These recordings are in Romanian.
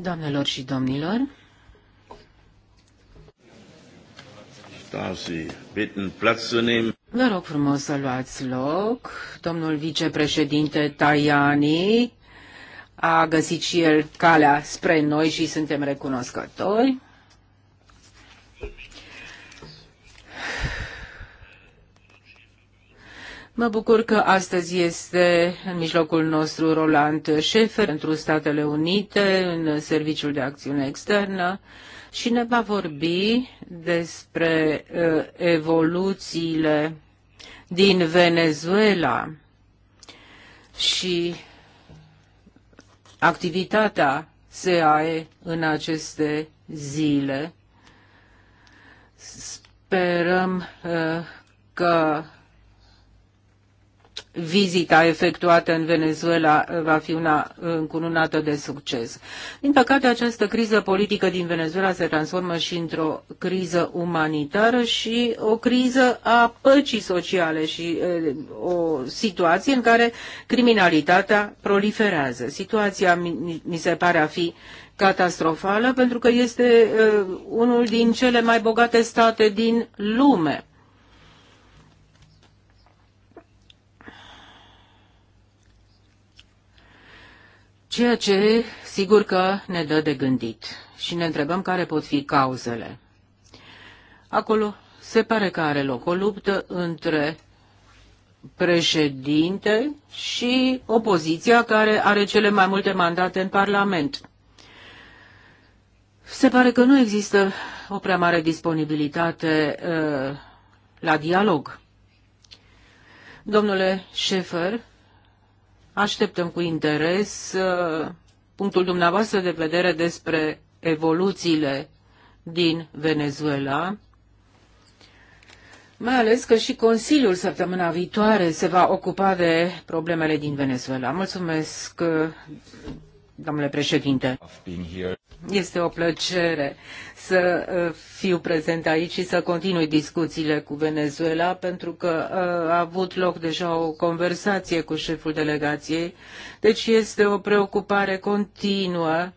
Doamnelor și domnilor, Vă rog frumos să luați loc. Domnul vicepreședinte Tajani a găsit și el calea spre noi și suntem recunoscători. Mă bucur că astăzi este în mijlocul nostru Roland Schaefer pentru Statele Unite, în Serviciul de Acțiune Externă și ne va vorbi despre uh, evoluțiile din Venezuela și activitatea SAE în aceste zile. Sperăm uh, că vizita efectuată în Venezuela va fi una încununată de succes. Din păcate, această criză politică din Venezuela se transformă și într-o criză umanitară și o criză a păcii sociale și eh, o situație în care criminalitatea proliferează. Situația mi se pare a fi catastrofală pentru că este eh, unul din cele mai bogate state din lume Ceea ce, sigur că ne dă de gândit și ne întrebăm care pot fi cauzele. Acolo se pare că are loc o luptă între președinte și opoziția care are cele mai multe mandate în Parlament. Se pare că nu există o prea mare disponibilitate uh, la dialog. Domnule Șefer, Așteptăm cu interes uh, punctul dumneavoastră de vedere despre evoluțiile din Venezuela, mai ales că și Consiliul săptămâna viitoare se va ocupa de problemele din Venezuela. Mulțumesc, uh, domnule președinte. Este o plăcere să uh, fiu prezent aici și să continui discuțiile cu Venezuela, pentru că uh, a avut loc deja o conversație cu șeful delegației. Deci este o preocupare continuă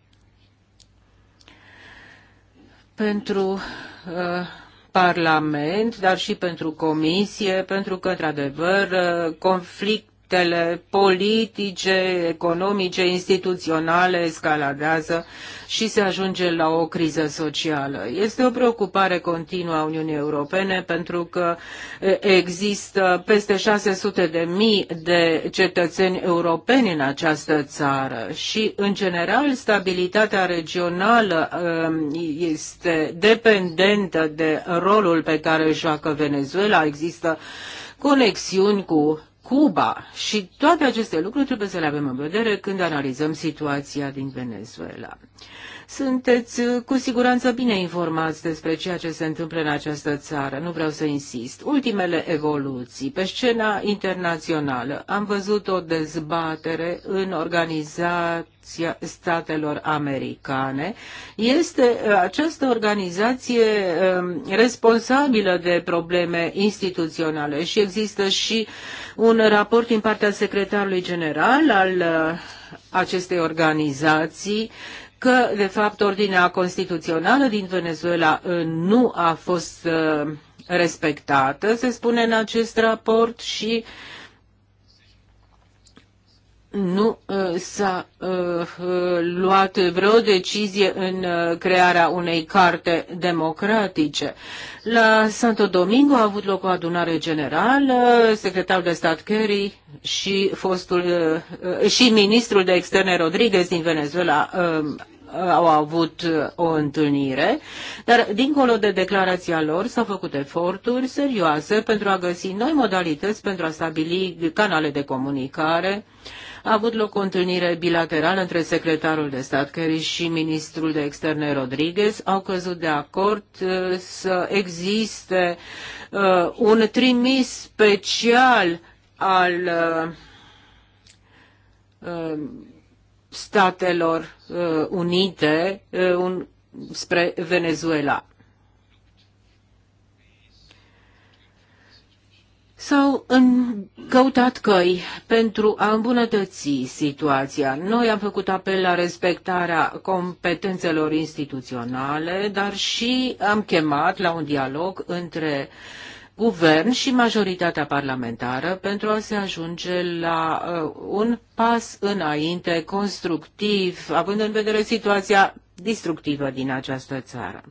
pentru uh, Parlament, dar și pentru Comisie, pentru că, într-adevăr, conflict conflictele politice, economice, instituționale escaladează și se ajunge la o criză socială. Este o preocupare continuă a Uniunii Europene pentru că există peste 600 de mii de cetățeni europeni în această țară și, în general, stabilitatea regională este dependentă de rolul pe care îl joacă Venezuela. Există conexiuni cu Cuba și toate aceste lucruri trebuie să le avem în vedere când analizăm situația din Venezuela sunteți uh, cu siguranță bine informați despre ceea ce se întâmplă în această țară. Nu vreau să insist. Ultimele evoluții pe scena internațională. Am văzut o dezbatere în Organizația Statelor Americane. Este uh, această organizație um, responsabilă de probleme instituționale și există și un raport din partea secretarului general al uh, acestei organizații că, de fapt, ordinea constituțională din Venezuela uh, nu a fost uh, respectată, se spune în acest raport, și uh, nu uh, s-a uh, luat vreo decizie în uh, crearea unei carte democratice. La Santo Domingo a avut loc o adunare generală, secretarul de stat Kerry și, fostul, și ministrul de externe Rodriguez din Venezuela au avut o întâlnire, dar dincolo de declarația lor s-au făcut eforturi serioase pentru a găsi noi modalități pentru a stabili canale de comunicare uh, a avut loc o întâlnire bilaterală între secretarul de stat Kerry și ministrul de externe Rodriguez. Au căzut de acord uh, să existe uh, un trimis special al uh, Statelor Unite un, spre Venezuela. S-au căutat căi pentru a îmbunătăți situația. Noi am făcut apel la respectarea competențelor instituționale, dar și am chemat la un dialog între guvern și majoritatea parlamentară pentru a se ajunge la uh, un pas înainte constructiv, având în vedere situația distructivă din această țară.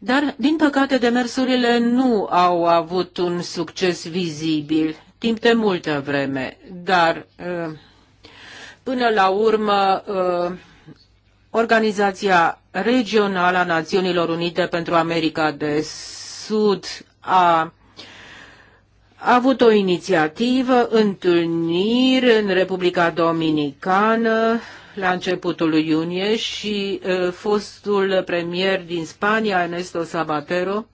Dar, din păcate, demersurile nu au avut un succes vizibil timp de multă vreme, dar uh, până la urmă uh, Organizația Regională a Națiunilor Unite pentru America de Sud a a avut o inițiativă, întâlniri în Republica Dominicană la începutul lui iunie și fostul premier din Spania, Ernesto Zapatero,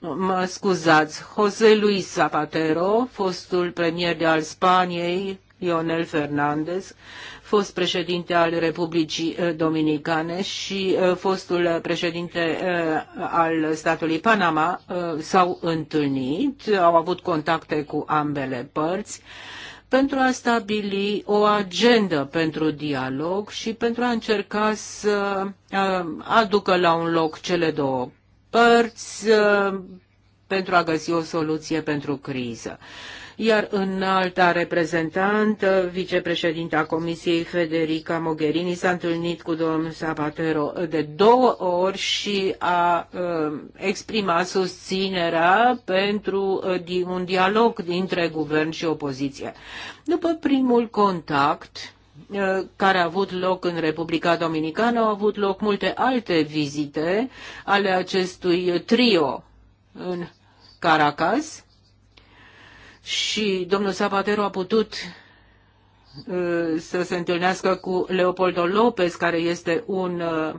mă scuzați, José Luis Zapatero, fostul premier de al Spaniei, Lionel Fernandez, fost președinte al Republicii Dominicane și fostul președinte al statului Panama s-au întâlnit, au avut contacte cu ambele părți pentru a stabili o agendă pentru dialog și pentru a încerca să uh, aducă la un loc cele două părți uh, pentru a găsi o soluție pentru criză iar înalta reprezentantă, vicepreședinta Comisiei Federica Mogherini, s-a întâlnit cu domnul Zapatero de două ori și a um, exprimat susținerea pentru uh, un dialog dintre guvern și opoziție. După primul contact, uh, care a avut loc în Republica Dominicană, au avut loc multe alte vizite ale acestui trio în Caracas, și domnul Zapatero a putut uh, să se întâlnească cu Leopoldo López, care este un uh,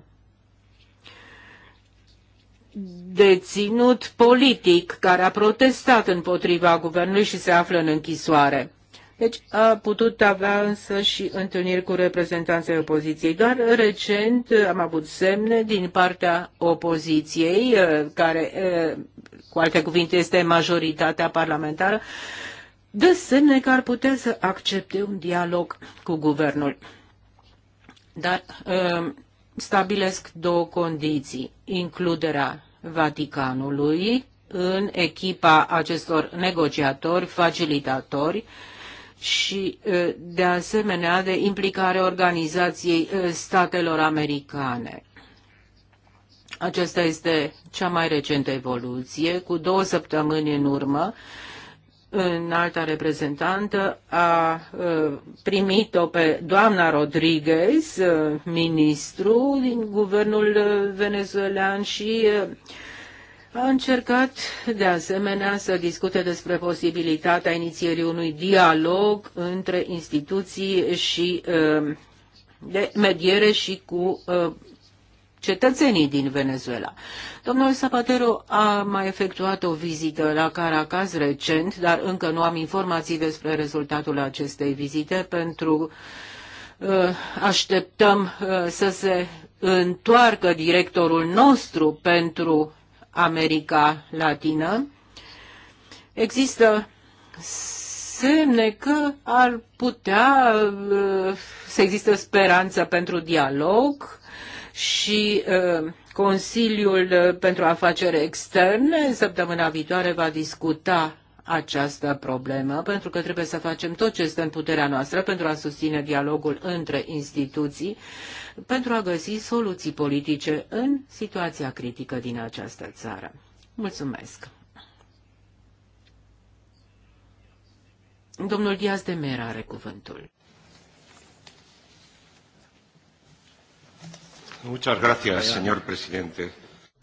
deținut politic care a protestat împotriva guvernului și se află în închisoare. Deci a putut avea însă și întâlniri cu reprezentanții opoziției. Doar recent am avut semne din partea opoziției uh, care cu alte cuvinte este majoritatea parlamentară, dă semne că ar putea să accepte un dialog cu guvernul. Dar um, stabilesc două condiții. Includerea Vaticanului în echipa acestor negociatori, facilitatori și, uh, de asemenea, de implicare organizației uh, statelor americane. Aceasta este cea mai recentă evoluție. Cu două săptămâni în urmă, în alta reprezentantă a ă, primit-o pe doamna Rodriguez, ă, ministru din guvernul ă, venezuelan și a încercat de asemenea să discute despre posibilitatea inițierii unui dialog între instituții și de mediere și cu cetățenii din Venezuela. Domnul Zapatero a mai efectuat o vizită la Caracas recent, dar încă nu am informații despre rezultatul acestei vizite pentru uh, așteptăm uh, să se întoarcă directorul nostru pentru America Latină. Există semne că ar putea uh, să există speranță pentru dialog, și uh, Consiliul uh, pentru Afaceri Externe săptămâna viitoare va discuta această problemă, pentru că trebuie să facem tot ce este în puterea noastră pentru a susține dialogul între instituții, pentru a găsi soluții politice în situația critică din această țară. Mulțumesc! Domnul Diaz de Mera are cuvântul. Muchas gracias, señor presidente.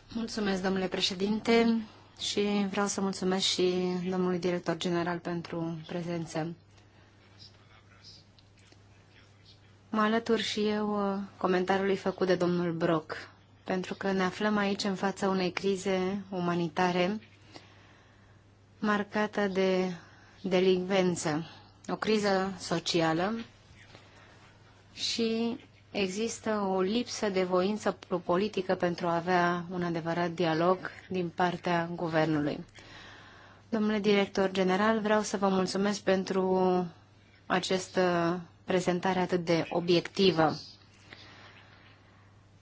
Mulțumesc, domnule președinte, și vreau să mulțumesc și domnului director general pentru prezență. Mă alătur și eu comentariului făcut de domnul Brock, pentru că ne aflăm aici în fața unei crize umanitare marcată de delinvență, o criză socială și există o lipsă de voință politică pentru a avea un adevărat dialog din partea guvernului. Domnule director general, vreau să vă mulțumesc pentru această prezentare atât de obiectivă.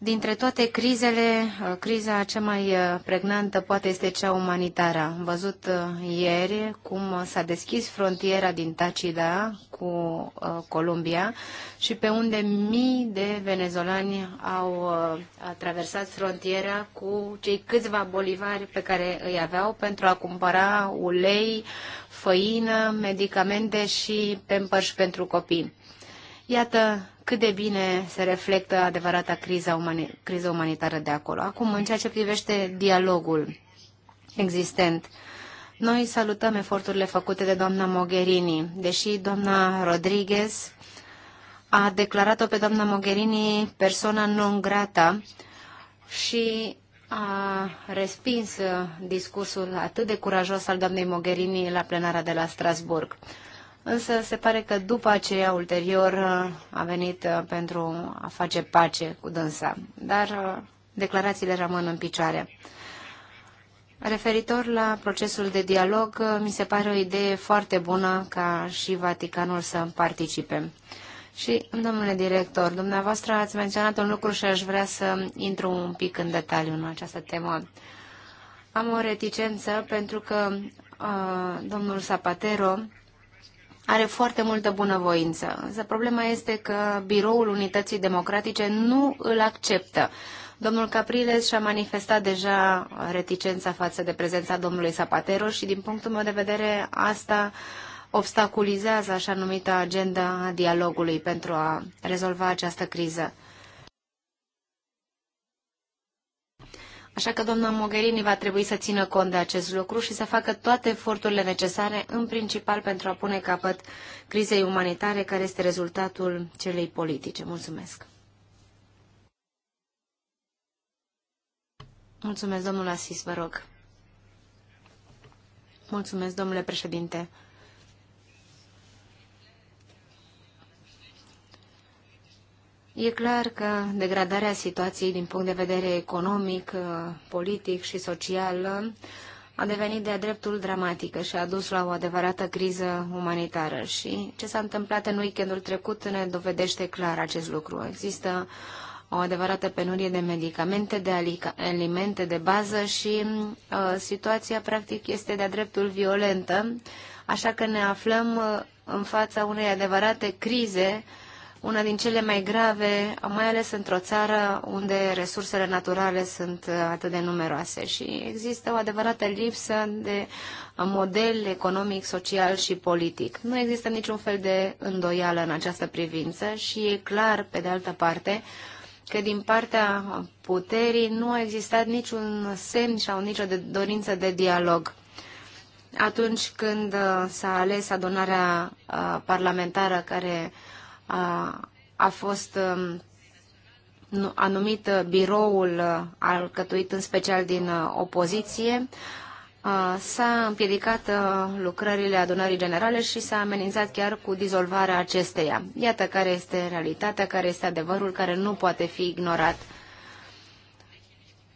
Dintre toate crizele, uh, criza cea mai uh, pregnantă poate este cea umanitară. Am văzut uh, ieri cum s-a deschis frontiera din Tacida cu Columbia și pe unde mii de venezolani au traversat frontiera cu cei câțiva bolivari pe care îi aveau pentru a cumpăra ulei, făină, medicamente și pe pentru copii. Iată cât de bine se reflectă adevărata criza umani- criza umanitară de acolo. Acum, în ceea ce privește dialogul existent, noi salutăm eforturile făcute de doamna Mogherini, deși doamna Rodriguez a declarat-o pe doamna Mogherini persona non grata și a respins discursul atât de curajos al doamnei Mogherini la plenara de la Strasburg însă se pare că după aceea, ulterior, a venit uh, pentru a face pace cu dânsa. Dar uh, declarațiile rămân în picioare. Referitor la procesul de dialog, uh, mi se pare o idee foarte bună ca și Vaticanul să participe. Și, domnule director, dumneavoastră ați menționat un lucru și aș vrea să intru un pic în detaliu în această temă. Am o reticență pentru că uh, domnul Zapatero are foarte multă bunăvoință. Însă problema este că biroul Unității Democratice nu îl acceptă. Domnul Capriles și-a manifestat deja reticența față de prezența domnului Zapatero și, din punctul meu de vedere, asta obstaculizează așa numita agenda dialogului pentru a rezolva această criză. Așa că doamna Mogherini va trebui să țină cont de acest lucru și să facă toate eforturile necesare, în principal pentru a pune capăt crizei umanitare care este rezultatul celei politice. Mulțumesc! Mulțumesc, domnul Asis, vă rog. Mulțumesc, domnule președinte. E clar că degradarea situației din punct de vedere economic, politic și social a devenit de-a dreptul dramatică și a dus la o adevărată criză umanitară. Și ce s-a întâmplat în weekendul trecut ne dovedește clar acest lucru. Există o adevărată penurie de medicamente, de alimente de bază și uh, situația practic este de-a dreptul violentă, așa că ne aflăm uh, în fața unei adevărate crize uh, una din cele mai grave, mai ales într-o țară unde resursele naturale sunt uh, atât de numeroase și există o adevărată lipsă de model economic, social și politic. Nu există niciun fel de îndoială în această privință și e clar, pe de altă parte, că din partea puterii nu a existat niciun semn sau nicio de dorință de dialog atunci când uh, s-a ales adunarea uh, parlamentară care a, a fost um, anumit uh, biroul uh, alcătuit în special din uh, opoziție, s-a împiedicat lucrările adunării generale și s-a amenințat chiar cu dizolvarea acesteia. Iată care este realitatea, care este adevărul, care nu poate fi ignorat.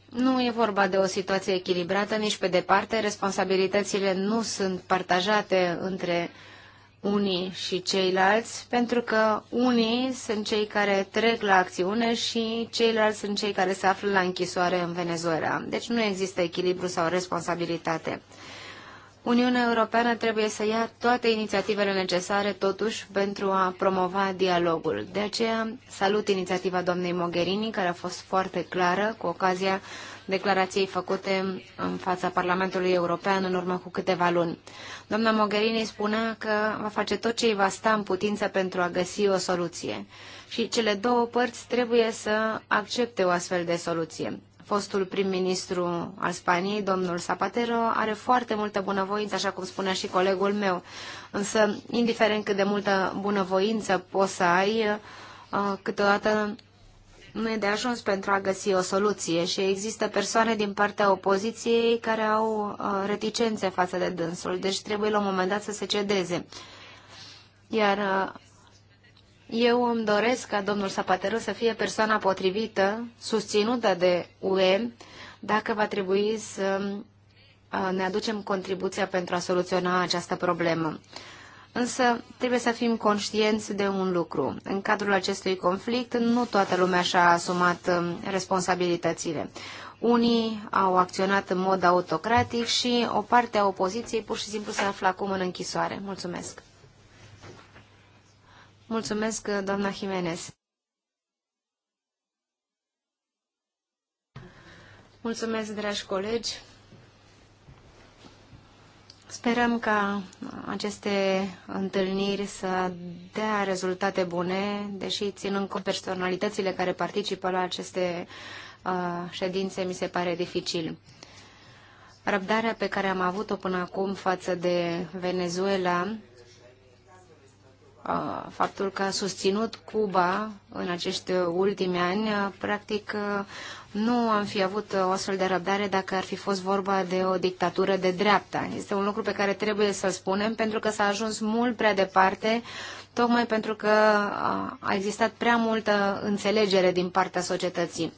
Nu e vorba de o situație echilibrată nici pe departe. Responsabilitățile nu sunt partajate între uh, unii și ceilalți, pentru că unii sunt cei care trec la acțiune și ceilalți sunt cei care se află la închisoare în Venezuela. Deci nu există echilibru sau responsabilitate. Uniunea Europeană trebuie să ia toate inițiativele necesare, totuși, pentru a promova dialogul. De aceea salut inițiativa doamnei Mogherini, care a fost foarte clară cu ocazia declarației făcute în fața Parlamentului European în urmă cu câteva luni. Doamna Mogherini spunea că va face tot ce îi va sta în putință pentru a găsi o soluție. Și cele două părți trebuie să accepte o astfel de soluție. Fostul prim-ministru al Spaniei, domnul Zapatero, are foarte multă bunăvoință, așa cum spunea și colegul meu. Însă, indiferent cât de multă bunăvoință poți să ai, uh, câteodată nu e de ajuns pentru a găsi o soluție și există persoane din partea opoziției care au uh, reticențe față de dânsul, deci trebuie la un moment dat să se cedeze. Iar uh, eu îmi doresc ca domnul Sapateru să fie persoana potrivită, susținută de UE, dacă va trebui să uh, ne aducem contribuția pentru a soluționa această problemă. Însă trebuie să fim conștienți de un lucru. În cadrul acestui conflict, nu toată lumea și-a asumat um, responsabilitățile. Unii au acționat în mod autocratic și o parte a opoziției pur și simplu se află acum în închisoare. Mulțumesc! Mulțumesc, doamna Jimenez. Mulțumesc, dragi colegi. Sperăm ca aceste întâlniri să dea rezultate bune, deși ținând cu personalitățile care participă la aceste uh, ședințe, mi se pare dificil. Răbdarea pe care am avut-o până acum față de Venezuela, uh, faptul că a susținut Cuba în acești ultimi ani, uh, practic uh, nu am fi avut uh, o astfel de răbdare dacă ar fi fost vorba de o dictatură de dreapta. Este un lucru pe care trebuie să-l spunem pentru că s-a ajuns mult prea departe, tocmai pentru că a existat prea multă înțelegere din partea societății.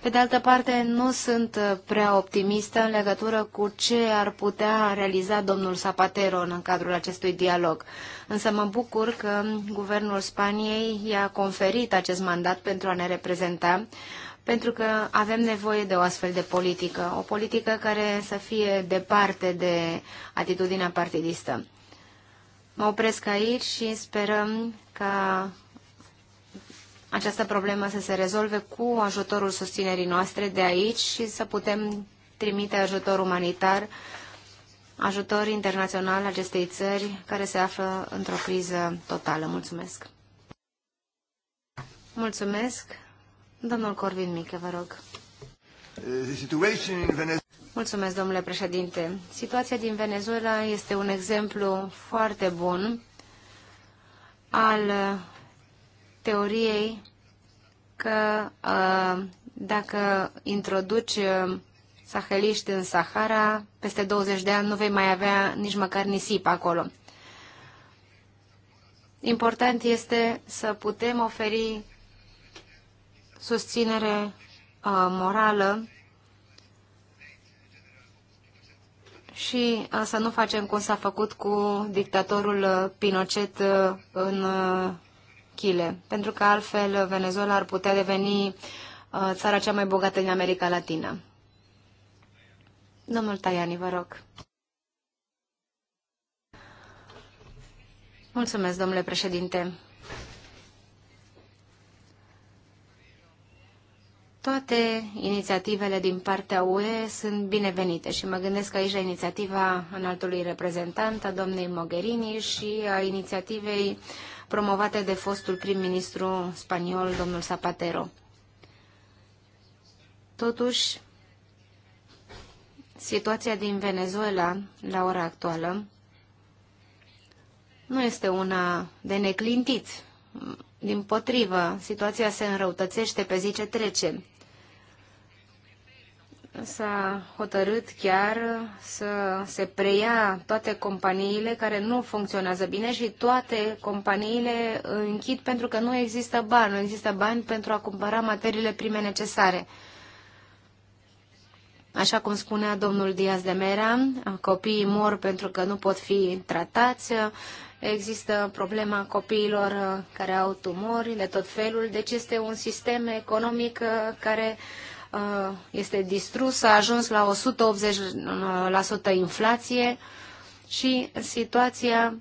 Pe de altă parte, nu sunt uh, prea optimistă în legătură cu ce ar putea realiza domnul Zapatero în cadrul acestui dialog. Însă mă bucur că guvernul Spaniei i-a conferit acest mandat pentru a ne reprezenta pentru că avem nevoie de o astfel de politică, o politică care să fie departe de atitudinea partidistă. Mă opresc aici și sperăm ca această problemă să se rezolve cu ajutorul susținerii noastre de aici și să putem trimite ajutor umanitar, ajutor internațional acestei țări care se află într-o criză totală. Mulțumesc! Mulțumesc! Domnul Corvin mică vă rog. Mulțumesc, domnule președinte. Situația din Venezuela este un exemplu foarte bun al uh, teoriei că uh, dacă introduci uh, saheliști în Sahara, peste 20 de ani nu vei mai avea nici măcar nisip acolo. Important este să putem oferi susținere uh, morală și uh, să nu facem cum s-a făcut cu dictatorul uh, Pinochet în Chile, pentru că altfel Venezuela ar putea deveni țara cea mai bogată din America Latină. Domnul Tajani, vă rog. Mulțumesc, domnule președinte. Toate inițiativele din partea UE sunt binevenite și mă gândesc aici la inițiativa înaltului reprezentant a doamnei Mogherini și a inițiativei promovate de fostul prim-ministru spaniol, domnul Zapatero. Totuși, situația din Venezuela la ora actuală nu este una de neclintit. Din potrivă, situația se înrăutățește pe zi ce trece s-a hotărât chiar să se preia toate companiile care nu funcționează bine și toate companiile închid pentru că nu există bani, nu există bani pentru a cumpăra materiile prime necesare. Așa cum spunea domnul Diaz de Mera, copiii mor pentru că nu pot fi tratați, există problema copiilor care au tumori de tot felul, deci este un sistem economic care uh, Uh, este distrus, a ajuns la 180% inflație și situația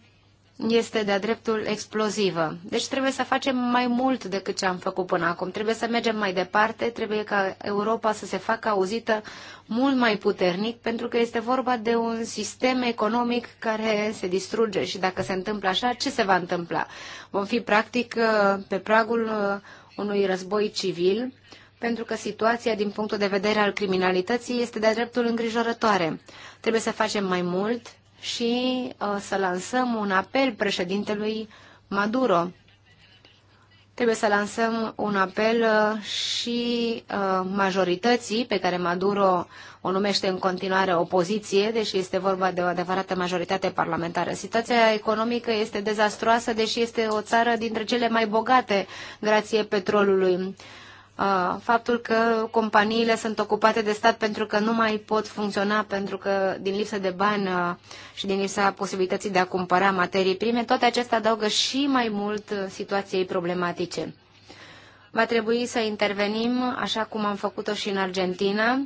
este de-a dreptul explozivă. Deci trebuie să facem mai mult decât ce am făcut până acum. Trebuie să mergem mai departe, trebuie ca Europa să se facă auzită mult mai puternic, pentru că este vorba de un sistem economic care se distruge și dacă se întâmplă așa, ce se va întâmpla? Vom fi practic uh, pe pragul uh, unui război civil pentru că situația din punctul de vedere al criminalității este de-a dreptul îngrijorătoare. Trebuie să facem mai mult și uh, să lansăm un apel președintelui Maduro. Trebuie să lansăm un apel uh, și uh, majorității pe care Maduro o numește în continuare opoziție, deși este vorba de o adevărată majoritate parlamentară. Situația economică este dezastroasă, deși este o țară dintre cele mai bogate grație petrolului faptul că companiile sunt ocupate de stat pentru că nu mai pot funcționa pentru că din lipsă de bani și din lipsa posibilității de a cumpăra materii prime, toate acestea adaugă și mai mult situației problematice. Va trebui să intervenim, așa cum am făcut-o și în Argentina,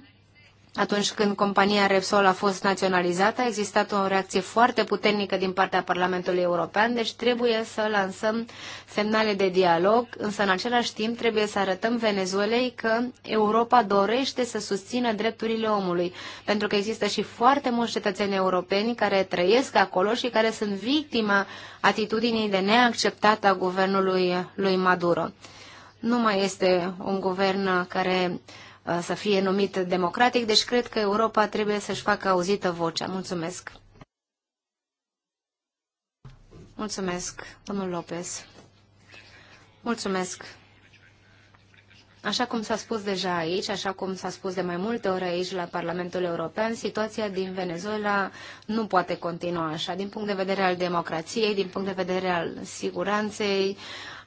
atunci când compania Repsol a fost naționalizată, a existat o reacție foarte puternică din partea Parlamentului European, deci trebuie să lansăm semnale de dialog, însă în același timp trebuie să arătăm Venezuelei că Europa dorește să susțină drepturile omului, pentru că există și foarte mulți cetățeni europeni care trăiesc acolo și care sunt victima atitudinii de neacceptată a guvernului lui Maduro. Nu mai este un guvern care Uh, să fie numit democratic, deci cred că Europa trebuie să-și facă auzită vocea. Mulțumesc! Mulțumesc, domnul Lopez. Mulțumesc. Așa cum s-a spus deja aici, așa cum s-a spus de mai multe ori aici la Parlamentul European, situația din Venezuela nu poate continua așa. Din punct de vedere al democrației, din punct de vedere al siguranței,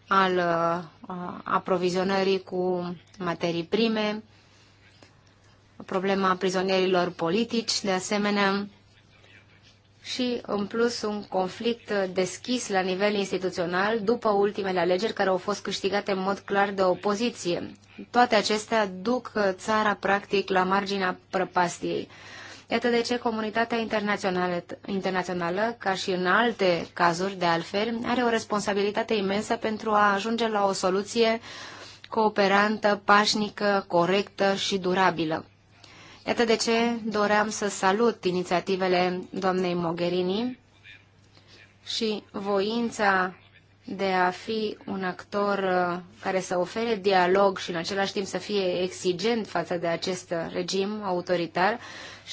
al uh, aprovizionării cu materii prime, problema prizonierilor politici, de asemenea, și, în plus, un conflict deschis la nivel instituțional după ultimele alegeri care au fost câștigate în mod clar de opoziție. Toate acestea duc țara, practic, la marginea prăpastiei. Iată de ce comunitatea internațională, internațională, ca și în alte cazuri de altfel, are o responsabilitate imensă pentru a ajunge la o soluție cooperantă, pașnică, corectă și durabilă. Iată de ce doream să salut inițiativele doamnei Mogherini și voința de a fi un actor uh, care să ofere dialog și în același timp să fie exigent față de acest regim autoritar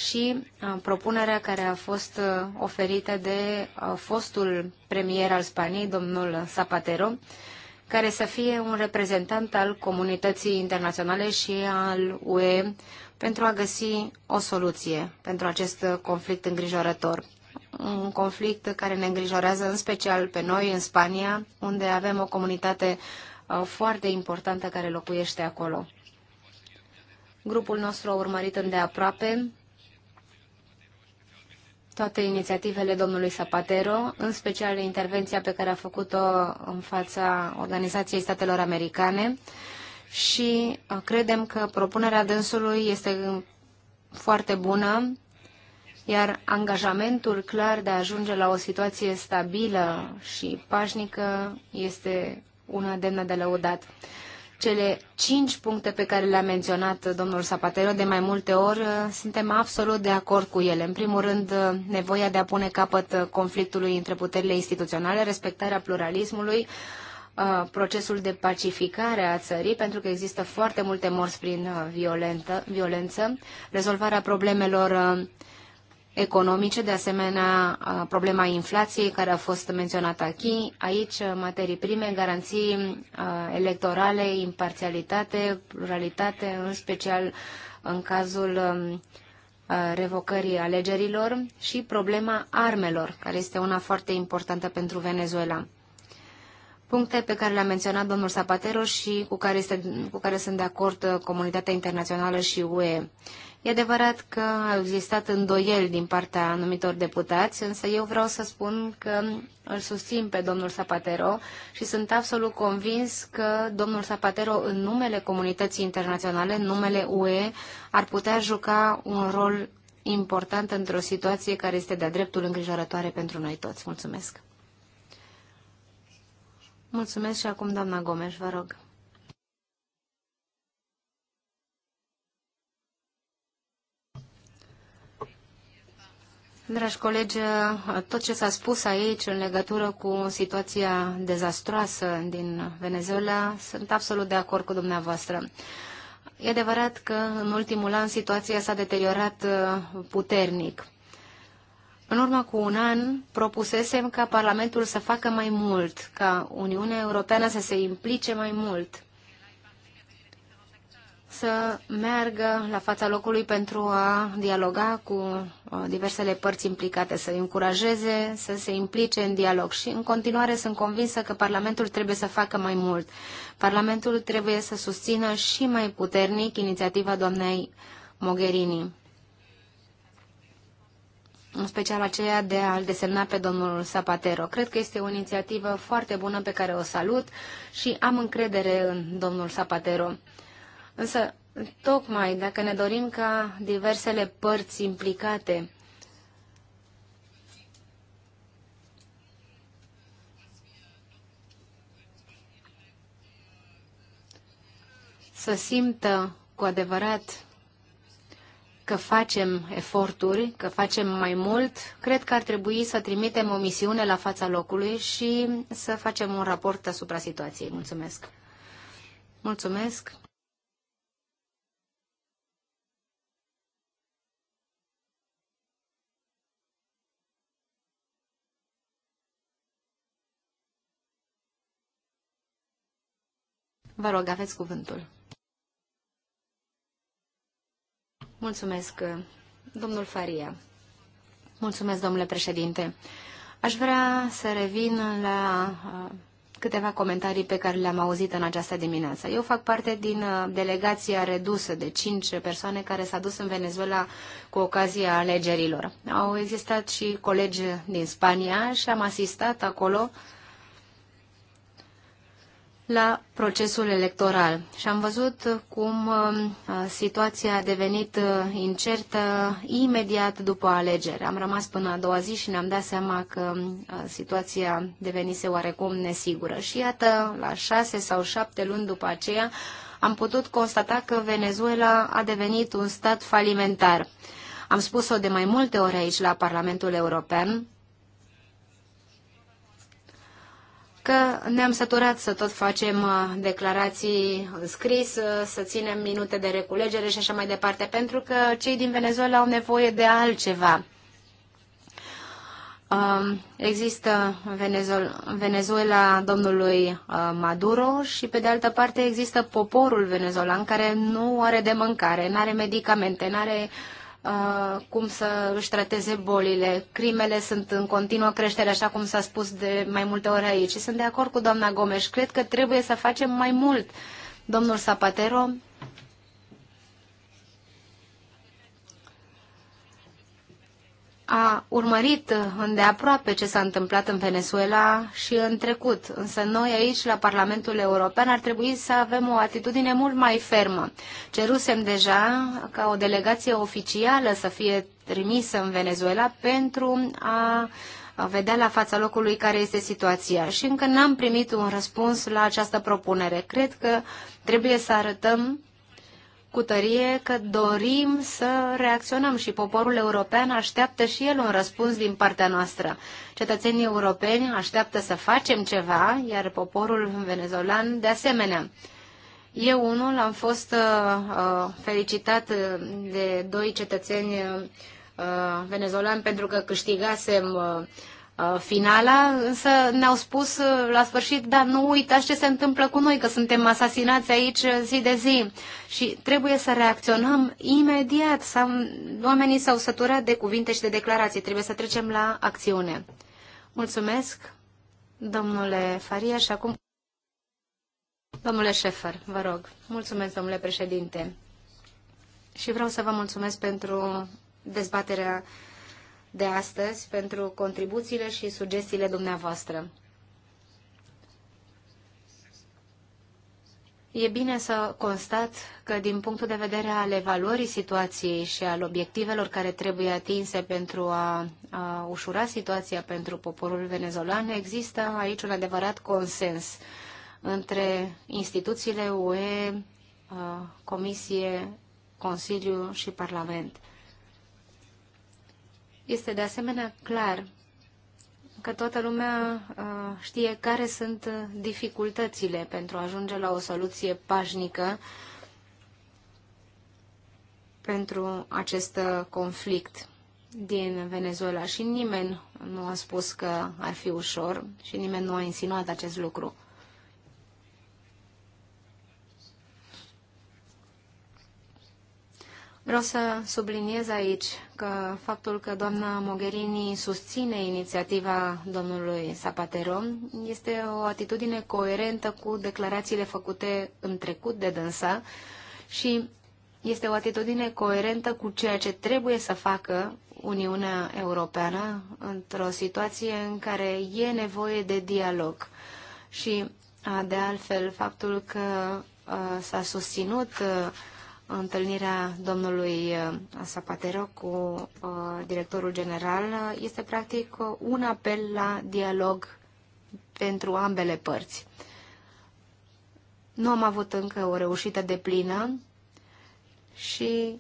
și uh, propunerea care a fost uh, oferită de fostul premier al Spaniei, domnul Zapatero, care să fie un reprezentant al comunității internaționale și al UE pentru a găsi o soluție pentru acest conflict îngrijorător. Un conflict care ne îngrijorează în special pe noi în Spania, unde avem o comunitate uh, foarte importantă care locuiește acolo. Grupul nostru a urmărit îndeaproape toate inițiativele domnului Zapatero, în special intervenția pe care a făcut-o în fața Organizației Statelor Americane, și uh, credem că propunerea dânsului este uh, foarte bună, iar angajamentul clar de a ajunge la o situație stabilă și pașnică este una demnă de lăudat. Cele cinci puncte pe care le-a menționat domnul Zapatero de mai multe ori, uh, suntem absolut de acord cu ele. În primul rând, nevoia de a pune capăt conflictului între puterile instituționale, respectarea pluralismului, Uh, procesul de pacificare a țării, pentru că există foarte multe morți prin uh, violentă, violență, rezolvarea problemelor uh, economice, de asemenea problema inflației care a fost menționată aici, aici materii prime, garanții electorale, imparțialitate, pluralitate, în special în cazul um, revocării alegerilor și problema armelor, care este una foarte importantă pentru Venezuela puncte pe care le-a menționat domnul Zapatero și cu care, este, cu care sunt de acord uh, comunitatea internațională și UE. E adevărat că au existat îndoieli din partea anumitor deputați, însă eu vreau să spun că îl susțin pe domnul Zapatero și sunt absolut convins că domnul Zapatero, în numele comunității internaționale, în numele UE, ar putea juca un rol important într-o situație care este de-a dreptul îngrijorătoare pentru noi toți. Mulțumesc! Mulțumesc și acum, doamna Gomes, vă rog. Dragi colegi, tot ce s-a spus aici în legătură cu situația dezastroasă din Venezuela, sunt absolut de acord cu dumneavoastră. E adevărat că în ultimul an situația s-a deteriorat uh, puternic. În urmă cu un an propusesem ca Parlamentul să facă mai mult, ca Uniunea Europeană să se implice mai mult, să meargă la fața locului pentru a dialoga cu uh, diversele părți implicate, să încurajeze să se implice în dialog. Și în continuare sunt convinsă că Parlamentul trebuie să facă mai mult. Parlamentul trebuie să susțină și mai puternic inițiativa doamnei Mogherini în special aceea de a-l desemna pe domnul Zapatero. Cred că este o inițiativă foarte bună pe care o salut și am încredere în domnul Zapatero. Însă, tocmai dacă ne dorim ca diversele părți implicate să simtă cu adevărat că facem eforturi, că facem mai mult, cred că ar trebui să trimitem o misiune la fața locului și să facem un raport asupra situației. Mulțumesc! Mulțumesc! Vă rog, aveți cuvântul. Mulțumesc, domnul Faria. Mulțumesc, domnule președinte. Aș vrea să revin la uh, câteva comentarii pe care le-am auzit în această dimineață. Eu fac parte din uh, delegația redusă de cinci persoane care s-a dus în Venezuela cu ocazia alegerilor. Au existat și colegi din Spania și am asistat acolo uh, la procesul electoral. Și am văzut cum um, uh, situația a devenit uh, incertă imediat după alegeri. Am rămas până a doua zi și ne-am dat seama că um, uh, situația devenise oarecum nesigură. Și iată, la șase sau șapte luni după aceea, am putut constata că Venezuela a devenit un stat falimentar. Am spus-o de mai multe ori aici la Parlamentul European, că ne-am săturat să tot facem uh, declarații în scris, uh, să ținem minute de reculegere și așa mai departe, pentru că cei din Venezuela au nevoie de altceva. Um, există Venezuela domnului uh, Maduro și pe de altă parte există poporul venezolan care nu are de mâncare, nu are medicamente, nu are uh, cum să își trateze bolile. Crimele sunt în continuă creștere, așa cum s-a spus de mai multe ori aici. Sunt de acord cu doamna Gomes. Cred că trebuie să facem mai mult. Domnul Zapatero a urmărit îndeaproape ce s-a întâmplat în Venezuela și în trecut, însă noi aici, la Parlamentul European, ar trebui să avem o atitudine mult mai fermă. Cerusem deja ca o delegație oficială să fie trimisă în Venezuela pentru a vedea la fața locului care este situația și încă n-am primit un răspuns la această propunere. Cred că trebuie să arătăm cu tărie că dorim să reacționăm și poporul european așteaptă și el un răspuns din partea noastră. Cetățenii europeni așteaptă să facem ceva, iar poporul venezolan de asemenea. Eu unul am fost uh, uh felicitat de doi cetățeni uh, venezolani pentru că câștigasem uh, Uh, finala, însă ne-au spus uh, la sfârșit, dar nu uitați ce se întâmplă cu noi, că suntem asasinați aici uh, zi de zi și trebuie să reacționăm imediat. Sau, oamenii s-au săturat de cuvinte și de declarații, trebuie să trecem la acțiune. Mulțumesc, domnule Faria, și acum... Domnule Șefer, vă rog. Mulțumesc, domnule președinte. Și vreau să vă mulțumesc pentru dezbaterea de astăzi, pentru contribuțiile și sugestiile dumneavoastră. E bine să constat că din punctul de vedere al evaluării situației și al obiectivelor care trebuie atinse pentru a, a ușura situația pentru poporul venezolan, există aici un adevărat consens între instituțiile UE, Comisie, Consiliu și Parlament. Este de asemenea clar că toată lumea uh, știe care sunt dificultățile pentru a ajunge la o soluție pașnică pentru acest uh, conflict din Venezuela și nimeni nu a spus că ar fi ușor și nimeni nu a insinuat acest lucru. Vreau să subliniez aici că faptul că doamna Mogherini susține inițiativa domnului Zapatero este o atitudine coerentă cu declarațiile făcute în trecut de dânsa și este o atitudine coerentă cu ceea ce trebuie să facă Uniunea Europeană într-o situație în care e nevoie de dialog. Și, de altfel, faptul că s-a susținut uh, întâlnirea domnului Zapatero uh, cu uh, directorul general uh, este practic un apel la dialog pentru ambele părți. Nu am avut încă o reușită de plină și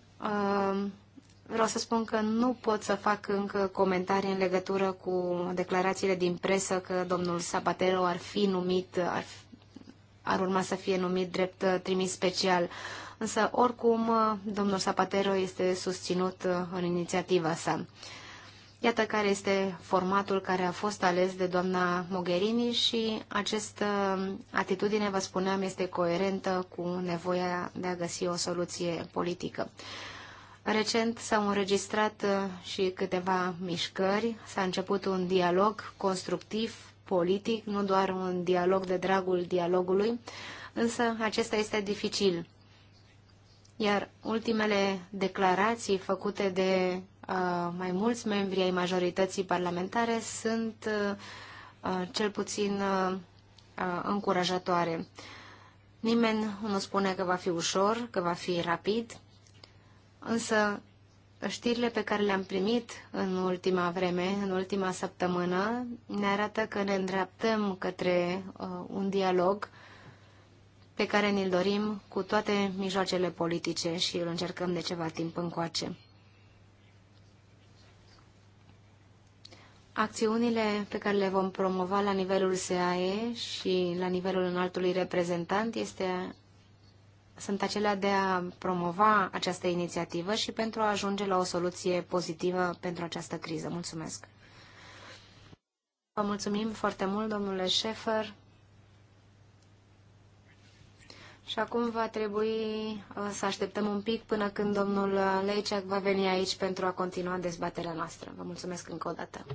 vreau să spun că nu pot să fac încă comentarii în legătură cu declarațiile din presă că domnul Zapatero ar fi numit, ar, ar urma să fie numit drept trimis special uh, însă oricum domnul Zapatero este susținut uh, în inițiativa sa. Iată care este formatul care a fost ales de doamna Mogherini și această uh, atitudine, vă spuneam, este coerentă cu nevoia de a găsi o soluție politică. Recent s-au înregistrat uh, și câteva mișcări, s-a început un dialog constructiv, politic, nu doar un dialog de dragul dialogului, însă acesta este dificil iar ultimele declarații făcute de uh, mai mulți membri ai majorității parlamentare sunt uh, uh cel puțin uh, uh, încurajatoare. Nimeni nu spune că va fi ușor, că va fi rapid, însă știrile pe care le-am primit în ultima vreme, în ultima săptămână, ne arată că ne îndreaptăm către uh, un dialog pe care ni-l dorim cu toate mijloacele politice și îl încercăm de ceva timp încoace. Acțiunile pe care le vom promova la nivelul SAE și la nivelul înaltului reprezentant este, sunt acelea de a promova această inițiativă și pentru a ajunge la o soluție pozitivă pentru această criză. Mulțumesc! Vă mulțumim foarte mult, domnule Șefer. Și acum va trebui uh, să așteptăm un pic până când domnul Leiceac va veni aici pentru a continua dezbaterea noastră. Vă mulțumesc încă o dată.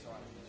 sau altceva.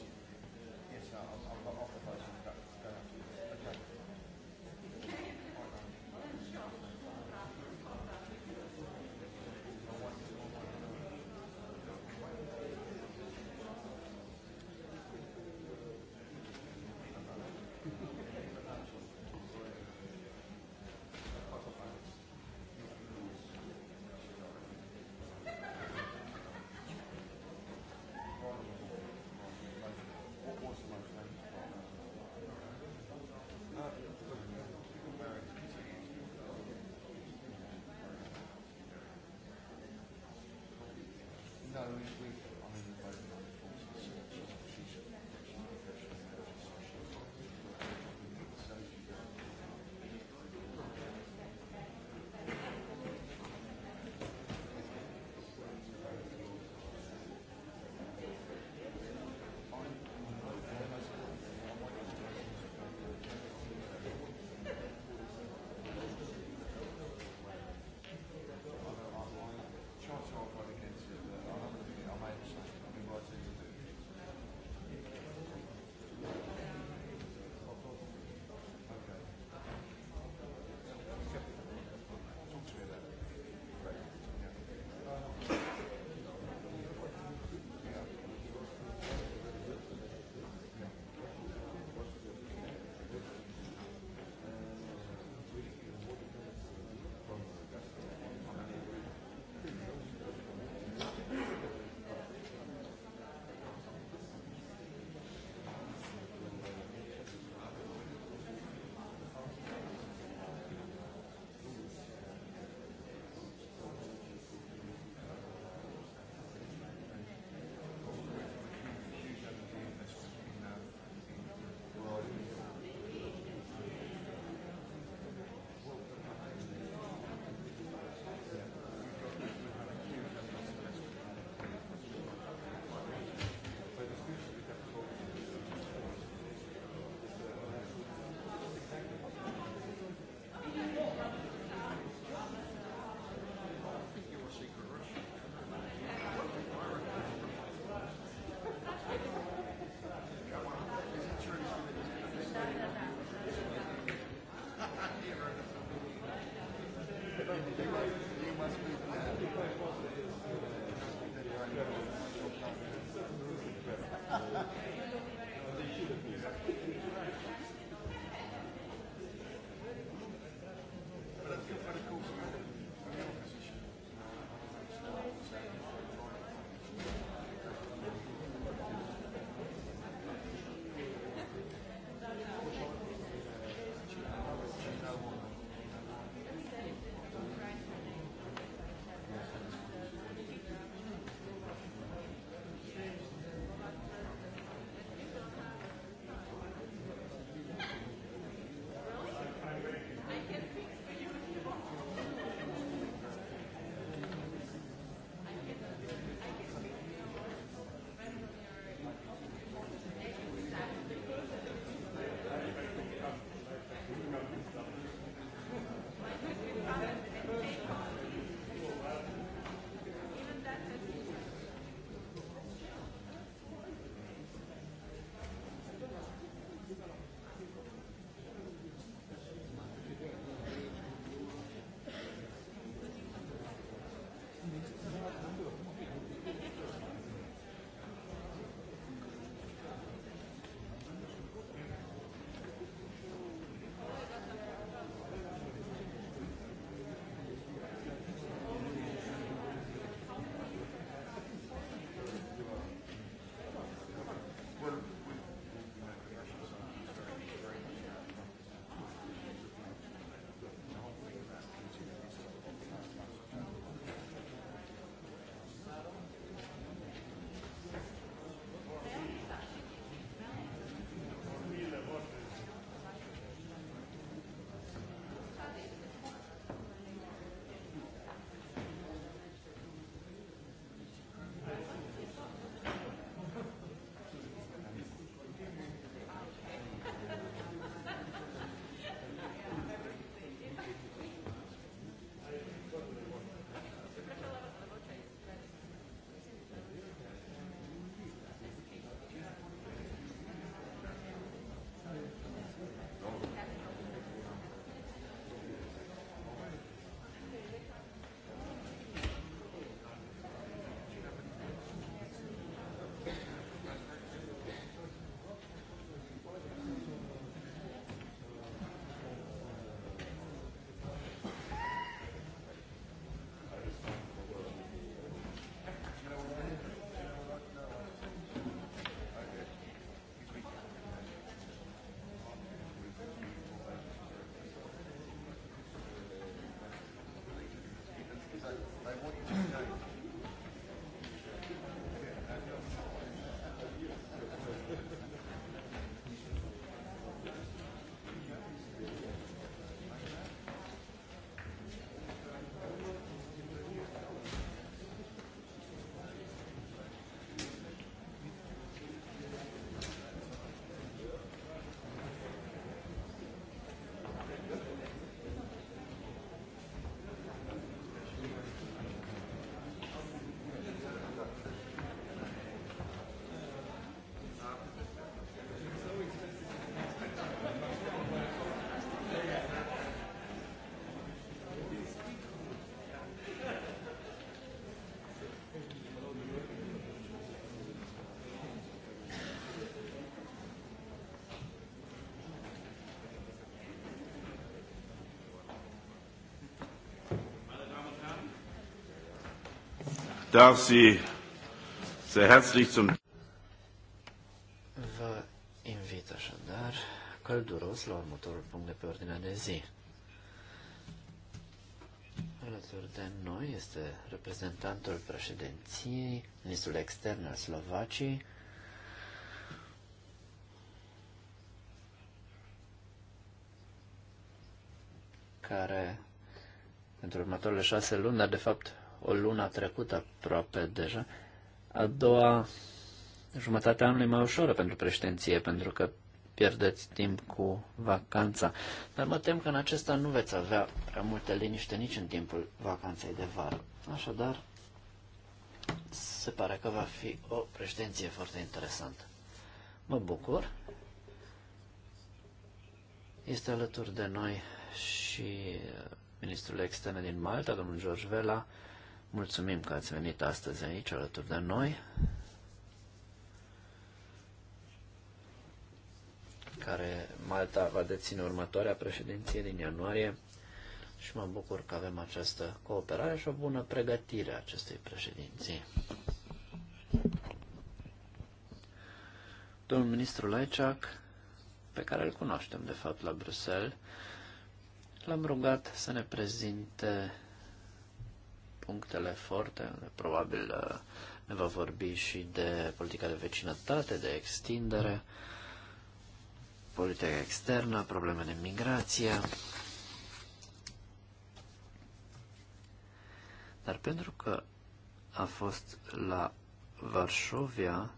Domnului. darf Sie sehr herzlich zum Vă invit așadar călduros la următorul punct de pe ordinea de zi. Alături de noi este reprezentantul președinției, ministrul extern al Slovaciei, care pentru următoarele șase luni, dar de fapt o luna trecută aproape deja. A doua jumătate a anului mai ușoră pentru președinție, pentru că pierdeți timp cu vacanța. Dar mă tem că în acesta nu veți avea prea multe liniște nici în timpul vacanței de vară. Așadar, se pare că va fi o președinție foarte interesantă. Mă bucur. Este alături de noi și ministrul externe din Malta, domnul George Vela, Mulțumim că ați venit astăzi aici alături de noi. care Malta va deține următoarea președinție din ianuarie și mă bucur că avem această cooperare și o bună pregătire a acestei președinții. Domnul ministru Laiceac, pe care îl cunoaștem de fapt la Bruxelles, l-am rugat să ne prezinte punctele forte, probabil uh, ne va vorbi și de politica de vecinătate, de extindere, politica externă, probleme de migrație. Dar pentru că a fost la Varșovia,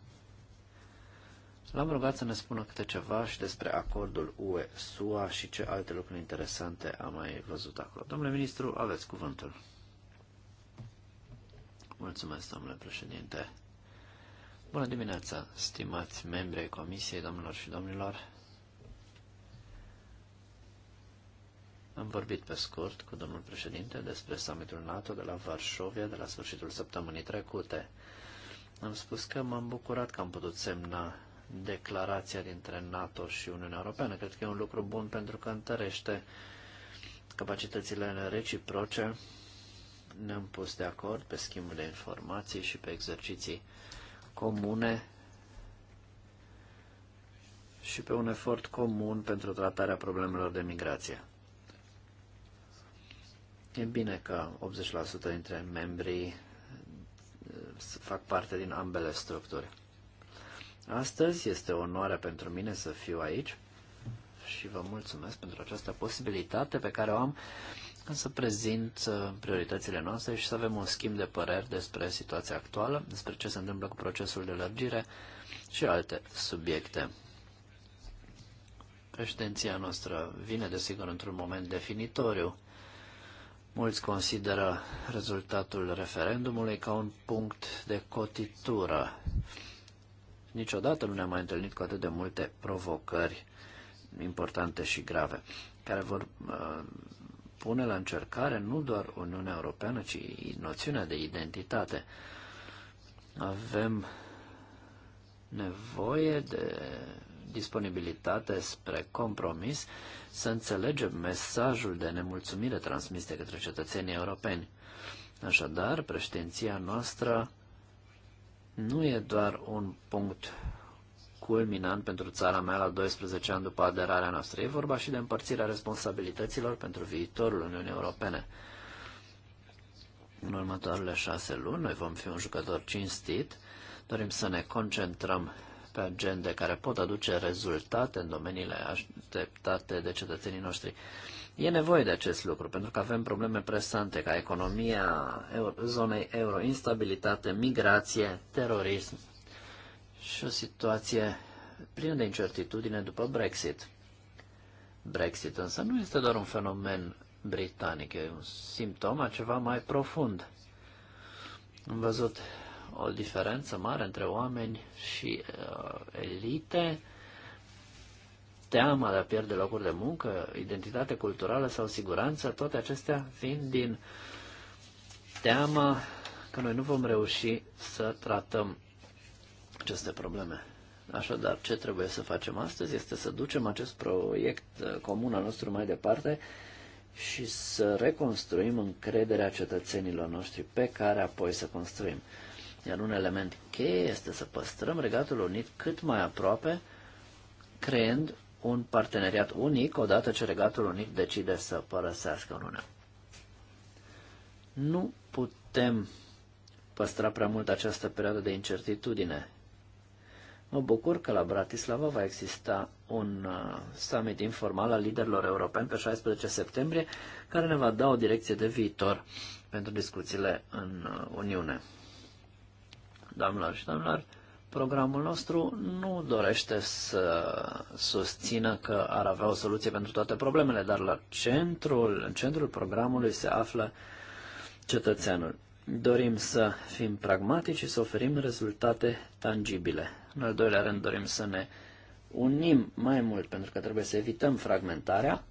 l-am rugat să ne spună câte ceva și despre acordul UE-SUA și ce alte lucruri interesante am mai văzut acolo. Domnule ministru, aveți cuvântul. Mulțumesc, domnule președinte. Bună dimineața, stimați membri ai Comisiei, domnilor și domnilor. Am vorbit pe scurt cu domnul președinte despre summitul NATO de la Varșovia de la sfârșitul săptămânii trecute. Am spus că m-am bucurat că am putut semna declarația dintre NATO și Uniunea Europeană. Cred că e un lucru bun pentru că întărește capacitățile reciproce ne-am pus de acord pe schimbul de informații și pe exerciții comune și pe un efort comun pentru tratarea problemelor de migrație. E bine că 80% dintre membrii uh, fac parte din ambele structuri. Astăzi este o onoare pentru mine să fiu aici și vă mulțumesc pentru această posibilitate pe care o am ca să prezint uh, prioritățile noastre și să avem un schimb de păreri despre situația actuală, despre ce se întâmplă cu procesul de lărgire și alte subiecte. Președinția noastră vine, desigur, într-un moment definitoriu. Mulți consideră rezultatul referendumului ca un punct de cotitură. Niciodată nu ne-am mai întâlnit cu atât de multe provocări importante și grave, care vor uh, pune la încercare nu doar Uniunea Europeană, ci noțiunea de identitate. Avem nevoie de disponibilitate spre compromis să înțelegem mesajul de nemulțumire transmis de către cetățenii europeni. Așadar, președinția noastră nu e doar un punct culminant pentru țara mea la 12 ani după aderarea noastră. E vorba și de împărțirea responsabilităților pentru viitorul Uniunii Europene. În următoarele șase luni noi vom fi un jucător cinstit, dorim să ne concentrăm pe agende care pot aduce rezultate în domeniile așteptate de cetățenii noștri. E nevoie de acest lucru, pentru că avem probleme presante ca economia zonei euro, instabilitate, migrație, terorism și o situație plină de incertitudine după Brexit. Brexit însă nu este doar un fenomen britanic, e un simptom a ceva mai profund. Am văzut o diferență mare între oameni și uh, elite, teama de a pierde locuri de muncă, identitate culturală sau siguranță, toate acestea vin din teama că noi nu vom reuși să tratăm aceste probleme. Așadar, ce trebuie să facem astăzi este să ducem acest proiect uh, comun al nostru mai departe și să reconstruim încrederea cetățenilor noștri pe care apoi să construim. Iar un element cheie este să păstrăm Regatul Unit cât mai aproape, creând un parteneriat unic odată ce Regatul Unit decide să părăsească Uniunea. Nu putem păstra prea mult această perioadă de incertitudine. Mă bucur că la Bratislava va exista un uh, summit informal al liderilor europeni pe 16 septembrie, care ne va da o direcție de viitor pentru discuțiile în uh, Uniune. Doamnelor și domnilor, programul nostru nu dorește să susțină că ar avea o soluție pentru toate problemele, dar la centrul, în centrul programului se află cetățeanul. Dorim să fim pragmatici și să oferim rezultate tangibile. În al doilea rând, dorim să ne unim mai mult, pentru că trebuie să evităm fragmentarea.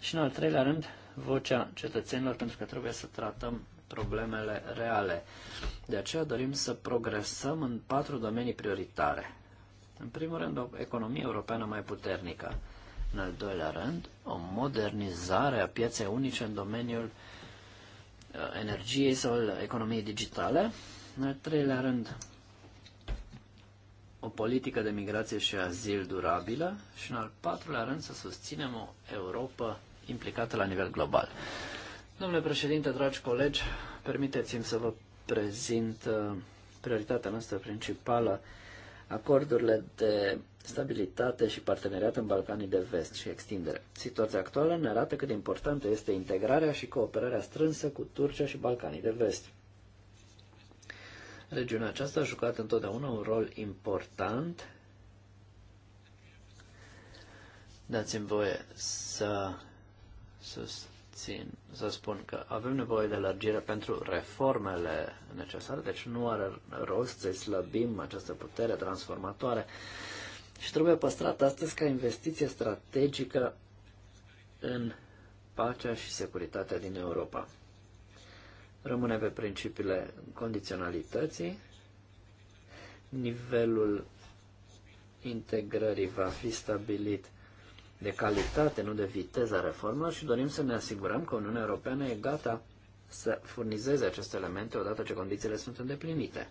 Și în al treilea rând, vocea cetățenilor, pentru că trebuie să tratăm problemele reale. De aceea dorim să progresăm în patru domenii prioritare. În primul rând, o economie europeană mai puternică. În al doilea rând, o modernizare a pieței unice în domeniul Uh, energiei sau al economiei digitale. În al treilea rând, o politică de migrație și azil durabilă și, în al patrulea rând, să susținem o Europa implicată la nivel global. Domnule președinte, dragi colegi, permiteți-mi să vă prezint uh, prioritatea noastră principală, acordurile de stabilitate și parteneriat în Balcanii de Vest și extindere. Situația actuală ne arată cât de importantă este integrarea și cooperarea strânsă cu Turcia și Balcanii de Vest. Regiunea aceasta a jucat întotdeauna un rol important. Dați-mi voie să susțin, să spun că avem nevoie de lărgire pentru reformele necesare, deci nu are rost să slăbim această putere transformatoare și trebuie păstrată astăzi ca investiție strategică în pacea și securitatea din Europa. Rămâne pe principiile condiționalității, nivelul integrării va fi stabilit de calitate, nu de viteza reformelor și dorim să ne asigurăm că Uniunea Europeană e gata să furnizeze aceste elemente odată ce condițiile sunt îndeplinite.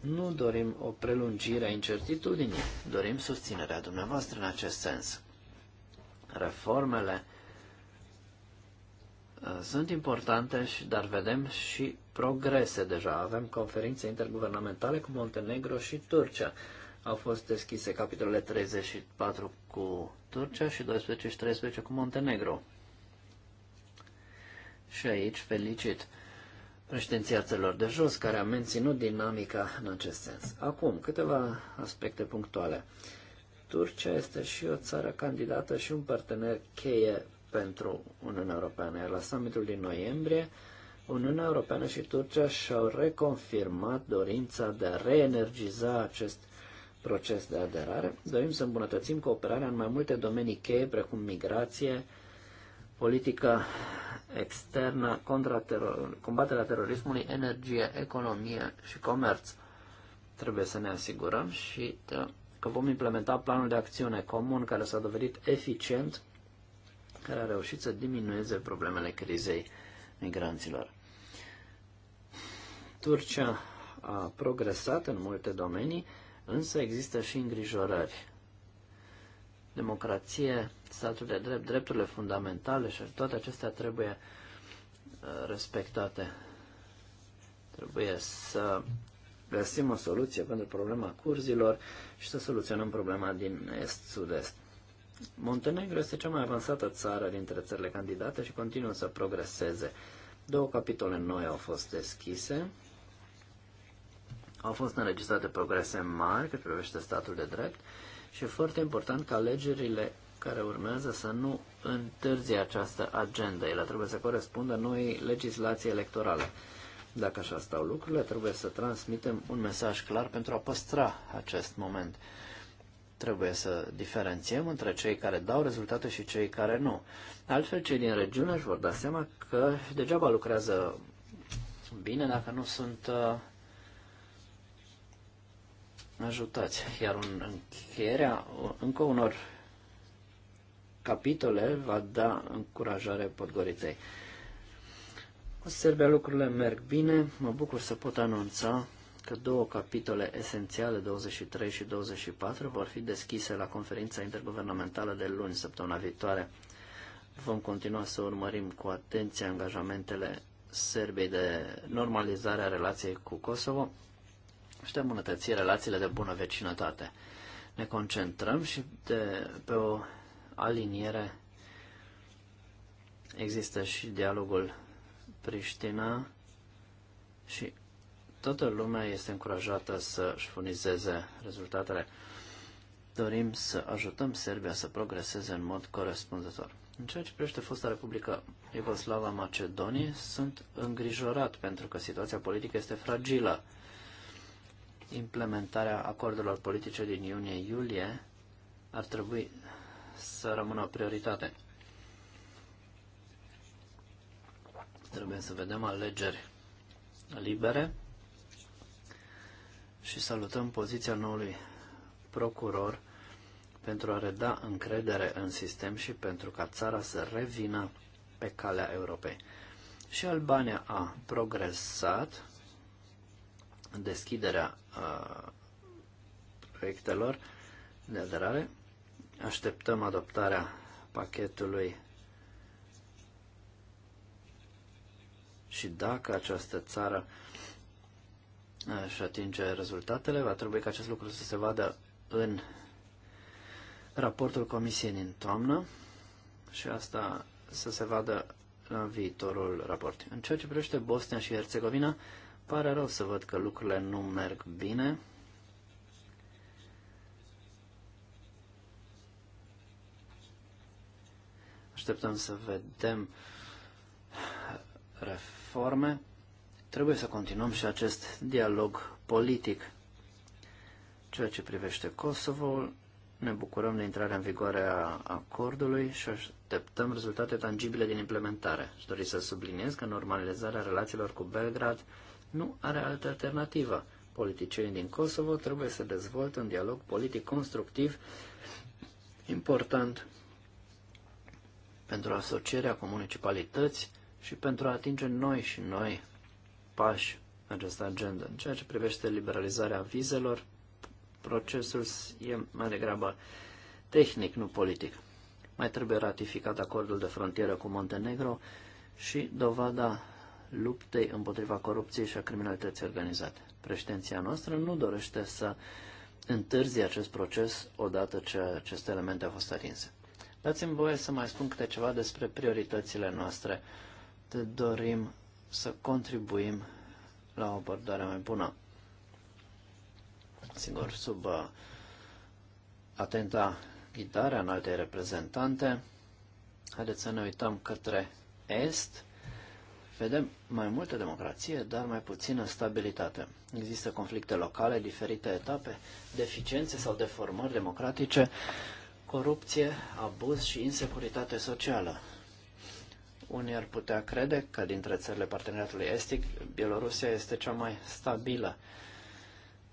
Nu dorim o prelungire a incertitudinii, dorim susținerea dumneavoastră în acest sens. Reformele uh, sunt importante, și dar vedem și progrese deja. Avem conferințe interguvernamentale cu Montenegro și Turcia. Au fost deschise capitolele 34 cu Turcia și 12 și 13 cu Montenegro. Și aici felicit președinția țărilor de jos, care a menținut dinamica în acest sens. Acum, câteva aspecte punctuale. Turcia este și o țară candidată și un partener cheie pentru Uniunea Europeană. Iar la summitul din noiembrie, Uniunea Europeană și Turcia și-au reconfirmat dorința de a reenergiza acest proces de aderare. Dorim să îmbunătățim cooperarea în mai multe domenii cheie, precum migrație, politica externă, contra teror, combaterea terorismului, energie, economie și comerț. Trebuie să ne asigurăm și că vom implementa planul de acțiune comun care s-a dovedit eficient, care a reușit să diminueze problemele crizei migranților. Turcia a progresat în multe domenii, însă există și îngrijorări democrație, statul de drept, drepturile fundamentale și toate acestea trebuie uh, respectate. Trebuie să găsim o soluție pentru problema curzilor și să soluționăm problema din est-sud-est. Montenegro este cea mai avansată țară dintre țările candidate și continuă să progreseze. Două capitole noi au fost deschise. Au fost înregistrate progrese mari cât privește statul de drept și e foarte important ca alegerile care urmează să nu întârzie această agendă. Ele trebuie să corespundă noi legislații electorale. Dacă așa stau lucrurile, trebuie să transmitem un mesaj clar pentru a păstra acest moment. Trebuie să diferențiem între cei care dau rezultate și cei care nu. Altfel, cei din regiune își vor da seama că degeaba lucrează bine dacă nu sunt uh, ajutați. Iar în încheierea încă unor capitole va da încurajare Podgoritei. Cu Serbia lucrurile merg bine, mă bucur să pot anunța că două capitole esențiale, 23 și 24, vor fi deschise la conferința interguvernamentală de luni, săptămâna viitoare. Vom continua să urmărim cu atenție angajamentele Serbiei de normalizare a relației cu Kosovo și de îmbunătăți relațiile de bună vecinătate. Ne concentrăm și de, pe o aliniere. Există și dialogul Priștina și toată lumea este încurajată să-și furnizeze rezultatele. Dorim să ajutăm Serbia să progreseze în mod corespunzător. În ceea ce privește fosta Republică Iugoslava Macedonie, sunt îngrijorat pentru că situația politică este fragilă implementarea acordurilor politice din iunie-iulie ar trebui să rămână o prioritate. Trebuie să vedem alegeri libere și salutăm poziția noului procuror pentru a reda încredere în sistem și pentru ca țara să revină pe calea Europei. Și Albania a progresat, deschiderea a proiectelor de aderare. Așteptăm adoptarea pachetului și dacă această țară își atinge rezultatele, va trebui ca acest lucru să se vadă în raportul comisiei din toamnă și asta să se vadă la viitorul raport. În ceea ce privește Bosnia și Herțegovina, pare rău să văd că lucrurile nu merg bine. Așteptăm să vedem reforme. Trebuie să continuăm și acest dialog politic. Ceea ce privește Kosovo, ne bucurăm de intrarea în vigoare a acordului și așteptăm rezultate tangibile din implementare. Și dori să subliniez că normalizarea relațiilor cu Belgrad nu are altă alternativă. Politicienii din Kosovo trebuie să dezvoltă un dialog politic constructiv important pentru asocierea cu municipalități și pentru a atinge noi și noi pași în această agendă. În ceea ce privește liberalizarea vizelor, procesul e mai degrabă tehnic, nu politic. Mai trebuie ratificat acordul de frontieră cu Montenegro și dovada luptei împotriva corupției și a criminalității organizate. Președinția noastră nu dorește să întârzie acest proces odată ce aceste elemente au fost atinse. Dați-mi voie să mai spun câte ceva despre prioritățile noastre. Te dorim să contribuim la o abordare mai bună. Sigur, sub uh, atenta ghidare în alte reprezentante, haideți să ne uităm către est, Vedem mai multă democrație, dar mai puțină stabilitate. Există conflicte locale, diferite etape, deficiențe sau deformări democratice, corupție, abuz și insecuritate socială. Unii ar putea crede că dintre țările parteneriatului estic, Bielorusia este cea mai stabilă.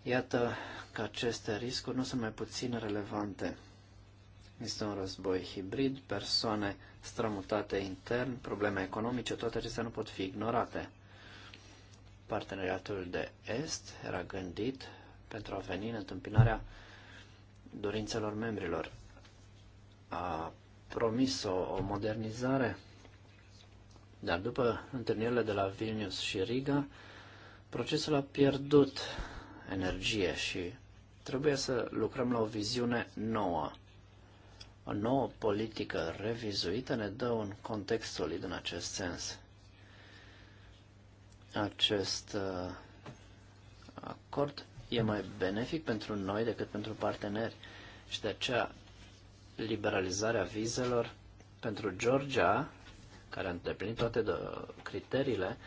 Iată că aceste riscuri nu sunt mai puțin relevante. Este un război hibrid, persoane strămutate intern, probleme economice, toate acestea nu pot fi ignorate. Parteneriatul de Est era gândit pentru a veni în întâmpinarea dorințelor membrilor. A promis o, o modernizare, dar după întâlnirile de la Vilnius și Riga, procesul a pierdut energie și trebuie să lucrăm la o viziune nouă. O nouă politică revizuită ne dă un context solid în acest sens. Acest uh, acord e mai benefic pentru noi decât pentru parteneri și de aceea liberalizarea vizelor pentru Georgia, care a îndeplinit toate uh, criteriile,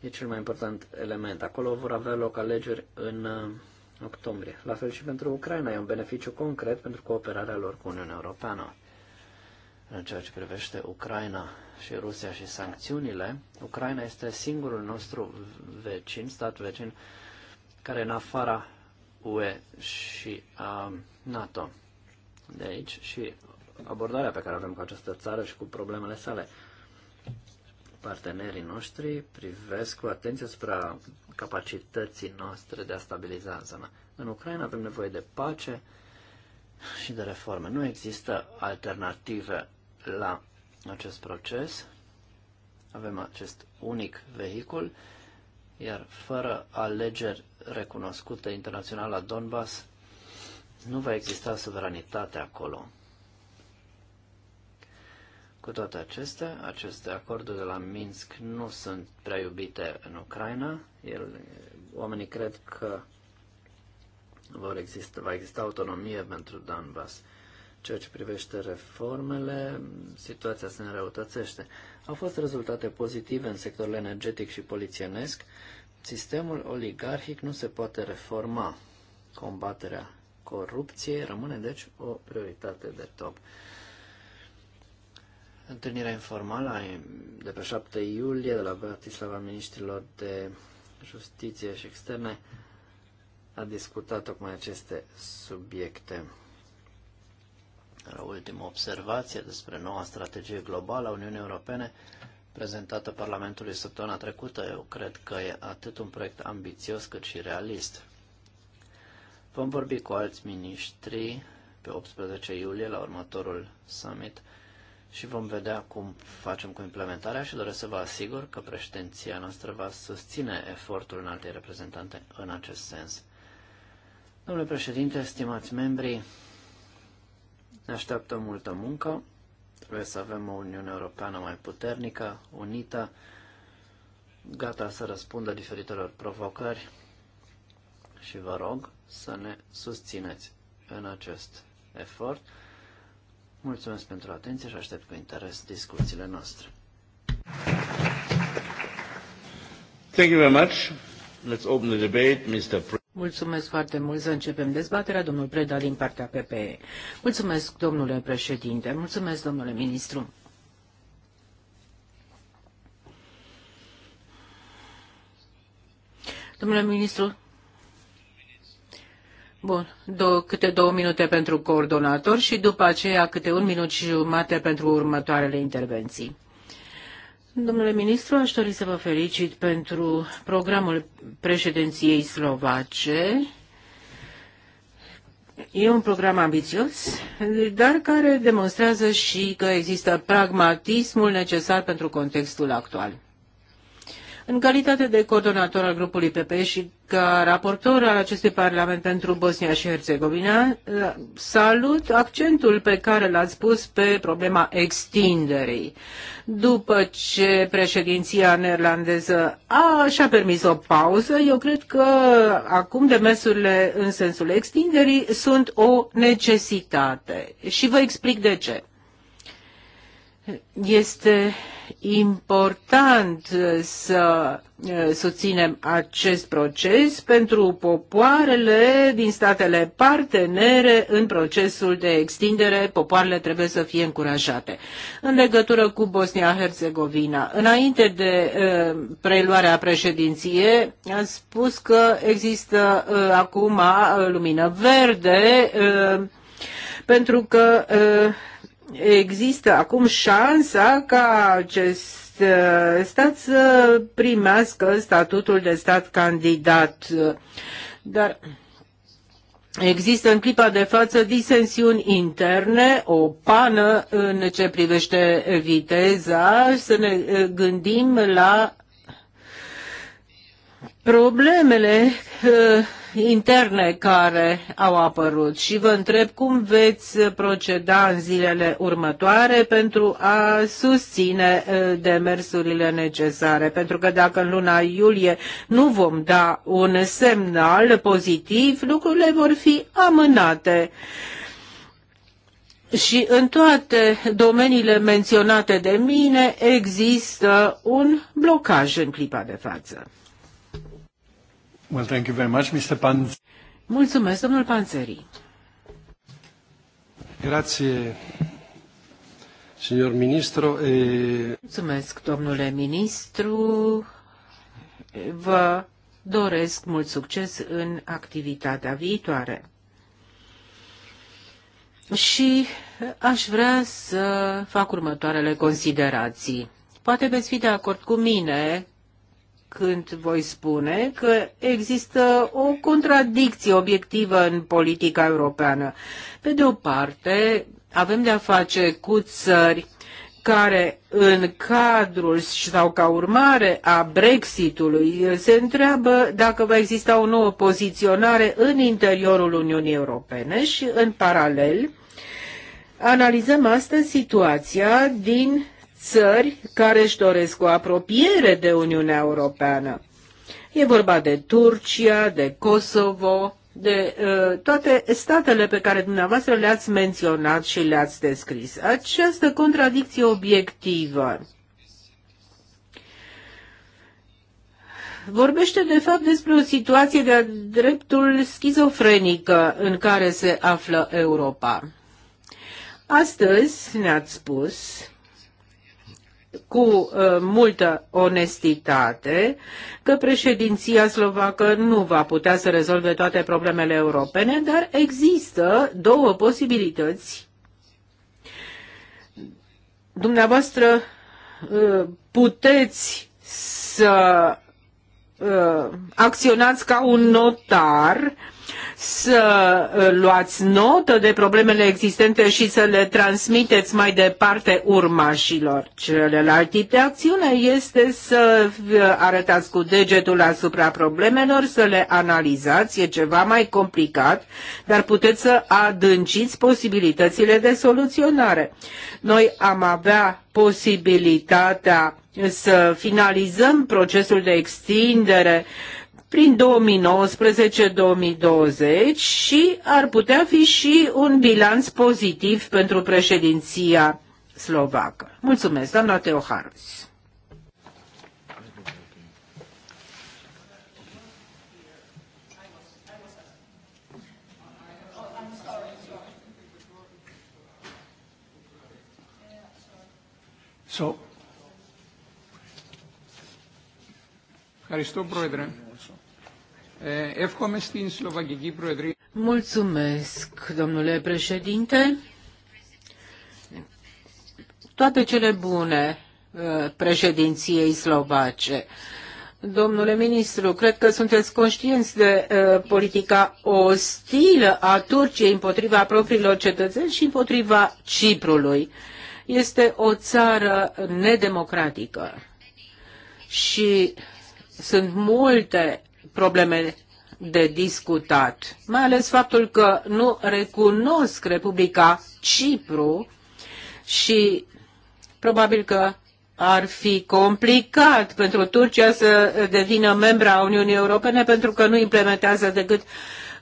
e cel mai important element. Acolo vor avea loc alegeri în uh, octombrie. La fel și pentru Ucraina, e un beneficiu concret pentru cooperarea lor cu Uniunea Europeană. În ceea ce privește Ucraina și Rusia și sancțiunile, Ucraina este singurul nostru vecin, stat vecin, care în afara UE și a NATO. De aici și abordarea pe care avem cu această țară și cu problemele sale. Partenerii noștri privesc cu atenție spre capacității noastre de a stabiliza în zona. În Ucraina avem nevoie de pace și de reforme. Nu există alternative la acest proces. Avem acest unic vehicul, iar fără alegeri recunoscute internațional la Donbass, nu va exista suveranitate acolo. Cu toate acestea, aceste acorduri de la Minsk nu sunt prea iubite în Ucraina. El, oamenii cred că vor exista, va exista autonomie pentru Donbass. Ceea ce privește reformele, situația se înrăutățește. Au fost rezultate pozitive în sectorul energetic și polițienesc. Sistemul oligarhic nu se poate reforma. Combaterea corupției rămâne, deci, o prioritate de top întâlnirea informală de pe 7 iulie de la Bratislava Ministrilor de Justiție și Externe a discutat tocmai aceste subiecte. La ultimă observație despre noua strategie globală a Uniunii Europene prezentată Parlamentului săptămâna trecută, eu cred că e atât un proiect ambițios cât și realist. Vom vorbi cu alți miniștri pe 18 iulie la următorul summit și vom vedea cum facem cu implementarea și doresc să vă asigur că președinția noastră va susține efortul în alte reprezentante în acest sens. Domnule președinte, stimați membri, ne așteaptă multă muncă, trebuie să avem o Uniune Europeană mai puternică, unită, gata să răspundă diferitelor provocări și vă rog să ne susțineți în acest efort. Mulțumesc pentru atenție și aștept cu interes discuțiile noastre. Thank you very much. Let's open the debate, Mr. Pre Mulțumesc foarte mult. Să începem dezbaterea, domnul Preda, din partea PPE. Mulțumesc, domnule președinte. Mulțumesc, domnule ministru. Domnule ministru, Bun, două, câte două minute pentru coordonator și după aceea câte un minut și jumate pentru următoarele intervenții. Domnule ministru, aș dori să vă felicit pentru programul președinției slovace. E un program ambițios, dar care demonstrează și că există pragmatismul necesar pentru contextul actual. În calitate de coordonator al grupului PP și ca raportor al acestui Parlament pentru Bosnia și Herțegovina, eh, salut accentul pe care l-ați pus pe problema extinderii. După ce președinția neerlandeză a, și-a permis o pauză, eu cred că acum demersurile în sensul extinderii sunt o necesitate. Și vă explic de ce. Este important uh, să uh, susținem acest proces pentru popoarele din statele partenere în procesul de extindere. Popoarele trebuie să fie încurajate. În legătură cu Bosnia-Herzegovina, înainte de uh, preluarea președinției, am spus că există acum lumină verde pentru că există acum șansa ca acest uh, stat să primească statutul de stat candidat. Dar Există în clipa de față disensiuni interne, o pană în ce privește viteza, să ne uh, gândim la problemele uh, interne care au apărut și vă întreb cum veți proceda în zilele următoare pentru a susține demersurile necesare. Pentru că dacă în luna iulie nu vom da un semnal pozitiv, lucrurile vor fi amânate. Și în toate domeniile menționate de mine există un blocaj în clipa de față. Well, thank you very much, Mr. Panz. Mulțumesc, domnul Panzeri. Grazie, signor ministru. E... Mulțumesc, domnule ministru. Vă doresc mult succes în activitatea viitoare. Și aș vrea să fac următoarele considerații. Poate veți fi de acord cu mine când voi spune că există o contradicție obiectivă în politica europeană. Pe de o parte, avem de-a face cu țări care în cadrul sau ca urmare a Brexitului se întreabă dacă va exista o nouă poziționare în interiorul Uniunii Europene și în paralel analizăm astăzi situația din țări care își doresc o apropiere de Uniunea Europeană. E vorba de Turcia, de Kosovo, de uh, toate statele pe care dumneavoastră le-ați menționat și le-ați descris. Această contradicție obiectivă vorbește de fapt despre o situație de-a dreptul schizofrenică în care se află Europa. Astăzi ne-ați spus cu uh, multă onestitate că președinția slovacă nu va putea să rezolve toate problemele europene, dar există două posibilități. Dumneavoastră uh, puteți să uh, acționați ca un notar uh, să uh, luați notă de problemele existente și să le transmiteți mai departe urmașilor. Celălalt tip de acțiune este să uh, arătați cu degetul asupra problemelor, să le analizați, e ceva mai complicat, dar puteți să adânciți posibilitățile de soluționare. Noi am avea posibilitatea să finalizăm procesul de extindere prin 2019-2020 și ar putea fi și un bilanț pozitiv pentru președinția slovacă. Mulțumesc, doamna Teoharus. So, Ευχαριστώ, Εύχομαι στην Σλοβακική Προεδρία. Mulțumesc, domnule președinte. Toate cele bune eh, președinției slovace. Domnule ministru, cred că sunteți conștienți de uh, politica ostilă a Turciei împotriva propriilor cetățeni și împotriva Ciprului. Este o țară nedemocratică și sunt multe probleme de discutat, mai ales faptul că nu recunosc Republica Cipru și probabil că ar fi complicat pentru Turcia să devină membra a Uniunii Europene pentru că nu implementează decât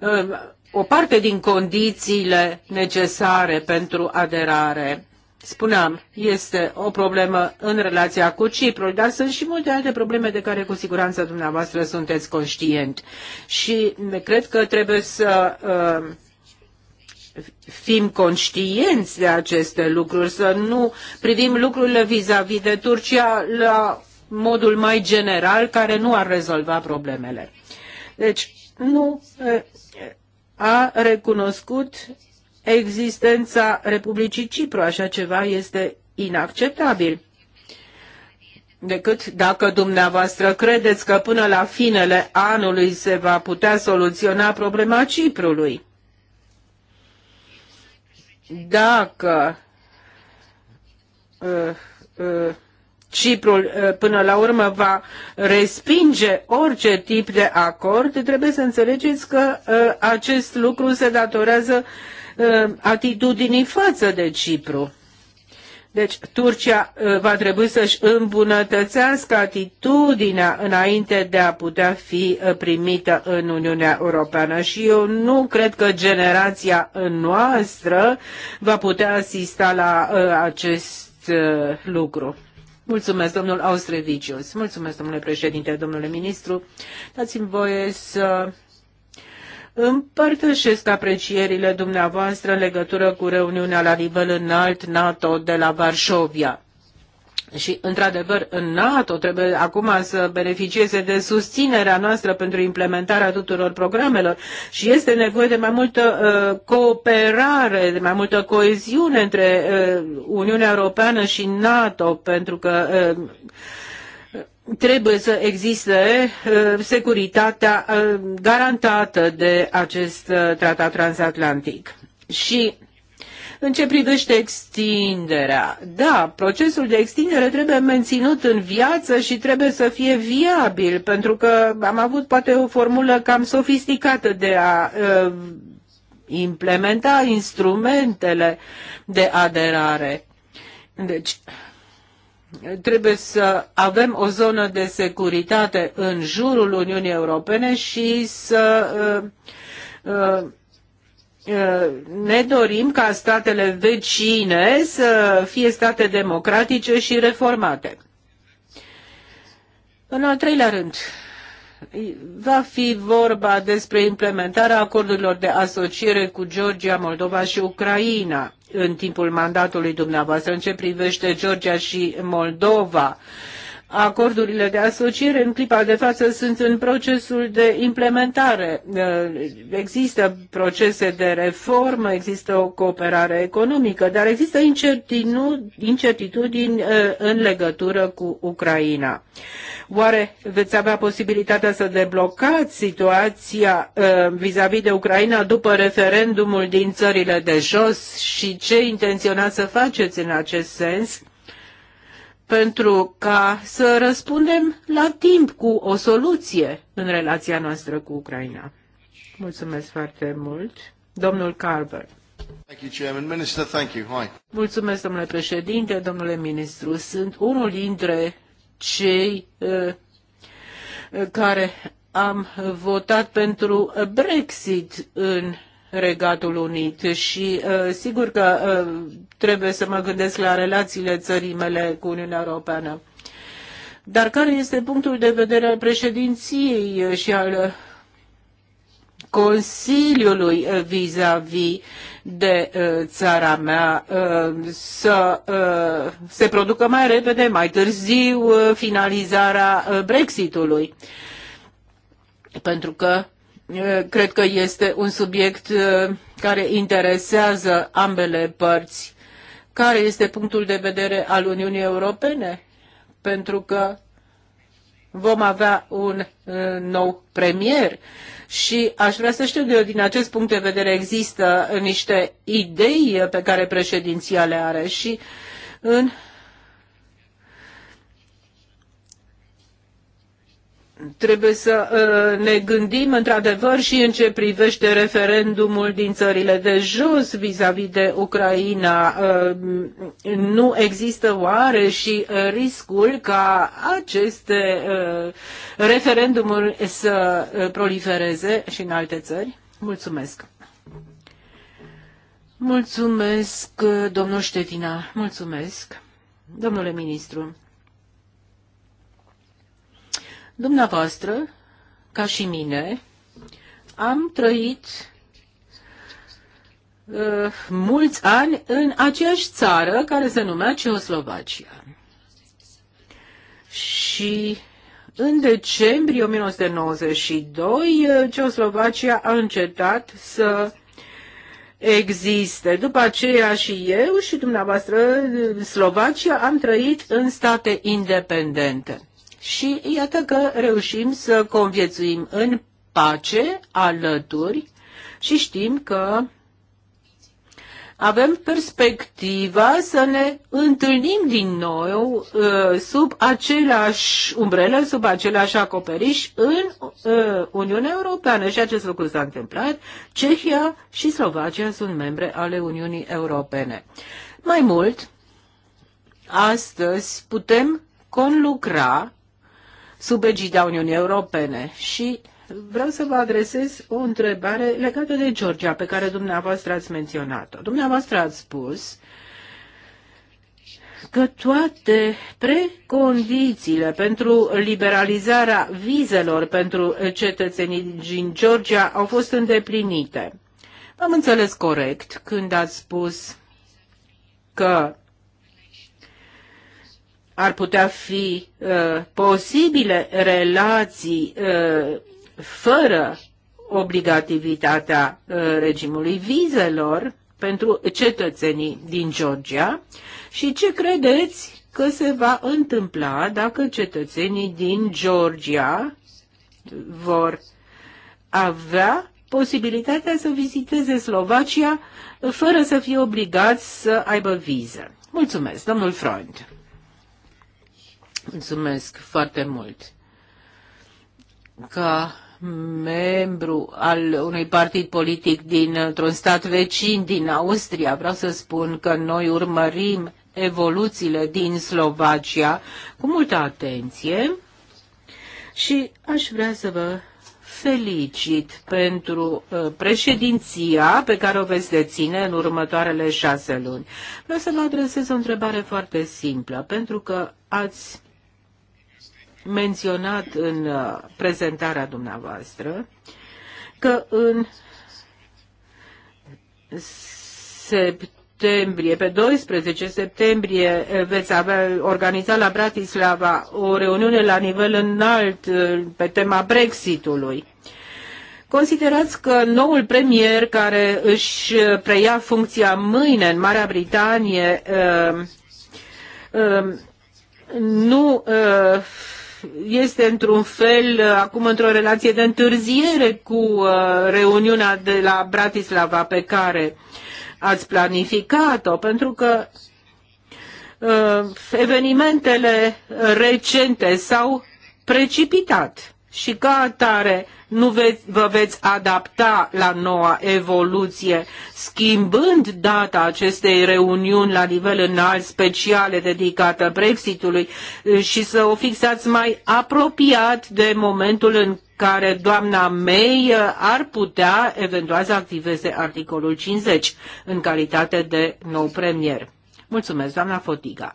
uh, o parte din condițiile necesare pentru aderare spuneam, este o problemă în relația cu Ciprul, dar sunt și multe alte probleme de care cu siguranță dumneavoastră sunteți conștient. Și cred că trebuie să uh, fim conștienți de aceste lucruri, să nu privim lucrurile vis-a-vis -vis de Turcia la modul mai general care nu ar rezolva problemele. Deci, nu uh, a recunoscut existența Republicii Cipru. Așa ceva este inacceptabil decât dacă dumneavoastră credeți că până la finele anului se va putea soluționa problema Ciprului. Dacă uh, uh, Ciprul uh, până la urmă va respinge orice tip de acord, trebuie să înțelegeți că uh, acest lucru se datorează Uh, atitudinii față de Cipru. Deci Turcia uh, va trebui să-și îmbunătățească atitudinea înainte de a putea fi uh, primită în Uniunea Europeană și eu nu cred că generația noastră va putea asista la acest lucru. Mulțumesc, domnul Austrevicius. Mulțumesc, domnule președinte, domnule ministru. Dați-mi voie să Împărtășesc aprecierile dumneavoastră în legătură cu reuniunea la nivel înalt NATO de la Varșovia. Și, într-adevăr, în NATO trebuie acum să beneficieze de susținerea noastră pentru implementarea tuturor programelor și este nevoie de mai multă uh, cooperare, de mai multă coeziune între uh, Uniunea Europeană și NATO, pentru că uh, trebuie să existe uh, securitatea uh, garantată de acest uh, tratat transatlantic. Și în ce privește extinderea, da, procesul de extindere trebuie menținut în viață și trebuie să fie viabil, pentru că am avut poate o formulă cam sofisticată de a uh, implementa instrumentele de aderare. Deci, trebuie să avem o zonă de securitate în jurul Uniunii Europene și să uh, uh, uh, ne dorim ca statele vecine să fie state democratice și reformate. În al treilea rând, va fi vorba despre implementarea acordurilor de asociere cu Georgia, Moldova și Ucraina în timpul mandatului dumneavoastră în ce privește Georgia și Moldova. Acordurile de asociere în clipa de față sunt în procesul de implementare. Uh, există procese de reformă, există o cooperare economică, dar există incertitudini uh, în legătură cu Ucraina. Oare veți avea posibilitatea să deblocați situația uh, vis-a-vis -vis de Ucraina după referendumul din țările de jos și ce intenționați să faceți în acest sens? pentru ca să răspundem la timp cu o soluție în relația noastră cu Ucraina. Mulțumesc foarte mult. Domnul Carver. Mulțumesc, domnule președinte, domnule ministru. Sunt unul dintre cei uh, care am votat pentru Brexit în Regatul Unit și uh, sigur că uh, trebuie să mă gândesc la relațiile țării mele cu Uniunea Europeană. Dar care este punctul de vedere al președinției uh, și al Consiliului vis-a-vis -vis de țara mea să se producă mai repede, mai târziu, finalizarea Brexitului? Pentru că cred că este un subiect care interesează ambele părți. Care este punctul de vedere al Uniunii Europene? Pentru că vom avea un nou premier și aș vrea să știu de din acest punct de vedere există niște idei pe care președinția le are și în trebuie să uh, ne gândim într-adevăr și în ce privește referendumul din țările de jos vis-a-vis -vis de Ucraina. Uh, nu există oare și uh, riscul ca aceste referendumuri să prolifereze și în alte țări? Mulțumesc! Mulțumesc, domnul Ștefina, mulțumesc. Domnule ministru, Dumneavoastră, ca și mine, am trăit uh, mulți ani în aceeași țară care se numea Ceoslovacia. Și în decembrie 1992, uh, Ceoslovacia a încetat să existe. După aceea și eu și dumneavoastră, uh, Slovacia, am trăit în state independente și iată că reușim să conviețuim în pace alături și știm că avem perspectiva să ne întâlnim din nou uh, sub aceleași umbrele, sub aceleași acoperiș în uh, Uniunea Europeană. Și acest lucru s-a întâmplat. Cehia și Slovacia sunt membre ale Uniunii Europene. Mai mult, astăzi putem conlucra sub egida Uniunii Europene și vreau să vă adresez o întrebare legată de Georgia, pe care dumneavoastră ați menționat-o. Dumneavoastră ați spus că toate precondițiile pentru liberalizarea vizelor pentru cetățenii din Georgia au fost îndeplinite. Am înțeles corect când ați spus că ar putea fi uh, posibile relații uh, fără obligativitatea uh, regimului vizelor pentru cetățenii din Georgia și ce credeți că se va întâmpla dacă cetățenii din Georgia vor avea posibilitatea să viziteze Slovacia fără să fie obligați să aibă viză. Mulțumesc, domnul Freund. Mulțumesc foarte mult. Ca membru al unui partid politic dintr-un stat vecin din Austria, vreau să spun că noi urmărim evoluțiile din Slovacia cu multă atenție și aș vrea să vă felicit pentru uh, președinția pe care o veți deține în următoarele șase luni. Vreau să vă adresez o întrebare foarte simplă, pentru că ați menționat în uh, prezentarea dumneavoastră că în septembrie, pe 12 septembrie uh, veți avea organizat la Bratislava o reuniune la nivel înalt uh, pe tema Brexitului. Considerați că noul premier care își preia funcția mâine în Marea Britanie nu este într-un fel uh, acum într-o relație de întârziere cu uh, reuniunea de la Bratislava pe care ați planificat-o, pentru că uh, evenimentele recente s-au precipitat și ca atare nu veți, vă veți adapta la noua evoluție, schimbând data acestei reuniuni la nivel înalt speciale dedicată Brexitului eh, și să o fixați mai apropiat de momentul în care doamna May eh, ar putea eventual să activeze articolul 50 în calitate de nou premier. Mulțumesc, doamna Fotiga.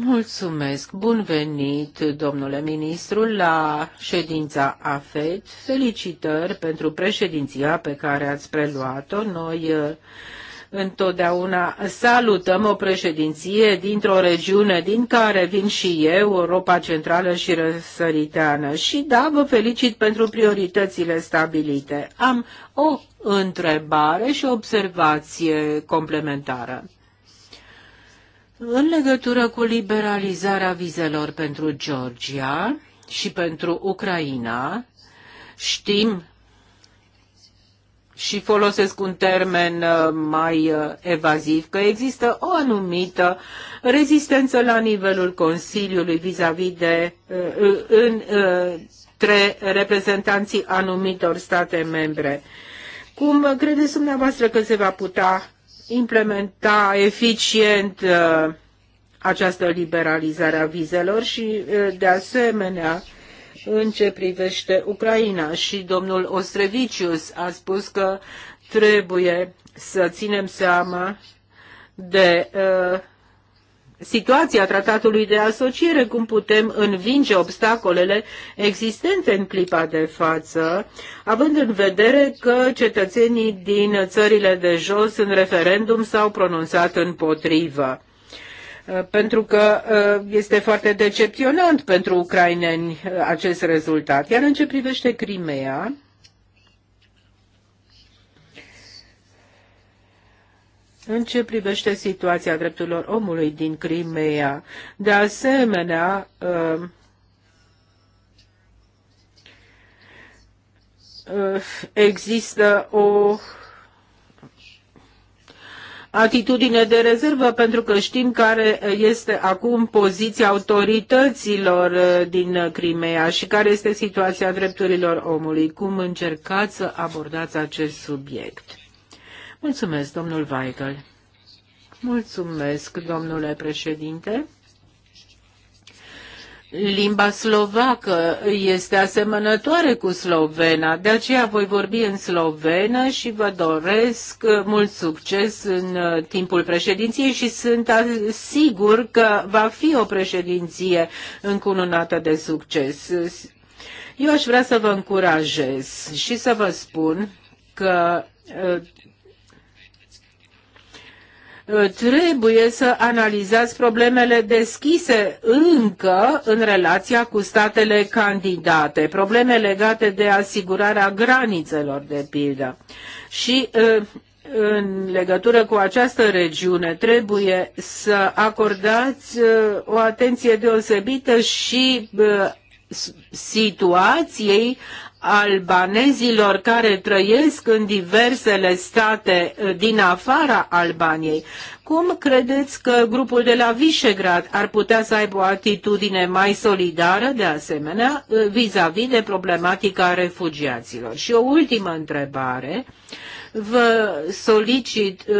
Mulțumesc. Bun venit, domnule ministru, la ședința AFET. Felicitări pentru președinția pe care ați preluat-o. Noi uh, întotdeauna salutăm o președinție dintr-o regiune din care vin și eu, Europa Centrală și Răsăriteană. Și da, vă felicit pentru prioritățile stabilite. Am o întrebare și o observație complementară. În legătură cu liberalizarea vizelor pentru Georgia și pentru Ucraina, știm și folosesc un termen uh, mai uh, evaziv, că există o anumită rezistență la nivelul Consiliului vis-a-vis -vis de uh, între reprezentanții anumitor state membre. Cum credeți dumneavoastră că se va putea implementa eficient uh, această liberalizare a vizelor și, uh, de asemenea, în ce privește Ucraina. Și domnul Ostrevicius a spus că trebuie să ținem seama de uh, situația tratatului de asociere, cum putem învinge obstacolele existente în clipa de față, având în vedere că cetățenii din țările de jos în referendum s-au pronunțat împotrivă uh, pentru că uh, este foarte decepționant pentru ucraineni uh, acest rezultat. Iar în ce privește Crimea, în ce privește situația drepturilor omului din Crimea. De asemenea, uh, uh, există o atitudine de rezervă pentru că știm care este acum poziția autorităților uh, din Crimea și care este situația drepturilor omului. Cum încercați să abordați acest subiect? Mulțumesc, domnul Weigel. Mulțumesc, domnule președinte. Limba slovacă este asemănătoare cu slovena, de aceea voi vorbi în slovenă și vă doresc mult succes în uh, timpul președinției și sunt sigur că va fi o președinție încununată de succes. Eu aș vrea să vă încurajez și să vă spun că uh, Ă, trebuie să analizați problemele deschise încă în relația cu statele candidate, probleme legate de asigurarea granițelor, de pildă. Și ă, în legătură cu această regiune trebuie să acordați ă, o atenție deosebită și situației albanezilor care trăiesc în diversele state eh, din afara Albaniei. Cum credeți că grupul de la Visegrad ar putea să aibă o atitudine mai solidară, de asemenea, eh, vis-a-vis -vis de problematica refugiaților? Și o ultimă întrebare Vă solicit uh,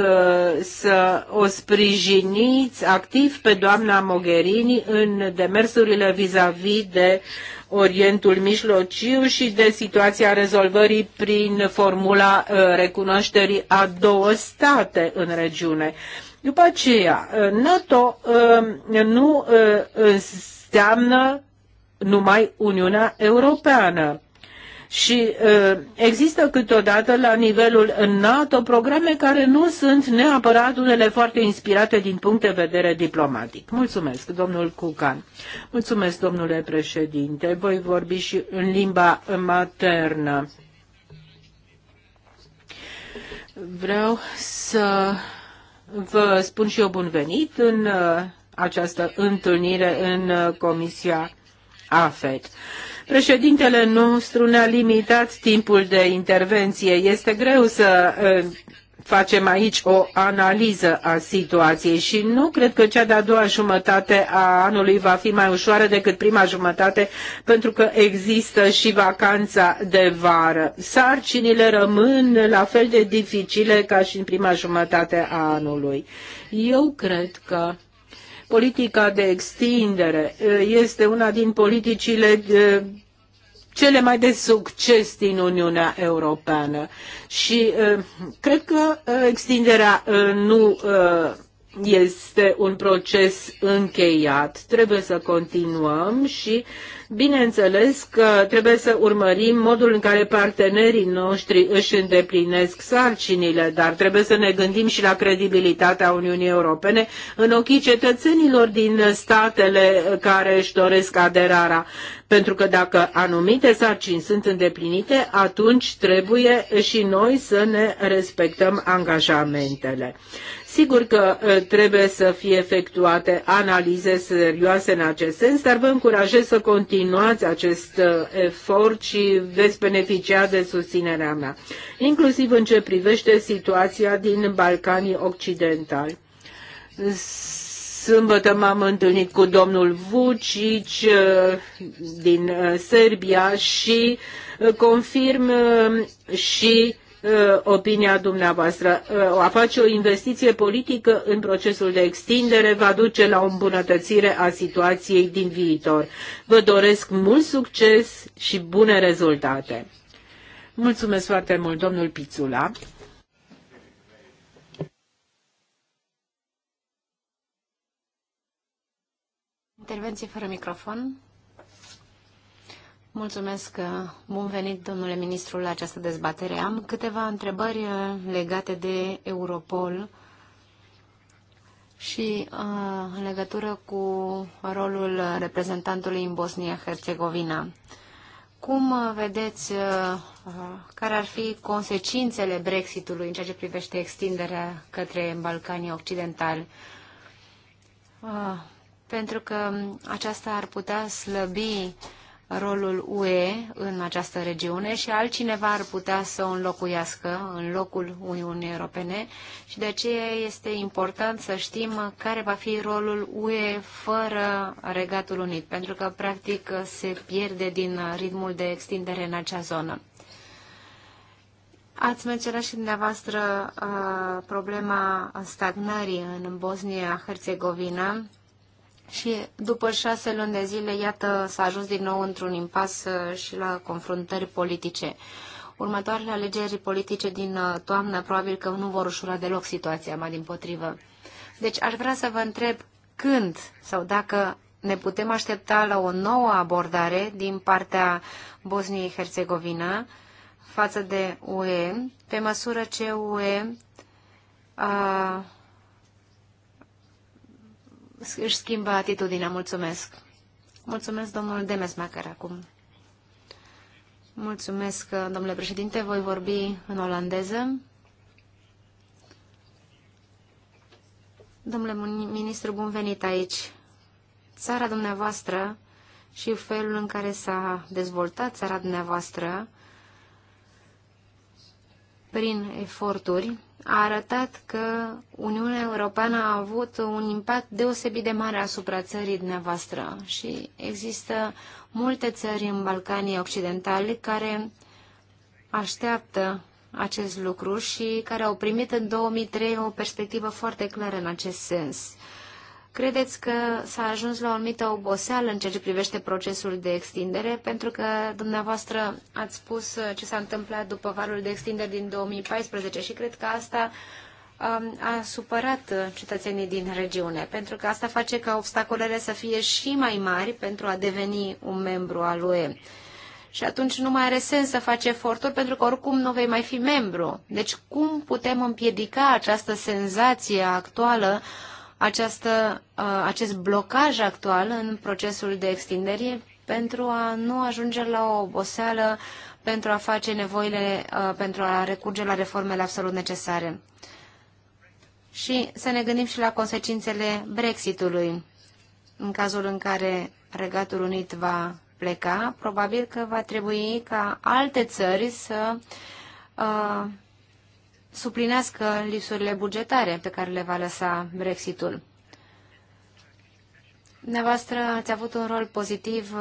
să o sprijiniți activ pe doamna Mogherini în demersurile vis-a-vis -vis de Orientul Mijlociu și de situația rezolvării prin formula uh, recunoașterii a două state în regiune. După aceea, uh, NATO nu înseamnă numai Uniunea Europeană. Și există câteodată la nivelul NATO programe care nu sunt neapărat unele foarte inspirate din punct de vedere diplomatic. Mulțumesc, domnul Cucan. Mulțumesc, domnule președinte. Voi vorbi și în limba maternă. Vreau să vă spun și eu bun venit în această întâlnire în Comisia AFET. Președintele nostru ne-a limitat timpul de intervenție. Este greu să facem aici o analiză a situației și nu cred că cea de-a doua jumătate a anului va fi mai ușoară decât prima jumătate pentru că există și vacanța de vară. Sarcinile rămân la fel de dificile ca și în prima jumătate a anului. Eu cred că Politica de extindere eh, este una din politicile eh, cele mai de succes din Uniunea Europeană și eh, cred că extinderea nu este un proces încheiat, trebuie să continuăm și, bineînțeles, că trebuie să urmărim modul în care partenerii noștri își îndeplinesc sarcinile, dar trebuie să ne gândim și la credibilitatea Uniunii Europene în ochii cetățenilor din statele care își doresc aderarea. Pentru că dacă anumite sarcini sunt îndeplinite, atunci trebuie și noi să ne respectăm angajamentele. Sigur că ă, trebuie să fie efectuate analize serioase în acest sens, dar vă încurajez să continuați acest ă, efort și veți beneficia de susținerea mea, inclusiv în ce privește situația din Balcanii Occidentali. Sâmbătă m-am întâlnit cu domnul Vucic ă, din Serbia și confirm și Uh, opinia dumneavoastră. Uh, a face o investiție politică în procesul de extindere va duce la o îmbunătățire a situației din viitor. Vă doresc mult succes și bune rezultate. Mulțumesc foarte mult, domnul Pițula. Intervenție fără microfon. Mulțumesc, uh, bun venit, domnule ministru, la această dezbatere. Am câteva întrebări uh, legate de Europol și uh, în legătură cu rolul reprezentantului în Bosnia-Herzegovina. Cum vedeți care ar fi consecințele Brexitului în ceea ce privește extinderea către Balcanii Occidentali? pentru că aceasta ar putea slăbi uh, rolul UE în această regiune și altcineva ar putea să o înlocuiască în locul Uniunii Europene și de aceea este important să știm care va fi rolul UE fără Regatul Unit, pentru că practic se pierde din ritmul de extindere în acea zonă. Ați menționat și dumneavoastră uh, problema stagnării în Bosnia-Herzegovina și după șase luni de zile, iată, s-a ajuns din nou într-un impas uh, și la confruntări politice. Următoarele alegeri politice din uh, toamnă probabil că nu vor ușura deloc situația, mai din potrivă. Deci aș vrea să vă întreb când sau dacă ne putem aștepta la o nouă abordare din partea Bosniei-Herzegovina față de UE, pe măsură ce UE a uh, își schimbă atitudinea. Mulțumesc. Mulțumesc, domnul Demesmacher, acum. Mulțumesc, domnule președinte. Voi vorbi în olandeză. Domnule ministru, bun venit aici. Țara dumneavoastră și felul în care s-a dezvoltat țara dumneavoastră prin eforturi a arătat că Uniunea Europeană a avut un impact deosebit de mare asupra țării dumneavoastră și există multe țări în Balcanii Occidentali care așteaptă acest lucru și care au primit în 2003 o perspectivă foarte clară în acest sens. Credeți că s-a ajuns la o anumită oboseală în ceea ce privește procesul de extindere? Pentru că dumneavoastră ați spus uh, ce s-a întâmplat după valul de extindere din 2014 și cred că asta um, a supărat uh, cetățenii din regiune, pentru că asta face ca obstacolele să fie și mai mari pentru a deveni un membru al UE. Și atunci nu mai are sens să faci eforturi, pentru că oricum nu vei mai fi membru. Deci cum putem împiedica această senzație actuală această, uh, acest blocaj actual în procesul de extindere pentru a nu ajunge la o oboseală, pentru a face nevoile, uh, pentru a recurge la reformele absolut necesare. Și să ne gândim și la consecințele Brexitului. În cazul în care Regatul Unit va pleca, probabil că va trebui ca alte țări să uh, suplinească lipsurile bugetare pe care le va lăsa Brexitul. Dumneavoastră ați avut un rol pozitiv uh,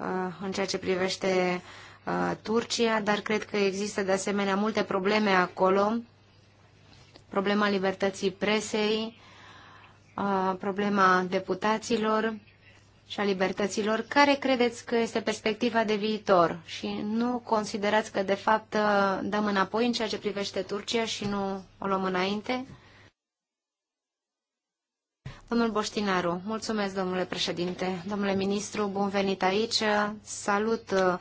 uh, în ceea ce privește uh, Turcia, dar cred că există de asemenea multe probleme acolo. Problema libertății presei, problema deputaților și a libertăților, care credeți că este perspectiva de viitor și nu considerați că, de fapt, ă, dăm înapoi în ceea ce privește Turcia și nu o luăm înainte? Domnul Boștinaru, mulțumesc, domnule președinte. Domnule ministru, bun venit aici. Salut ă,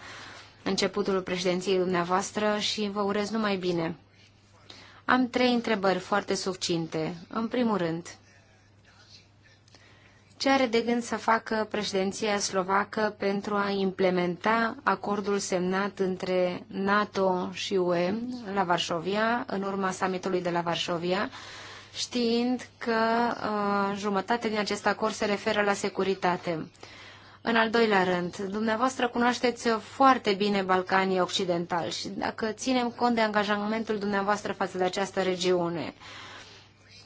începutul președinției dumneavoastră și vă urez numai bine. Am trei întrebări foarte succinte. În primul rând, ce are de gând să facă președinția slovacă pentru a implementa acordul semnat între NATO și UE la Varșovia, în urma summitului de la Varșovia, știind că uh, jumătate din acest acord se referă la securitate. În al doilea rând, dumneavoastră cunoașteți foarte bine Balcanii Occidentali și dacă ținem cont de angajamentul dumneavoastră față de această regiune, uh,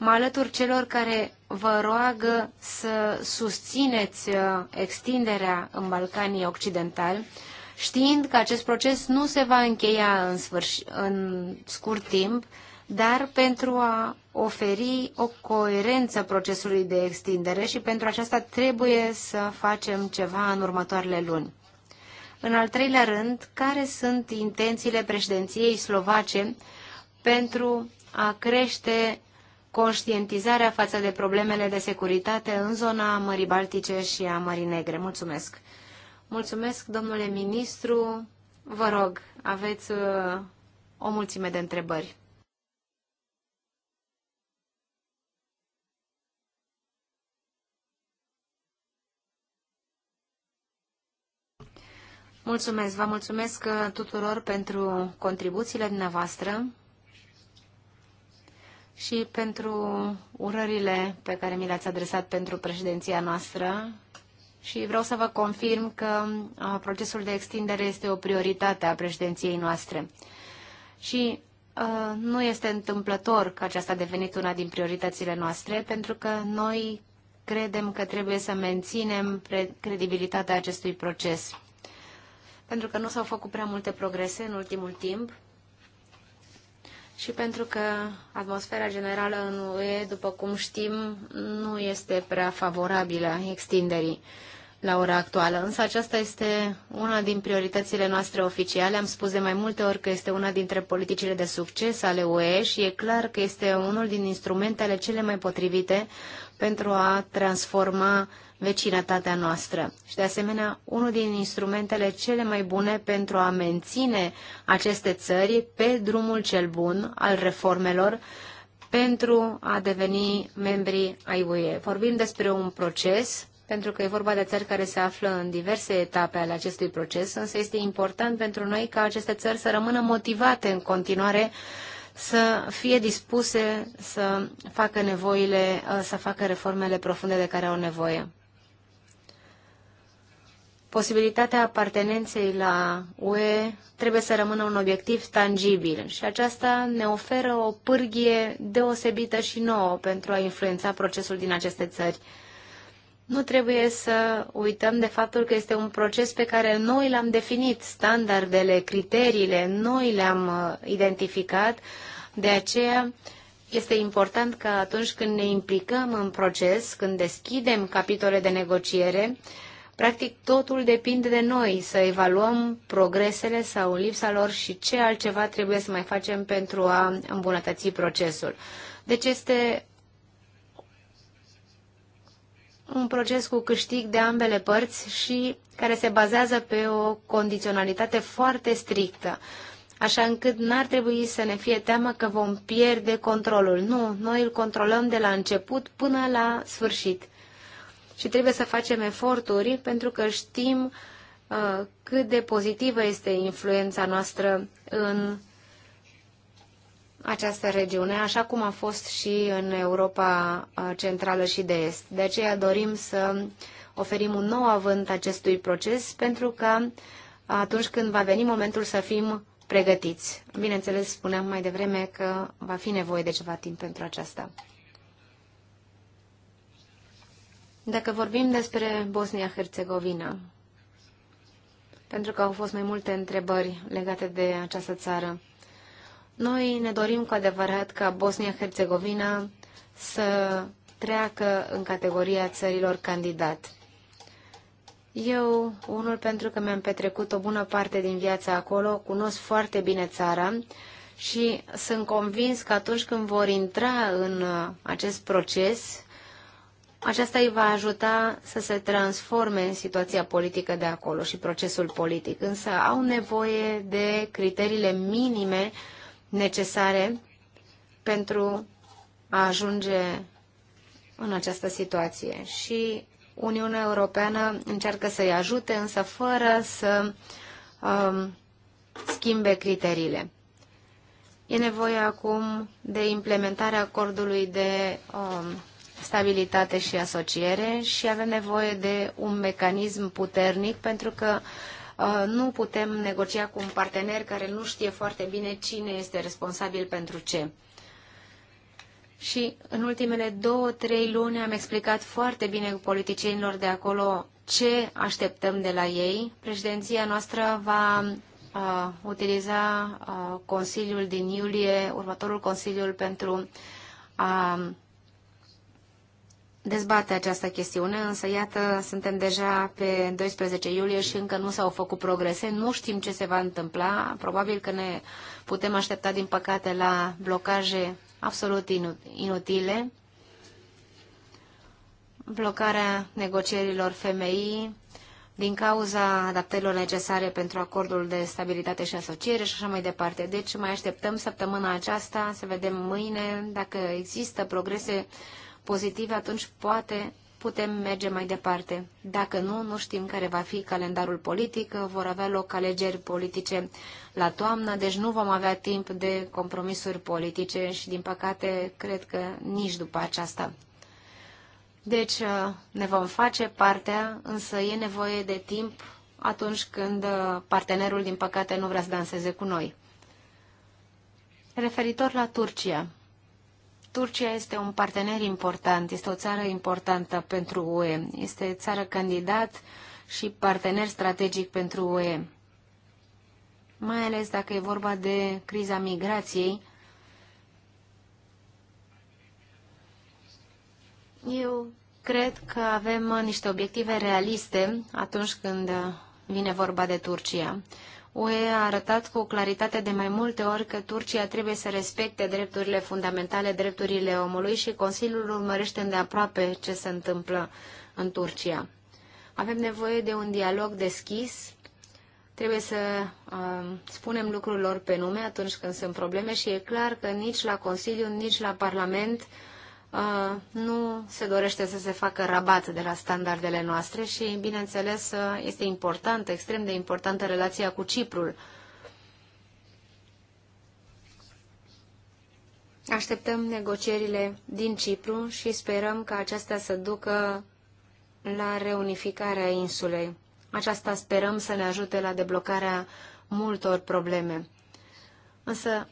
Mă alătur celor care vă roagă să susțineți uh, extinderea în Balcanii Occidentali, știind că acest proces nu se va încheia în, sfârș- în scurt timp, dar pentru a oferi o coerență procesului de extindere și pentru aceasta trebuie să facem ceva în următoarele luni. În al treilea rând, care sunt intențiile președinției slovace pentru a crește conștientizarea față de problemele de securitate în zona Mării Baltice și a Mării Negre. Mulțumesc! Mulțumesc, domnule ministru. Vă rog, aveți uh, o mulțime de întrebări. Mulțumesc, vă mulțumesc uh, tuturor pentru contribuțiile dumneavoastră și pentru urările pe care mi le-ați adresat pentru președinția noastră și vreau să vă confirm că procesul de extindere este o prioritate a președinției noastre. Și nu este întâmplător că aceasta a devenit una din prioritățile noastre, pentru că noi credem că trebuie să menținem credibilitatea acestui proces. Pentru că nu s-au făcut prea multe progrese în ultimul timp și pentru că atmosfera generală în UE, după cum știm, nu este prea favorabilă extinderii la ora actuală. Însă aceasta este una din prioritățile noastre oficiale. Am spus de mai multe ori că este una dintre politicile de succes ale UE și e clar că este unul din instrumentele cele mai potrivite pentru a transforma vecinătatea noastră. Și, de asemenea, unul din instrumentele cele mai bune pentru a menține aceste țări pe drumul cel bun al reformelor pentru a deveni membri ai UE. Vorbim despre un proces pentru că e vorba de țări care se află în diverse etape ale acestui proces, însă este important pentru noi ca aceste țări să rămână motivate în continuare să fie dispuse să facă nevoile, să facă reformele profunde de care au nevoie posibilitatea apartenenței la UE trebuie să rămână un obiectiv tangibil și aceasta ne oferă o pârghie deosebită și nouă pentru a influența procesul din aceste țări. Nu trebuie să uităm de faptul că este un proces pe care noi l-am definit, standardele, criteriile, noi le-am uh, identificat, de aceea este important că atunci când ne implicăm în proces, când deschidem capitole de negociere, Practic, totul depinde de noi să evaluăm progresele sau lipsa lor și ce altceva trebuie să mai facem pentru a îmbunătăți procesul. Deci este un proces cu câștig de ambele părți și care se bazează pe o condiționalitate foarte strictă, așa încât n-ar trebui să ne fie teamă că vom pierde controlul. Nu, noi îl controlăm de la început până la sfârșit și trebuie să facem eforturi pentru că știm uh, cât de pozitivă este influența noastră în această regiune, așa cum a fost și în Europa uh, Centrală și de Est. De aceea dorim să oferim un nou avânt acestui proces pentru că atunci când va veni momentul să fim pregătiți. Bineînțeles, spuneam mai devreme că va fi nevoie de ceva timp pentru aceasta. Dacă vorbim despre Bosnia-Herzegovina, pentru că au fost mai multe întrebări legate de această țară, noi ne dorim cu adevărat ca Bosnia-Herzegovina să treacă în categoria țărilor candidat. Eu, unul pentru că mi-am petrecut o bună parte din viața acolo, cunosc foarte bine țara și sunt convins că atunci când vor intra în uh, acest proces, aceasta îi va ajuta să se transforme în situația politică de acolo și procesul politic, însă au nevoie de criteriile minime necesare pentru a ajunge în această situație. Și Uniunea Europeană încearcă să-i ajute, însă fără să um, schimbe criteriile. E nevoie acum de implementarea acordului de um, stabilitate și asociere și avem nevoie de un mecanism puternic pentru că uh, nu putem negocia cu un partener care nu știe foarte bine cine este responsabil pentru ce. Și în ultimele două, trei luni am explicat foarte bine cu politicienilor de acolo ce așteptăm de la ei. Președinția noastră va uh, utiliza uh, Consiliul din iulie, următorul Consiliul pentru a uh, dezbate această chestiune, însă iată, suntem deja pe 12 iulie și încă nu s-au făcut progrese, nu știm ce se va întâmpla, probabil că ne putem aștepta, din păcate, la blocaje absolut inutile, blocarea negocierilor FMI din cauza adaptărilor necesare pentru acordul de stabilitate și asociere și așa mai departe. Deci mai așteptăm săptămâna aceasta să vedem mâine dacă există progrese uh, pozitive, atunci poate putem merge mai departe. Dacă nu, nu știm care va fi calendarul politic, vor avea loc alegeri politice la toamnă, deci nu vom avea timp de compromisuri politice și, din păcate, cred că nici după aceasta. Deci uh, ne vom face partea, însă e nevoie de timp atunci când uh, partenerul, din păcate, nu vrea să danseze cu noi. Referitor la Turcia, Turcia este un partener important, este o țară importantă pentru UE, este țară candidat și partener strategic pentru UE, mai ales dacă e vorba de criza migrației. Eu cred că avem niște obiective realiste atunci când vine vorba de Turcia. UE a arătat cu claritate de mai multe ori că Turcia trebuie să respecte drepturile fundamentale, drepturile omului și Consiliul urmărește îndeaproape ce se întâmplă în Turcia. Avem nevoie de un dialog deschis, trebuie să uh, spunem lucrurilor pe nume atunci când sunt probleme și e clar că nici la Consiliu, nici la Parlament uh, nu se dorește să se facă rabat de la standardele noastre și, bineînțeles, este importantă, extrem de importantă relația cu Ciprul. Așteptăm negocierile din Cipru și sperăm că acestea să ducă la reunificarea insulei. Aceasta sperăm să ne ajute la deblocarea multor probleme. Însă,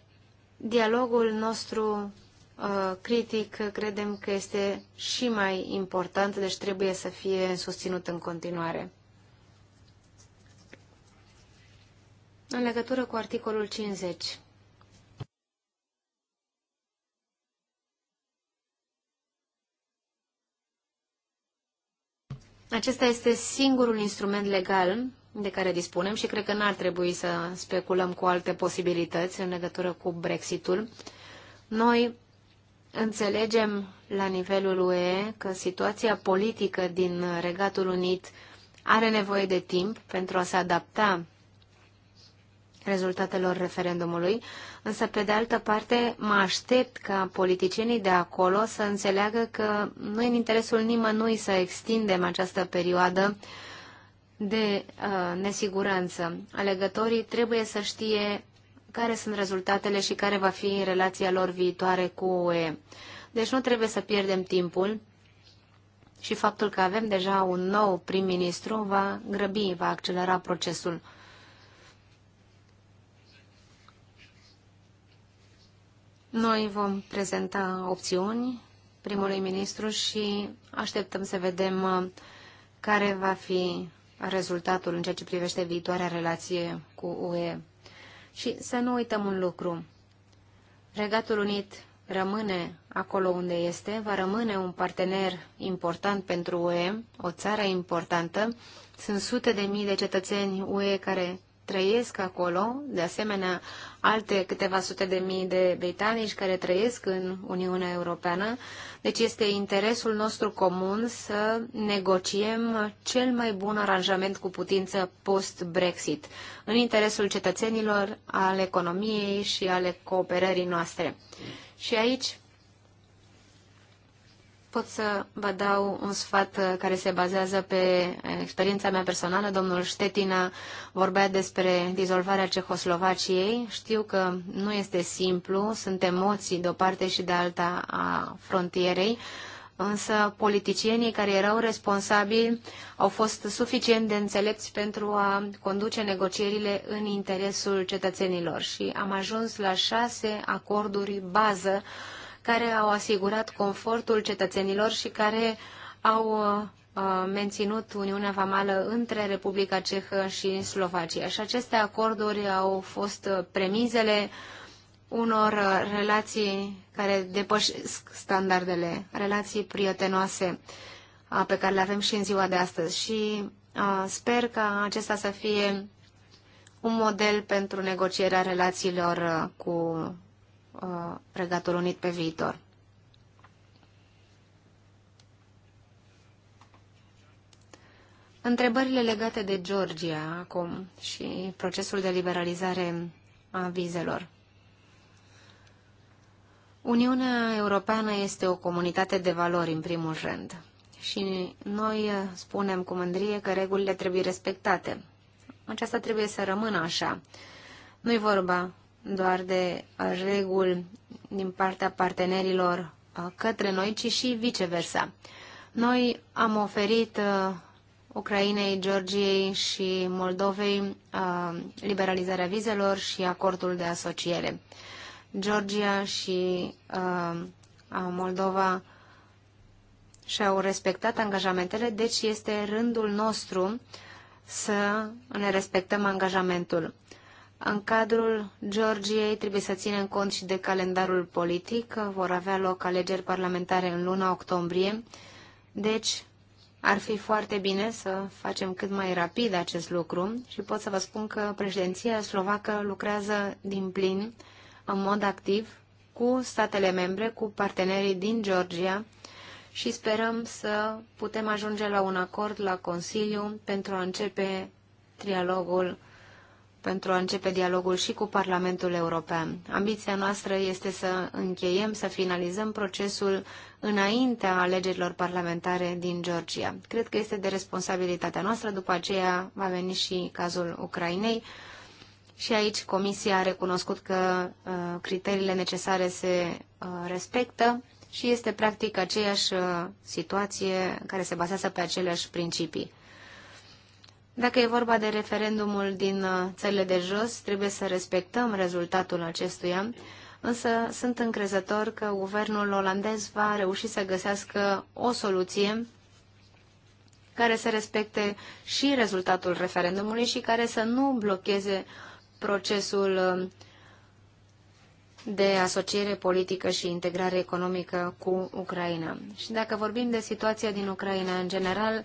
dialogul nostru Uh, critic credem că este și mai important, deci trebuie să fie susținut în continuare. În legătură cu articolul 50. Acesta este singurul instrument legal de care dispunem și cred că n-ar trebui să speculăm cu alte posibilități în legătură cu Brexitul. Noi Înțelegem la nivelul UE că situația politică din Regatul Unit are nevoie de timp pentru a se adapta rezultatelor referendumului, însă, pe de altă parte, mă aștept ca politicienii de acolo să înțeleagă că nu e în interesul nimănui să extindem această perioadă de uh, nesiguranță. Alegătorii trebuie să știe care sunt rezultatele și care va fi relația lor viitoare cu UE. Deci nu trebuie să pierdem timpul și faptul că avem deja un nou prim-ministru va grăbi, va accelera procesul. Noi vom prezenta opțiuni primului ministru și așteptăm să vedem uh, care va fi rezultatul în ceea ce privește viitoarea relație cu UE. Și să nu uităm un lucru. Regatul Unit rămâne acolo unde este, va rămâne un partener important pentru UE, o țară importantă. Sunt sute de mii de cetățeni UE care trăiesc acolo, de asemenea alte câteva sute de mii de britanici care trăiesc în Uniunea Europeană. Deci este interesul nostru comun să negociem cel mai bun aranjament cu putință post-Brexit, în interesul cetățenilor, al economiei și ale cooperării noastre. Și aici pot să vă dau un sfat uh, care se bazează pe uh, experiența mea personală. Domnul Ștetina vorbea despre dizolvarea Cehoslovaciei. Știu că nu este simplu, sunt emoții de o parte și de alta a frontierei, însă politicienii care erau responsabili au fost suficient de înțelepți pentru a conduce negocierile în interesul cetățenilor și am ajuns la șase acorduri bază care au asigurat confortul cetățenilor și care au uh, menținut Uniunea Vamală între Republica Cehă și Slovacia. Și aceste acorduri au fost uh, premizele unor uh, relații care depășesc standardele, relații prietenoase pe care le avem și în ziua de astăzi. Și sper ca acesta să fie un model pentru negocierea relațiilor cu Uh, Regatul Unit pe viitor. Întrebările legate de Georgia acum și procesul de liberalizare a vizelor. Uniunea Europeană este o comunitate de valori, în primul rând, și noi spunem cu mândrie că regulile trebuie respectate. Aceasta trebuie să rămână așa. Nu-i vorba doar de reguli din partea partenerilor uh, către noi, ci și viceversa. Noi am oferit uh, Ucrainei, Georgiei și Moldovei uh, liberalizarea vizelor și acordul de asociere. Georgia și Moldova și-au respectat angajamentele, deci este rândul nostru să ne respectăm angajamentul. În cadrul Georgiei trebuie să ținem cont și de calendarul politic. Vor avea loc alegeri parlamentare în luna octombrie, deci ar fi foarte bine să facem cât mai rapid acest lucru și pot să vă spun că președinția slovacă lucrează din plin, în mod activ, cu statele membre, cu partenerii din Georgia și sperăm să putem ajunge la un acord la Consiliu pentru a începe trialogul pentru a începe dialogul și cu Parlamentul European. Ambiția noastră este să încheiem, să finalizăm procesul înaintea alegerilor parlamentare din Georgia. Cred că este de responsabilitatea noastră, după aceea va veni și cazul Ucrainei. Și aici Comisia a recunoscut că uh, criteriile necesare se uh, respectă și este practic aceeași uh, situație care se bazează pe aceleași principii. Dacă e vorba de referendumul din uh, țările de jos, trebuie să respectăm rezultatul acestuia, însă sunt încrezător că guvernul olandez va reuși să găsească o soluție care să respecte și rezultatul referendumului și care să nu blocheze procesul uh, de asociere politică și integrare economică cu Ucraina. Și dacă vorbim de situația din Ucraina în general,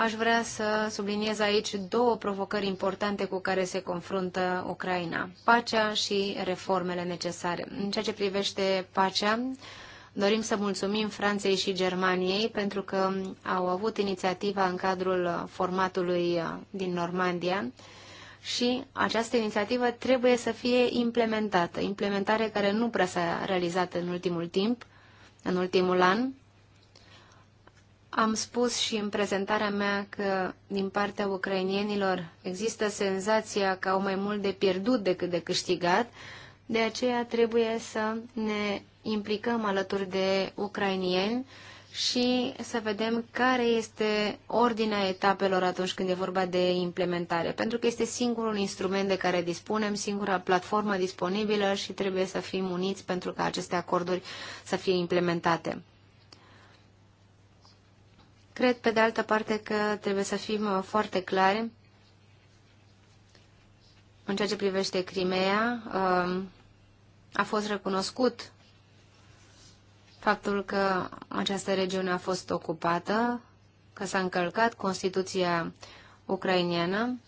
Aș vrea să subliniez aici două provocări importante cu care se confruntă Ucraina, pacea și reformele necesare. În ceea ce privește pacea, Dorim să mulțumim Franței și Germaniei pentru că au avut inițiativa în cadrul formatului din Normandia și această inițiativă trebuie să fie implementată, implementare care nu prea s-a realizat în ultimul timp, în ultimul an, am spus și în prezentarea mea că din partea ucrainienilor există senzația că au mai mult de pierdut decât de câștigat, de aceea trebuie să ne implicăm alături de ucrainieni și să vedem care este ordinea etapelor atunci când e vorba de implementare, pentru că este singurul instrument de care dispunem, singura platformă disponibilă și trebuie să fim uniți pentru ca aceste acorduri să fie implementate. Cred, pe de altă parte, că trebuie să fim uh, foarte clare în ceea ce privește Crimea. Um, a fost recunoscut faptul că această regiune a fost ocupată, că s-a încălcat Constituția ucraineană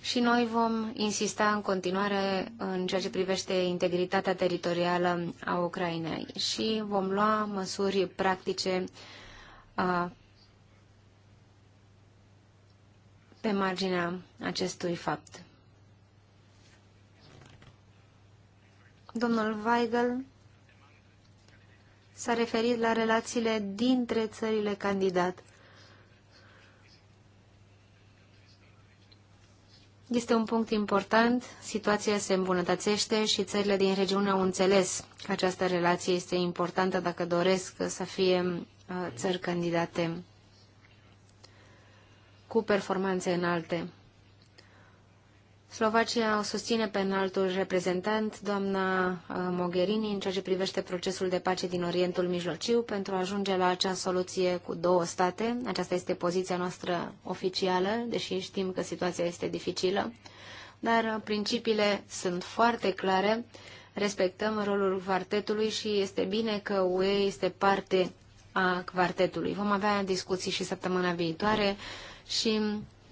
și noi vom insista în continuare în ceea ce privește integritatea teritorială a Ucrainei și vom lua măsuri practice uh, pe marginea acestui fapt. Domnul Weigel s-a referit la relațiile dintre țările candidat. Este un punct important, situația se îmbunătățește și țările din regiune au înțeles că această relație este importantă dacă doresc să fie uh, țări candidate cu performanțe înalte. Slovacia o susține pe înaltul reprezentant, doamna uh, Mogherini, în ceea ce privește procesul de pace din Orientul Mijlociu, pentru a ajunge la acea soluție cu două state. Aceasta este poziția noastră oficială, deși știm că situația este dificilă, dar principiile sunt foarte clare. Respectăm rolul quartetului și este bine că UE este parte a quartetului. Vom avea discuții și săptămâna viitoare și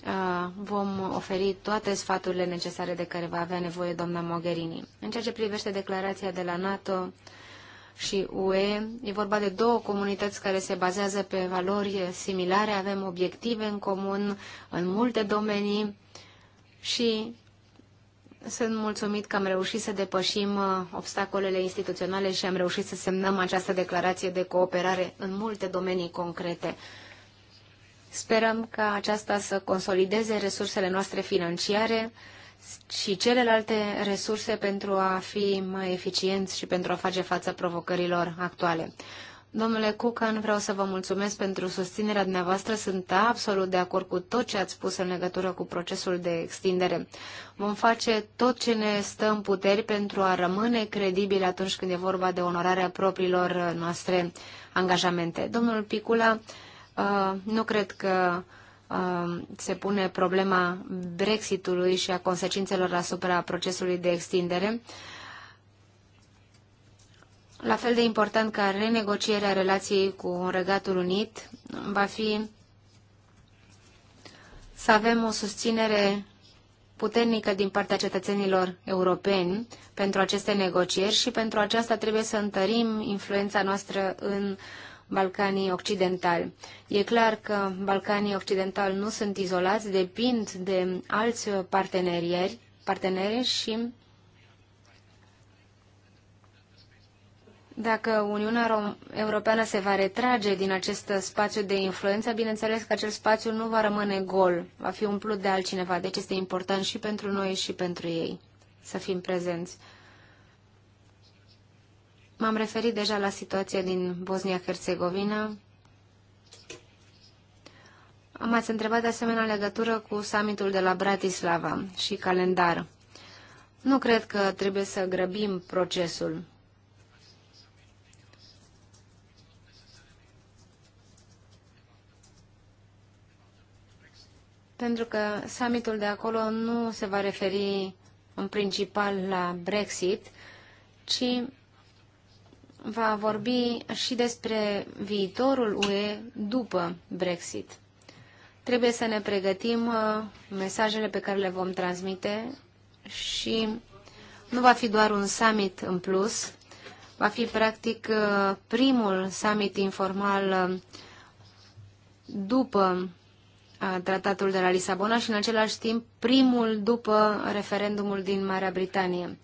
uh, vom oferi toate sfaturile necesare de care va avea nevoie doamna Mogherini. În ceea ce privește declarația de la NATO și UE, e vorba de două comunități care se bazează pe valori similare, avem obiective în comun în multe domenii și sunt mulțumit că am reușit să depășim uh, obstacolele instituționale și am reușit să semnăm această declarație de cooperare în multe domenii concrete. Sperăm ca aceasta să consolideze resursele noastre financiare și celelalte resurse pentru a fi mai eficienți și pentru a face față provocărilor actuale. Domnule Cucan, vreau să vă mulțumesc pentru susținerea dumneavoastră. Sunt absolut de acord cu tot ce ați spus în legătură cu procesul de extindere. Vom face tot ce ne stă în puteri pentru a rămâne credibili atunci când e vorba de onorarea propriilor noastre angajamente. Domnul Picula, Uh, nu cred că uh, se pune problema Brexitului și a consecințelor asupra procesului de extindere. La fel de important ca renegocierea relației cu Regatul Unit va fi să avem o susținere puternică din partea cetățenilor europeni pentru aceste negocieri și pentru aceasta trebuie să întărim influența noastră în uh, Balcanii Occidentali. E clar că Balcanii Occidentali nu sunt izolați, depind de alți parteneri, parteneri și Dacă Uniunea Europeană se va retrage din acest spațiu de influență, bineînțeles că acel spațiu nu va rămâne gol, va fi umplut de altcineva, deci este important și pentru noi și pentru ei să fim prezenți. M-am referit deja la situația din Bosnia-Herzegovina. M-ați întrebat de asemenea legătură cu summitul de la Bratislava și calendar. Nu cred că trebuie să grăbim procesul. Pentru că summitul de acolo nu se va referi în principal la Brexit, ci va vorbi și despre viitorul UE după Brexit. Trebuie să ne pregătim uh, mesajele pe care le vom transmite și nu va fi doar un summit în plus, va fi practic uh, primul summit informal uh, după tratatul de la Lisabona și în același timp primul după referendumul din Marea Britanie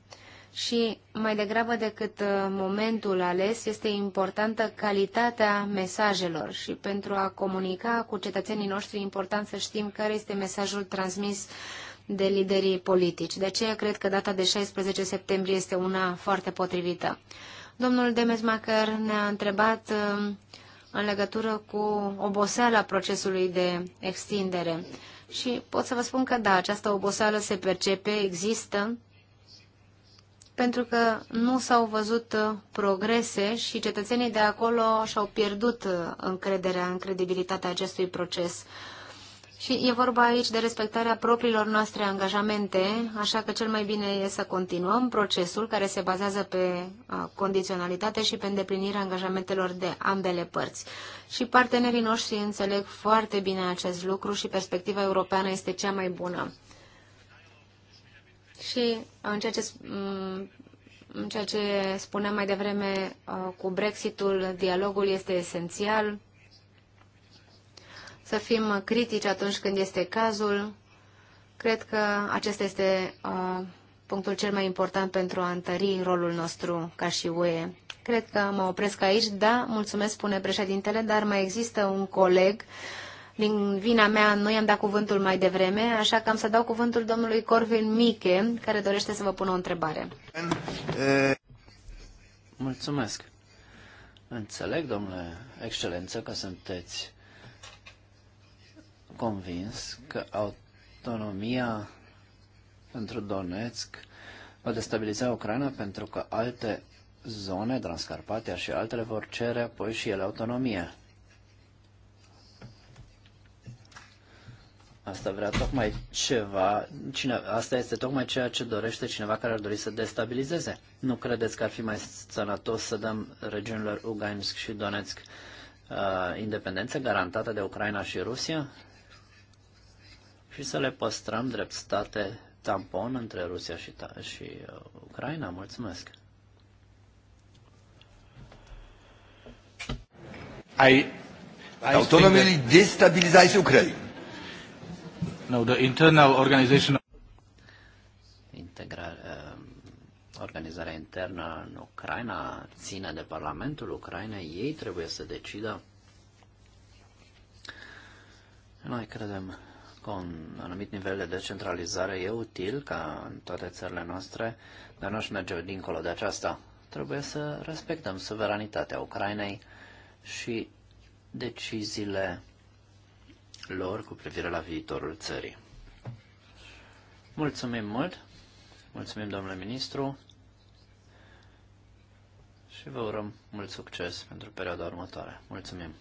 și mai degrabă decât uh, momentul ales este importantă calitatea mesajelor și pentru a comunica cu cetățenii noștri e important să știm care este mesajul transmis de liderii politici. De aceea cred că data de 16 septembrie este una foarte potrivită. Domnul Demesmacher ne-a întrebat uh, în legătură cu oboseala procesului de extindere. Și pot să vă spun că da, această oboseală se percepe, există, pentru că nu s-au văzut uh, progrese și cetățenii de acolo și-au pierdut uh, încrederea în credibilitatea acestui proces. Și e vorba aici de respectarea propriilor noastre angajamente, așa că cel mai bine e să continuăm procesul care se bazează pe uh, condiționalitate și pe îndeplinirea angajamentelor de ambele părți. Și partenerii noștri înțeleg foarte bine acest lucru și perspectiva europeană este cea mai bună. Și uh, în ceea ce, mm, în ceea ce spuneam mai devreme uh, cu Brexitul, dialogul este esențial. Să fim critici atunci când este cazul. Cred că acesta este uh, punctul cel mai important pentru a întări rolul nostru ca și UE. Cred că mă opresc aici. Da, mulțumesc, spune președintele, dar mai există un coleg din vina mea nu i-am dat cuvântul mai devreme, așa că am să dau cuvântul domnului Corvin Miche, care dorește să vă pună o întrebare. Mulțumesc. Înțeleg, domnule excelență, că sunteți convins că autonomia pentru Donetsk va destabiliza Ucraina pentru că alte zone, Transcarpatia și altele, vor cere apoi și ele autonomie. Asta vrea tocmai ceva, cine, asta este tocmai ceea ce dorește cineva care ar dori să destabilizeze. Nu credeți că ar fi mai sănătos să dăm regiunilor Ugansk și Donetsk uh, independență garantată de Ucraina și Rusia și să le păstrăm drept state tampon între Rusia și, și uh, Ucraina? Mulțumesc! I, I destabilizează Ucraina. No, the internal organization... Integral, eh, organizarea internă în Ucraina ține de Parlamentul Ucrainei, ei trebuie să decidă. Noi credem că un anumit nivel de decentralizare e util ca în toate țările noastre, dar nu aș merge dincolo de aceasta. Trebuie să respectăm suveranitatea Ucrainei și deciziile lor cu privire la viitorul țării. Mulțumim mult, mulțumim domnule ministru și vă urăm mult succes pentru perioada următoare. Mulțumim!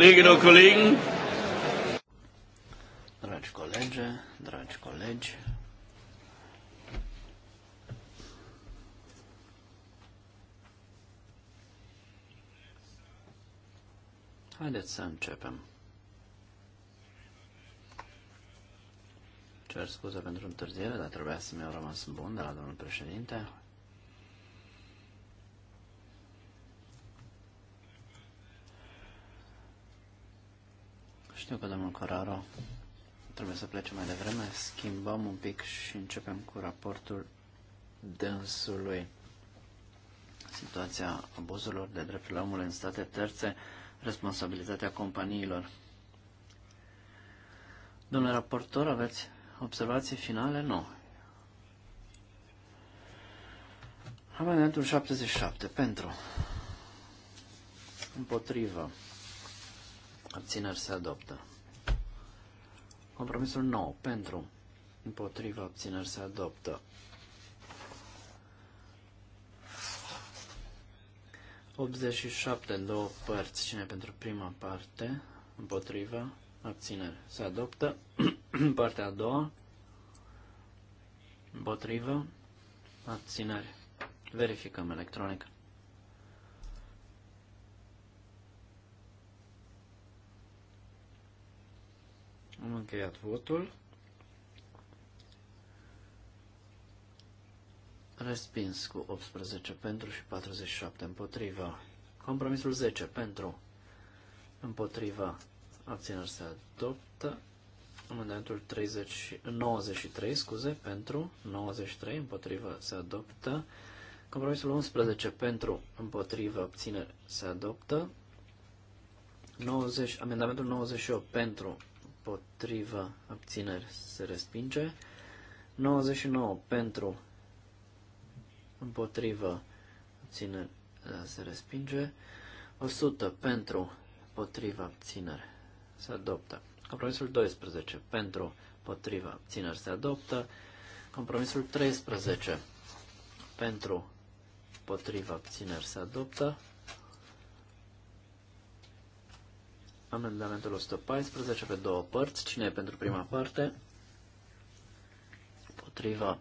Kolleginnen und Kollegen. Dragi colegi, dragi colegi. Haideți să începem. Cer scuze pentru întârziere, dar trebuia să mi-au rămas bun de la domnul președinte. Cararo. Trebuie să plecem mai devreme, schimbăm un pic și începem cu raportul dânsului. Situația abuzurilor de drepturile omului în state terțe, responsabilitatea companiilor. Domnule raportor, aveți observații finale? Nu. Amendamentul 77. Pentru. Împotrivă. Abțineri se adoptă. Compromisul 9 pentru, împotriva obțineri se adoptă. în două părți, cine pentru prima parte, împotriva, abținere. Se adoptă partea a doua, împotriva, abținere. Verificăm electronic. Am încheiat votul. Respins cu 18 pentru și 47 împotriva. Compromisul 10 pentru împotriva Abținerea se adoptă. Amendamentul 30, 93, scuze, pentru 93 împotriva se adoptă. Compromisul 11 pentru împotriva abțineri se adoptă. 90, amendamentul 98 pentru împotrivă, abțineri, se respinge. 99 pentru, împotrivă, abțineri, se respinge. 100 pentru, împotrivă, abțineri, se adoptă. Compromisul 12 pentru, împotrivă, abțineri, se adoptă. Compromisul 13 pentru, împotrivă, abțineri, se adoptă. Amendamentul 114 pe două părți. Cine e pentru prima parte? Potriva.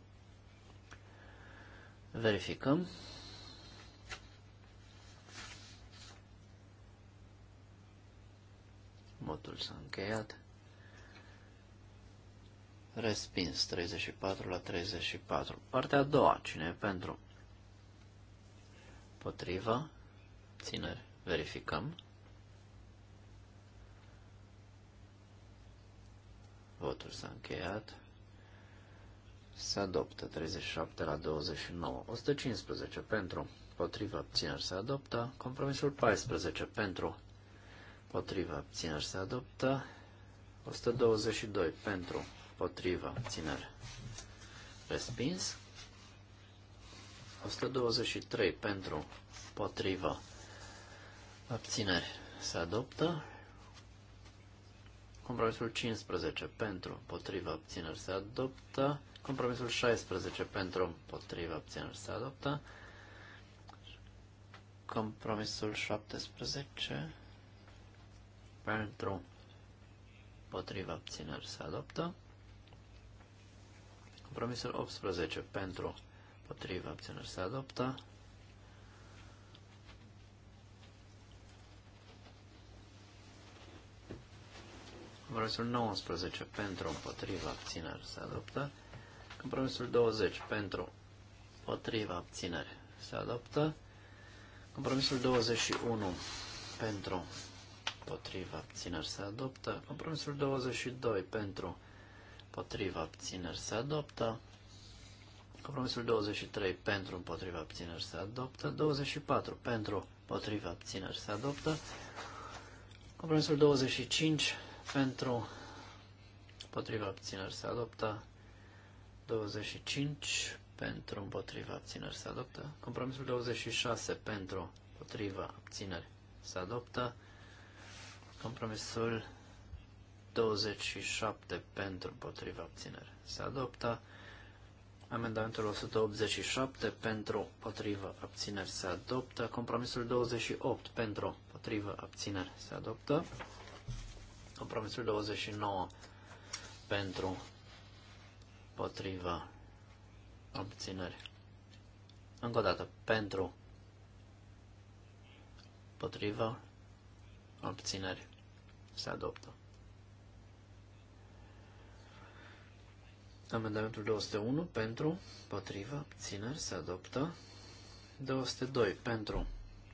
Verificăm. Votul s-a încheiat. Respins 34 la 34. Partea a doua. Cine e pentru? Potriva. Țineri. Verificăm. Votul s-a încheiat. Se adoptă 37 la 29. 115 pentru. potrivă abțineri se adoptă. Compromisul 14 pentru. potrivă abțineri se adoptă. 122 pentru. potrivă abțineri. Respins. 123 pentru. potrivă abțineri se adoptă. Compromisul 15 pentru, potriva abțineri se adoptă. Compromisul 16 pentru, potriva abțineri se adoptă. Compromisul 17 pentru, potriva abțineri se adoptă. Compromisul 18 pentru, potriva abțineri se adoptă. Compromisul 19 pentru, împotriva, abținere se adoptă. Compromisul 20 pentru, împotriva, abținere se adoptă. Compromisul 21 pentru, împotriva, abținere se adoptă. Compromisul 22 pentru, împotriva, abținere se adoptă. Compromisul 23 pentru, împotriva, abținere se adoptă. 24 pentru, împotriva, abținere se adoptă. Compromisul 25 pentru, împotriva abțineri se adoptă, 25 pentru, împotriva abțineri se adoptă, compromisul 26 pentru, împotriva abțineri se adoptă, compromisul 27 pentru, împotriva abțineri se adoptă, Amendamentul 187 pentru, potrivă, abțineri se adoptă. Compromisul 28 pentru, potrivă, abțineri se adoptă. Compromisul 29 pentru potriva obținere. Încă o dată, pentru potriva obținere. Se adoptă. Amendamentul 201 pentru, potriva, obținere se adoptă. 202 pentru,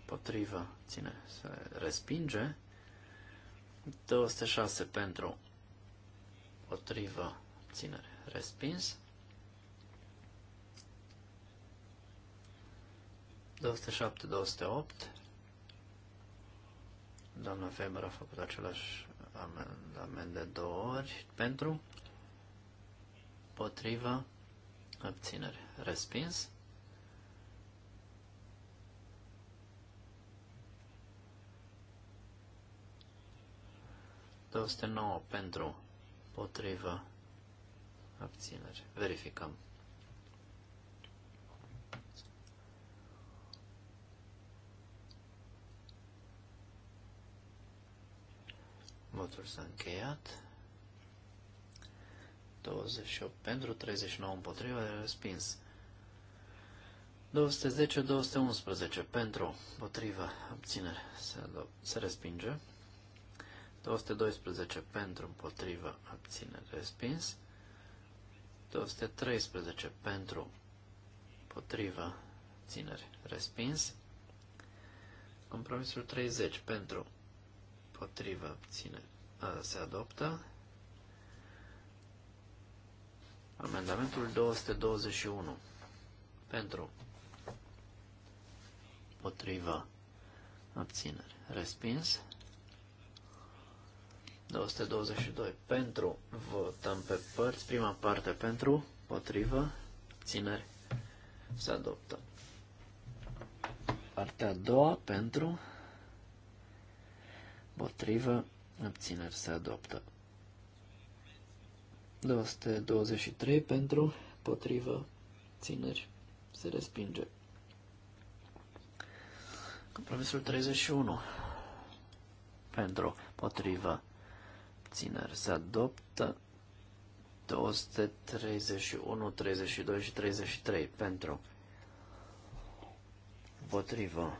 potriva, ține, se respinge. 206 pentru potrivă ținere respins. 207-208. Doamna Weber a făcut același amendament de două ori pentru potrivă abținere respins. 209 pentru, potrivă, abțineri. Verificăm. Votul s-a încheiat. 28 pentru, 39 împotrivă, respins. 210-211 pentru, potrivă, abținere, se, se respinge. 212 pentru, împotrivă, abține, respins. 213 pentru, împotrivă, țineri, respins. Compromisul 30 pentru, împotrivă, abțineri, se adoptă. Amendamentul 221 pentru, împotrivă, abțineri, respins. 222 pentru, votăm pe părți, prima parte pentru, potrivă, țineri, se adoptă. Partea a doua pentru, potrivă, abțineri, se adoptă. 223 pentru, potrivă, țineri, se respinge. Compromisul 31 pentru, potrivă, abțineri se adoptă. 231, 32 și 33 pentru potrivă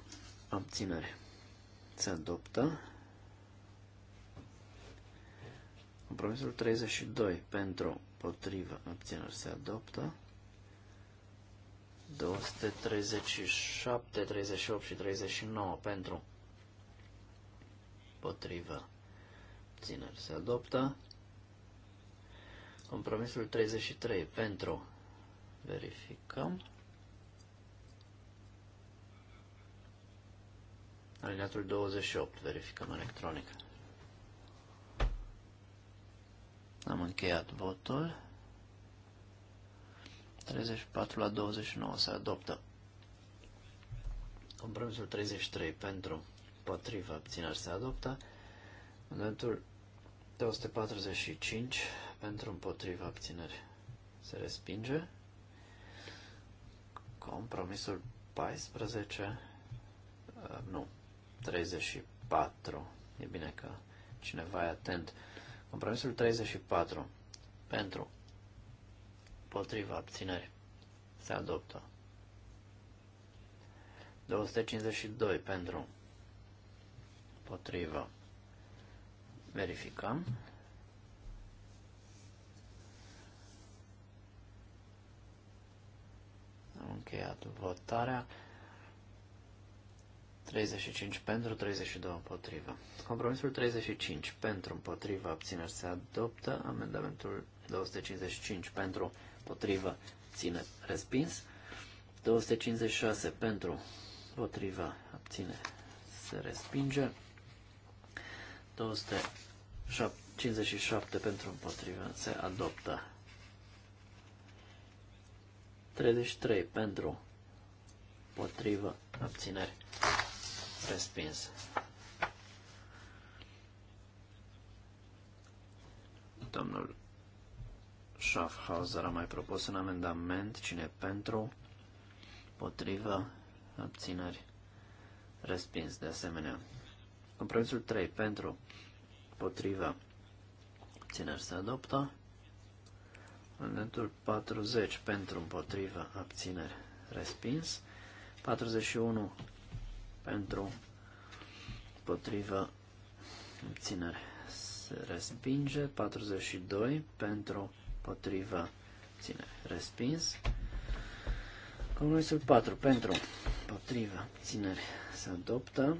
abținere se adoptă. Compromisul 32 pentru potrivă abținere se adoptă. 237, 38 și 39 pentru potrivă abțineri se adoptă. Compromisul 33 pentru verificăm. Alineatul 28 verificăm electronic. Am încheiat votul. 34 la 29 se adoptă. Compromisul 33 pentru potriva abțineri se adoptă. momentul 245 pentru împotriva abținere. se respinge. Compromisul 14, uh, nu, 34. E bine că cineva e atent. Compromisul 34 pentru împotriva abținere. se adoptă. 252 pentru împotriva Verificăm. Am încheiat votarea. 35 pentru, 32 împotrivă. Compromisul 35 pentru, împotrivă, abțineri se adoptă. Amendamentul 255 pentru, împotrivă, ține respins. 256 pentru, împotrivă, abține se respinge. 257 pentru împotrivă se adoptă. 33 pentru împotrivă abțineri respins. Domnul Schaffhauser a mai propus un amendament, cine pentru, potrivă, abțineri, respins de asemenea. Compromisul 3 pentru potriva abțineri se adoptă. Amendamentul 40 pentru împotriva abțineri respins. 41 pentru împotriva abțineri se respinge. 42 pentru împotriva abțineri respins. Compromisul 4 pentru împotriva abțineri se adoptă.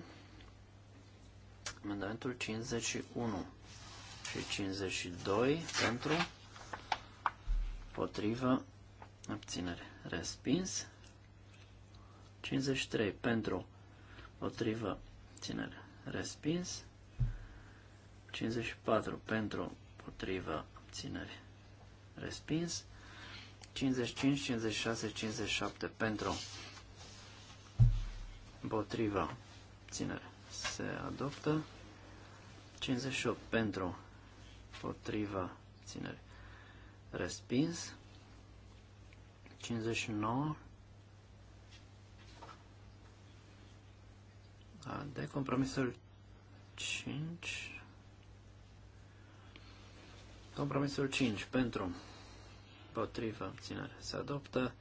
Amendamentul 51 și 52 pentru, potrivă, abținere, respins. 53 pentru, potrivă, abținere, respins. 54 pentru, potrivă, abținere, respins. 55, 56, 57 pentru, potrivă ținere, se adoptă. 58 pentru, potriva, ținere, respins. 59 de compromisul 5 compromisul 5 pentru potriva abținere se adoptă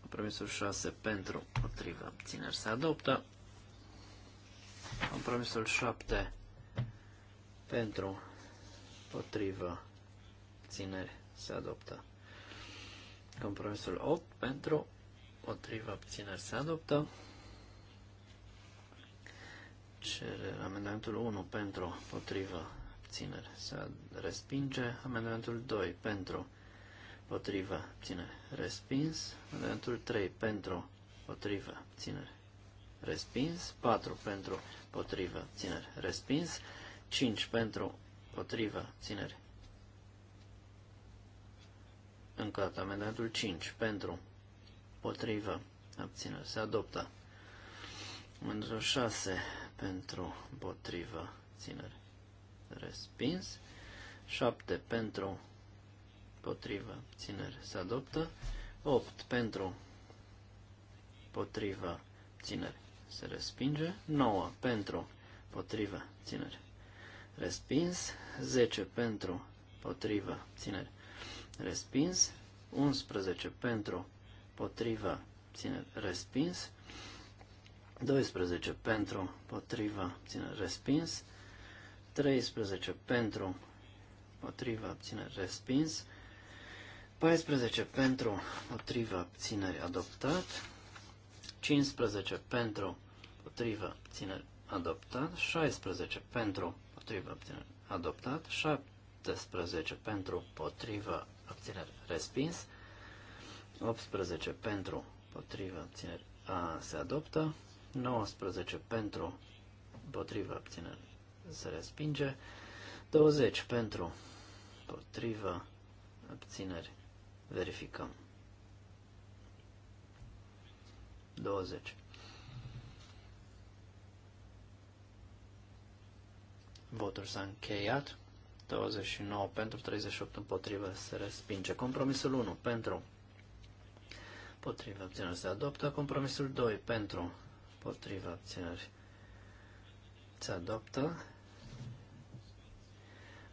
compromisul 6 pentru potriva abținere se adoptă compromisul 7 pentru, potrivă, țineri se adoptă. Compromisul 8 pentru, potrivă, abțineri se adoptă. Cerere, amendamentul 1 pentru, potrivă, abțineri se respinge. Amendamentul 2 pentru, potrivă, abțineri respins. Amendamentul 3 pentru, potrivă, abțineri respins. 4 pentru, potrivă, abțineri respins. 5 pentru, potrivă, ținere. Încă dată, amendamentul 5 pentru, potrivă, abținere. Se adoptă. Amendamentul 6 pentru, potrivă, ținere. Respins. 7 pentru, potrivă, ținere. Se adoptă. 8 pentru, potrivă, ținere. Se respinge. 9 pentru, potrivă, ținere respins, 10 pentru, potrivă, țineri, respins, 11 pentru, potrivă, țineri, respins, 12 pentru, potrivă, țineri, respins, 13 pentru, potrivă, țineri, respins, 14 pentru, potrivă, țineri, adoptat, 15 pentru, potrivă, țineri, adoptat, 16 pentru, împotrivă, abținere, adoptat. 17 pentru, Potrivă abținere, respins. 18 pentru, Potrivă abținere, a, se adoptă. 19 pentru, Potrivă abținere, se respinge. 20 pentru, Potrivă abțineri, verificăm. 20. Votul s-a încheiat. 29 pentru, 38 împotrivă, se respinge. Compromisul 1 pentru, potrivă, abțineri, se adoptă. Compromisul 2 pentru, potrivă, abțineri, se adoptă.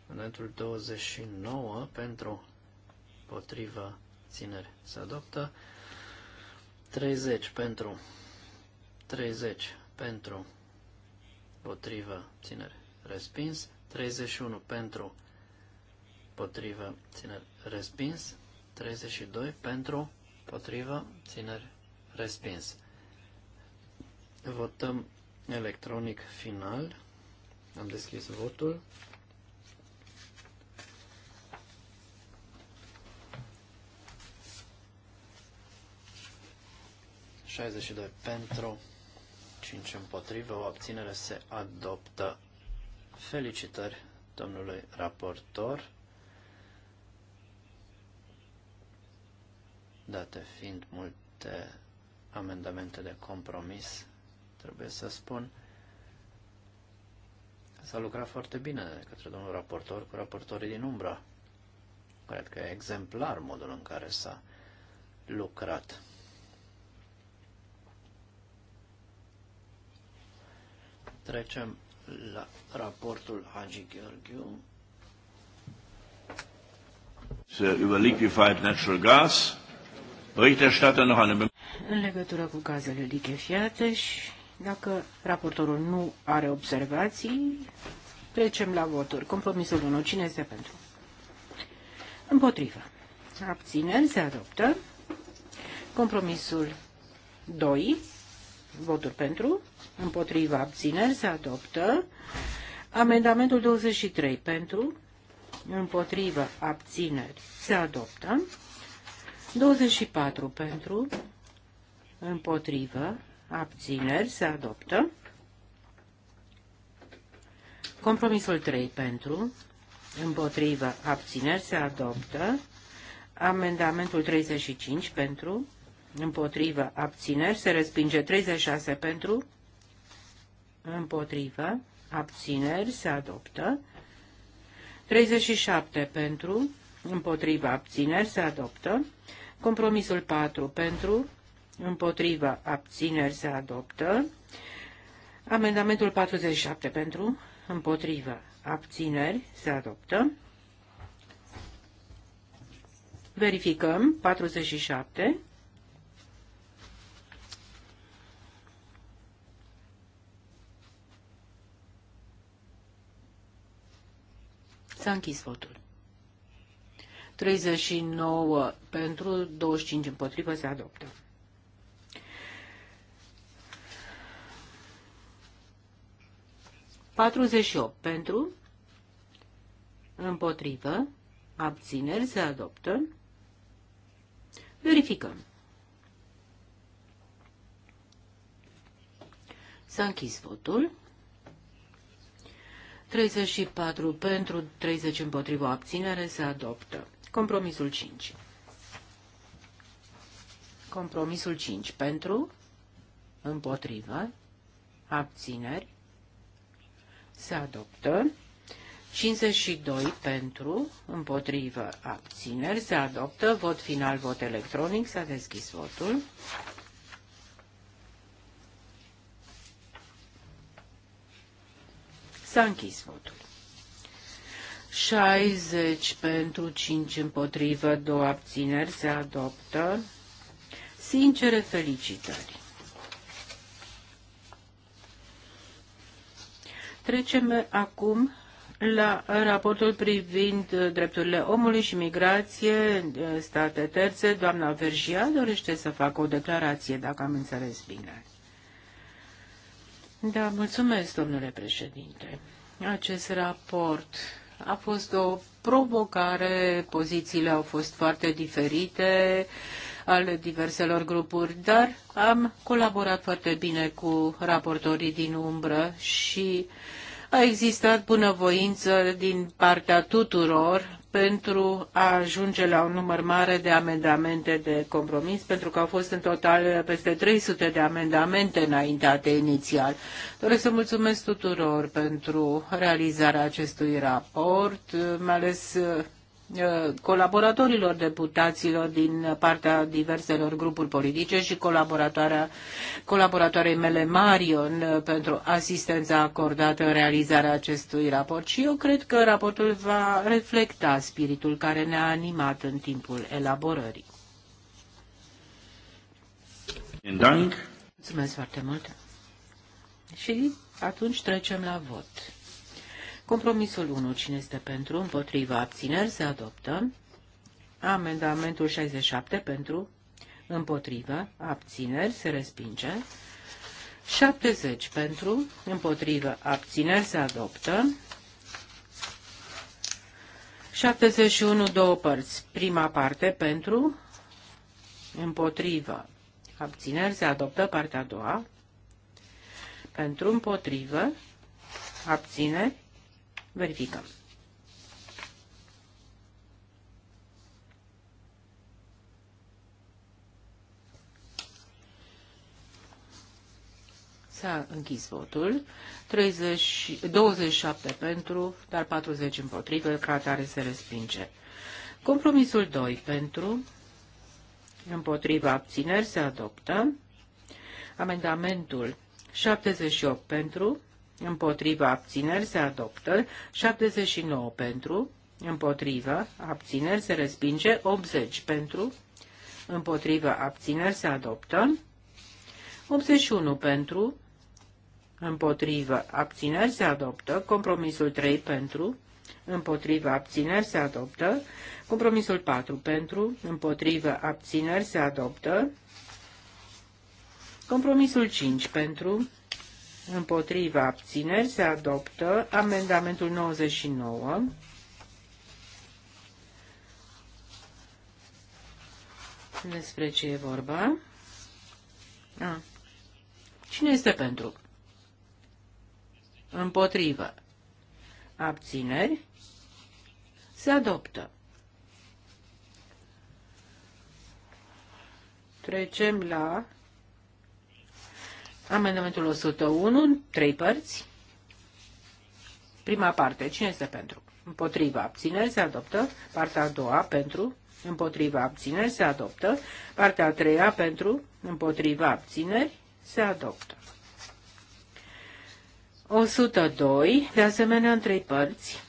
Amendamentul 29 pentru, potrivă, țineri, se adoptă. 30 pentru, 30 pentru, potrivă, țineri, respins, 31 pentru, potrivă, țineri, respins, 32 pentru, potrivă, țineri, respins. Votăm electronic final. Am deschis votul. pentru, 5 împotrivă, o abținere se adoptă. Felicitări domnului raportor, date fiind multe amendamente de compromis, trebuie să spun, s-a lucrat foarte bine de către domnul raportor cu raportorii din umbra. Cred că e exemplar modul în care s-a lucrat. Trecem la raportul Hagi Gheorghiu. Să Über liquefied natural gas. Berichterstatter noch eine În legătură cu gazele lichefiate și dacă raportorul nu are observații, trecem la voturi. Compromisul 1. Cine este pentru? Împotrivă. Abțineri se adoptă. Compromisul 2. Voturi pentru. Împotriva abțineri se adoptă. Amendamentul 23 pentru. Împotriva abțineri se adoptă. 24 pentru. Împotrivă. Abțineri se adoptă. Compromisul 3 pentru. Împotrivă. Abțineri se adoptă. Amendamentul 35 pentru împotrivă, abțineri, se respinge 36 pentru, împotrivă, abțineri, se adoptă, 37 pentru, împotrivă, abțineri, se adoptă, compromisul 4 pentru, împotrivă, abțineri, se adoptă, amendamentul 47 pentru, împotrivă, abțineri, se adoptă, verificăm, 47, S-a închis votul. 39 pentru, 25 împotrivă, se adoptă. Patruzeci opt pentru, împotrivă, abțineri, se adoptă. Verificăm. S-a închis votul. 34 pentru, 30 împotriva abținere se adoptă. Compromisul 5. Compromisul 5 pentru, împotrivă, abțineri se adoptă. 52 pentru, împotrivă, abțineri se adoptă. Vot final, vot electronic, s-a deschis votul. S-a închis votul. 60 pentru 5 împotrivă, două abțineri se adoptă. Sincere felicitări! Trecem acum la raportul privind drepturile omului și migrație în uh, state terțe. Doamna Vergia dorește să facă o declarație, dacă am înțeles bine. Da, mulțumesc, domnule președinte. Acest raport a fost o provocare, pozițiile au fost foarte diferite ale diverselor grupuri, dar am colaborat foarte bine cu raportorii din umbră și a existat bunăvoință din partea tuturor pentru a ajunge la un număr mare de amendamente de compromis, pentru că au fost în total peste 300 de amendamente înaintate inițial. Doresc să mulțumesc tuturor pentru realizarea acestui raport, mai ales Uh, colaboratorilor deputaților din partea diverselor grupuri politice și colaboratoarea, colaboratoarei mele Marion uh, pentru asistența acordată în realizarea acestui raport și eu cred că raportul va reflecta spiritul care ne-a animat în timpul elaborării. Mulțumesc foarte mult. Și atunci trecem la vot. Compromisul 1. Cine este pentru? Împotriva abțineri se adoptă. Amendamentul 67 pentru împotrivă, abțineri, se respinge. 70 pentru, împotrivă, abțineri, se adoptă. 71, două părți. Prima parte pentru, împotrivă, abțineri, se adoptă. Partea a doua, pentru, împotrivă, abțineri, Verificăm. S-a închis votul. 30, 27 pentru, dar 40 împotrivă, ca atare se respinge. Compromisul 2 pentru, împotriva abțineri se adoptă. Amendamentul 78 pentru, împotriva abțineri se adoptă, 79 pentru, împotriva abțineri se respinge, 80 pentru, împotriva abțineri se adoptă, 81 pentru, împotriva abțineri se adoptă, compromisul 3 pentru, împotriva abțineri se adoptă, compromisul 4 pentru, împotriva abțineri se adoptă, compromisul 5 pentru, împotriva abțineri se adoptă amendamentul 99. Despre ce e vorba? A. Cine este pentru? Împotrivă. Abțineri se adoptă. Trecem la Amendamentul 101 trei părți. Prima parte, cine este pentru? Împotriva abțineri se adoptă. Partea a doua pentru. Împotriva abțineri se adoptă. Partea a treia pentru. Împotriva abțineri se adoptă. 102, de asemenea în trei părți,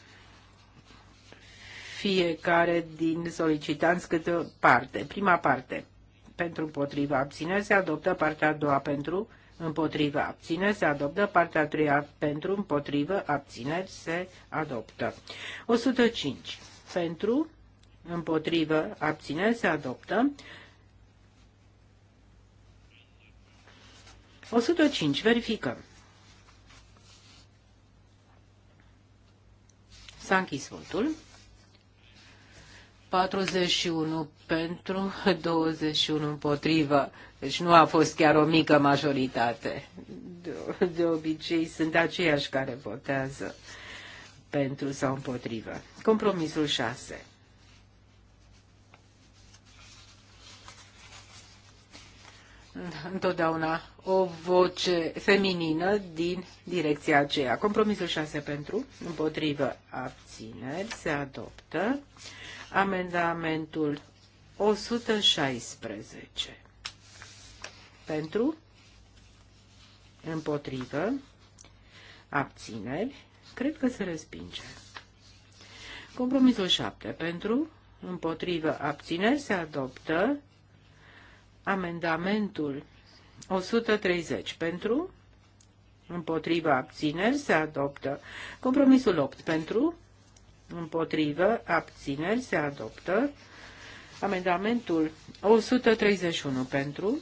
fiecare din solicitanți câte o parte. Prima parte pentru împotriva abțineri se adoptă, partea a doua pentru împotrivă, abțineri, se adoptă. Partea a treia pentru, împotrivă, abțineri, se adoptă. 105. Pentru, împotrivă, abțineri, se adoptă. 105. Verificăm. S-a închis votul. 41 pentru, 21 împotrivă. Deci nu a fost chiar o mică majoritate. De, de obicei sunt aceiași care votează pentru sau împotrivă. Compromisul 6. Întotdeauna o voce feminină din direcția aceea. Compromisul 6 pentru, împotrivă, abțineri, se adoptă. Amendamentul 116. Pentru, împotrivă, abțineri, cred că se respinge. Compromisul 7. Pentru, împotrivă, abțineri, se adoptă amendamentul 130. Pentru, împotrivă, abțineri, se adoptă compromisul 8. Pentru, împotrivă, abțineri, se adoptă. Amendamentul 131 pentru,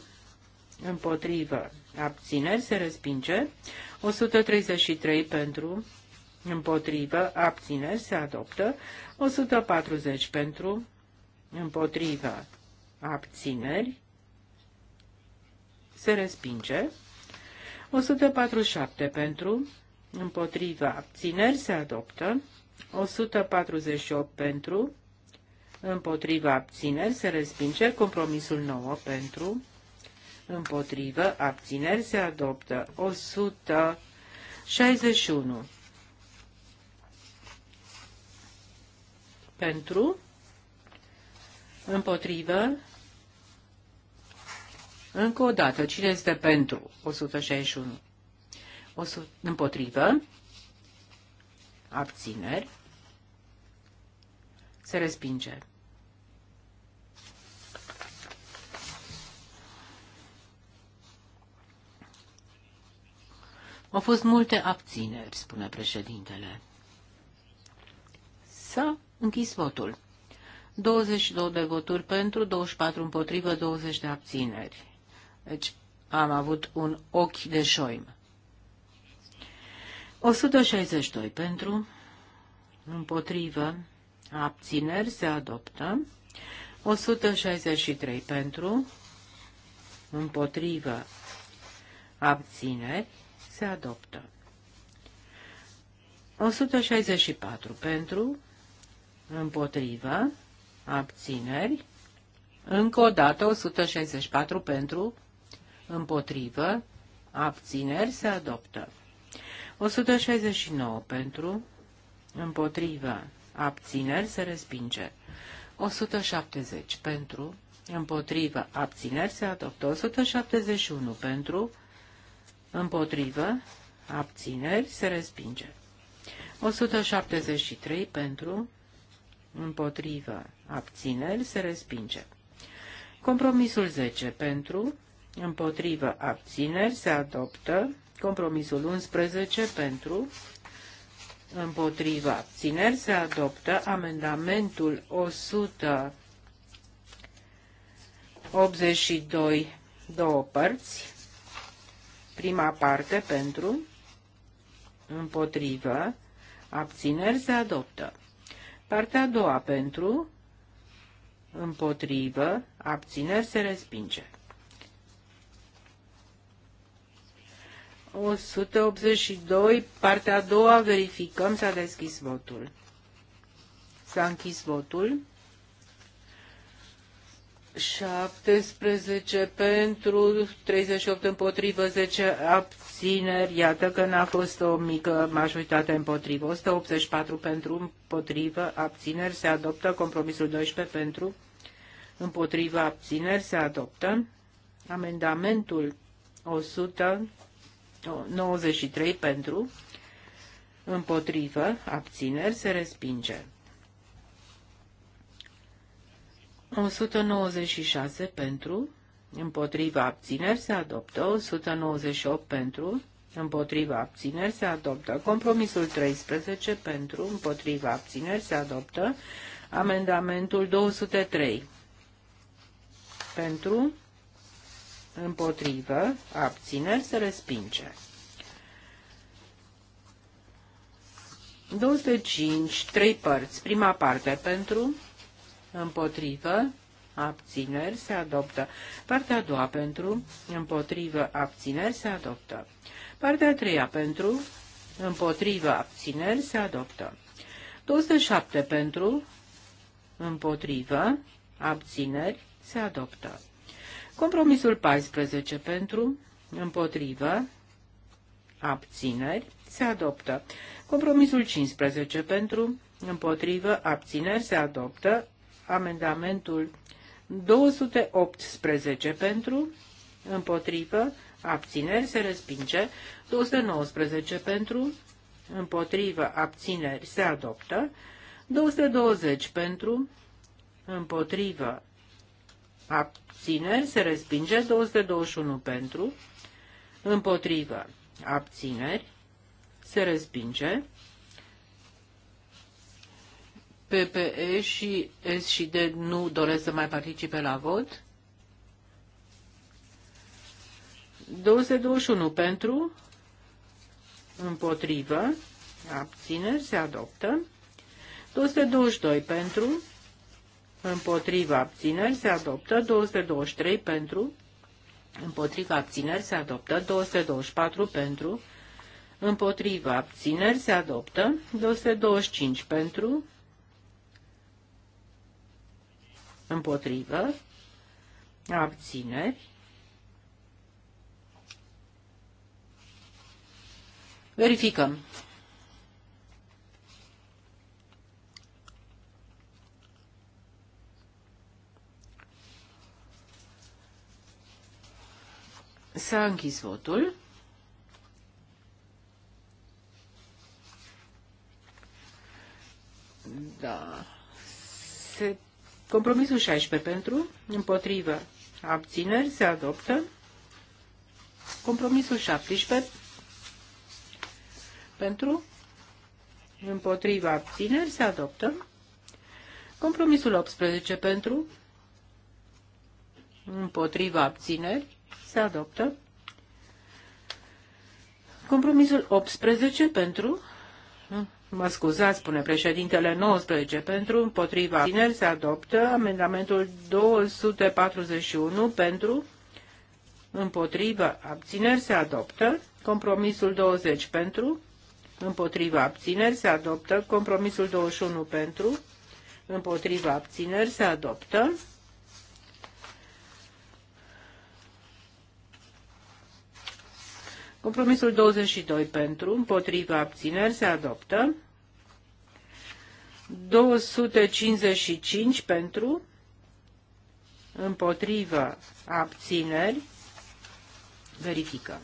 împotrivă, abțineri, se respinge. 133 pentru, împotrivă, abțineri, se adoptă. 140 pentru, împotrivă, abțineri, se respinge. 147 pentru, împotrivă, abțineri se adoptă. 148 pentru, împotriva abțineri se respinge, compromisul 9 pentru, împotrivă abțineri se adoptă 161 pentru, împotrivă, încă o dată, cine este pentru 161? 100, împotrivă, abțineri, se respinge. Au fost multe abțineri, spune președintele. S-a închis votul. 22 de voturi pentru, 24 împotrivă, 20 de abțineri. Deci am avut un ochi de șoimă. 162 pentru, împotrivă, abțineri se adoptă. 163 pentru, împotrivă, abțineri se adoptă. 164 pentru, împotrivă, abțineri, încă o dată 164 pentru, împotrivă, abțineri se adoptă. 169 pentru, împotrivă, abțineri, se respinge. 170 pentru, împotrivă, abțineri, se adoptă. 171 pentru, împotrivă, abțineri, se respinge. 173 pentru, împotrivă, abțineri, se respinge. Compromisul 10 pentru, împotrivă, abțineri, se adoptă. Compromisul 11 pentru, împotriva abțineri se adoptă amendamentul 182, două părți, prima parte pentru, împotrivă, abțineri se adoptă. Partea a doua pentru, împotrivă, abțineri se respinge. 182, partea a doua, verificăm, s-a deschis votul. S-a închis votul. 17 pentru, 38 împotrivă, 10 abțineri. Iată că n-a fost o mică majoritate împotrivă. 184 pentru, împotrivă, abțineri se adoptă. Compromisul 12 pentru, împotrivă, abțineri se adoptă. Amendamentul 100. 93 pentru, împotrivă, abțineri, se respinge. 196 pentru, împotriva abțineri se adoptă, 198 pentru, împotriva abțineri se adoptă, compromisul 13 pentru, împotriva abțineri se adoptă, amendamentul 203 pentru, împotrivă, abțineri, se respinge. 25, 3 părți, prima parte pentru, împotrivă, abțineri, se adoptă. Partea a doua pentru, împotrivă, abțineri, se adoptă. Partea a treia pentru, împotrivă, abțineri, se adoptă. 207 pentru, împotrivă, abțineri, se adoptă. Compromisul 14 pentru, împotrivă, abțineri, se adoptă. Compromisul 15 pentru, împotrivă, abțineri, se adoptă. Amendamentul 218 pentru, împotrivă, abțineri, se respinge. 219 pentru, împotrivă, abțineri, se adoptă. 220 pentru, împotrivă, abțineri se respinge, 221 pentru, împotrivă, abțineri se respinge, PPE și S și D nu doresc să mai participe la vot. 221 pentru, împotrivă, abțineri, se adoptă. 222 pentru, împotriva abțineri se adoptă, 223 pentru, împotriva abțineri se adoptă, 224 pentru, împotriva abțineri se adoptă, 225 pentru, împotrivă, abțineri, verificăm. S-a închis votul. Da. Se... Compromisul 16 pentru, împotrivă, abțineri, se adoptă. Compromisul 17 pentru, împotrivă, abțineri, se adoptă. Compromisul 18 pentru, împotrivă, abțineri, se adoptă. Compromisul 18 pentru. Mă scuzați, spune președintele 19 pentru, împotriva tineri se adoptă amendamentul 241 pentru, împotriva abțineri se adoptă, compromisul 20 pentru, împotriva abțineri se adoptă, compromisul 21 pentru, împotriva abțineri se adoptă. Compromisul 22 pentru, împotriva abțineri se adoptă. 255 pentru, împotriva abțineri, verificăm.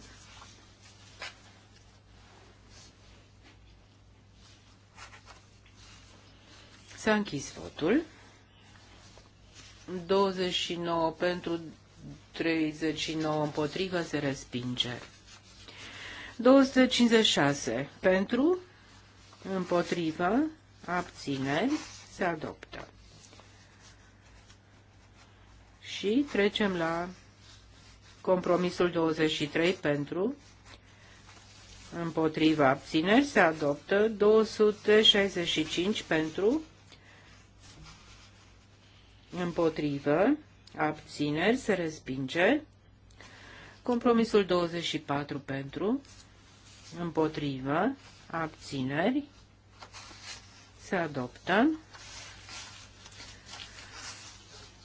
S-a închis votul. 29 pentru 39 împotrivă se respinge. 256 pentru, împotrivă, abțineri, se adoptă. Și trecem la compromisul 23 pentru, împotriva abțineri, se adoptă 265 pentru, împotrivă, abțineri, se respinge, compromisul 24 pentru, împotrivă, abțineri, se adoptă.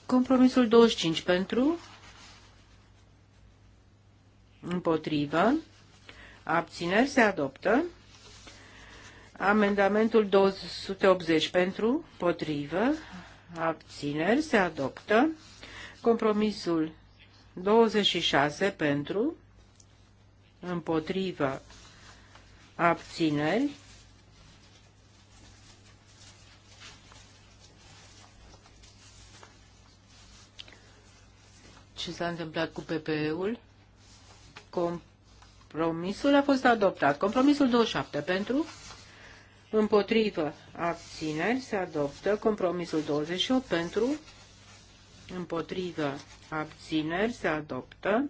Compromisul 25 pentru, împotrivă, abțineri, se adoptă. Amendamentul 280 pentru, împotrivă, abțineri, se adoptă. Compromisul 26 pentru, împotrivă, abțineri. Ce s-a întâmplat cu PPE-ul? Compromisul a fost adoptat. Compromisul 27 pentru, împotrivă, abțineri, se adoptă. Compromisul 28 pentru, împotrivă, abțineri, se adoptă.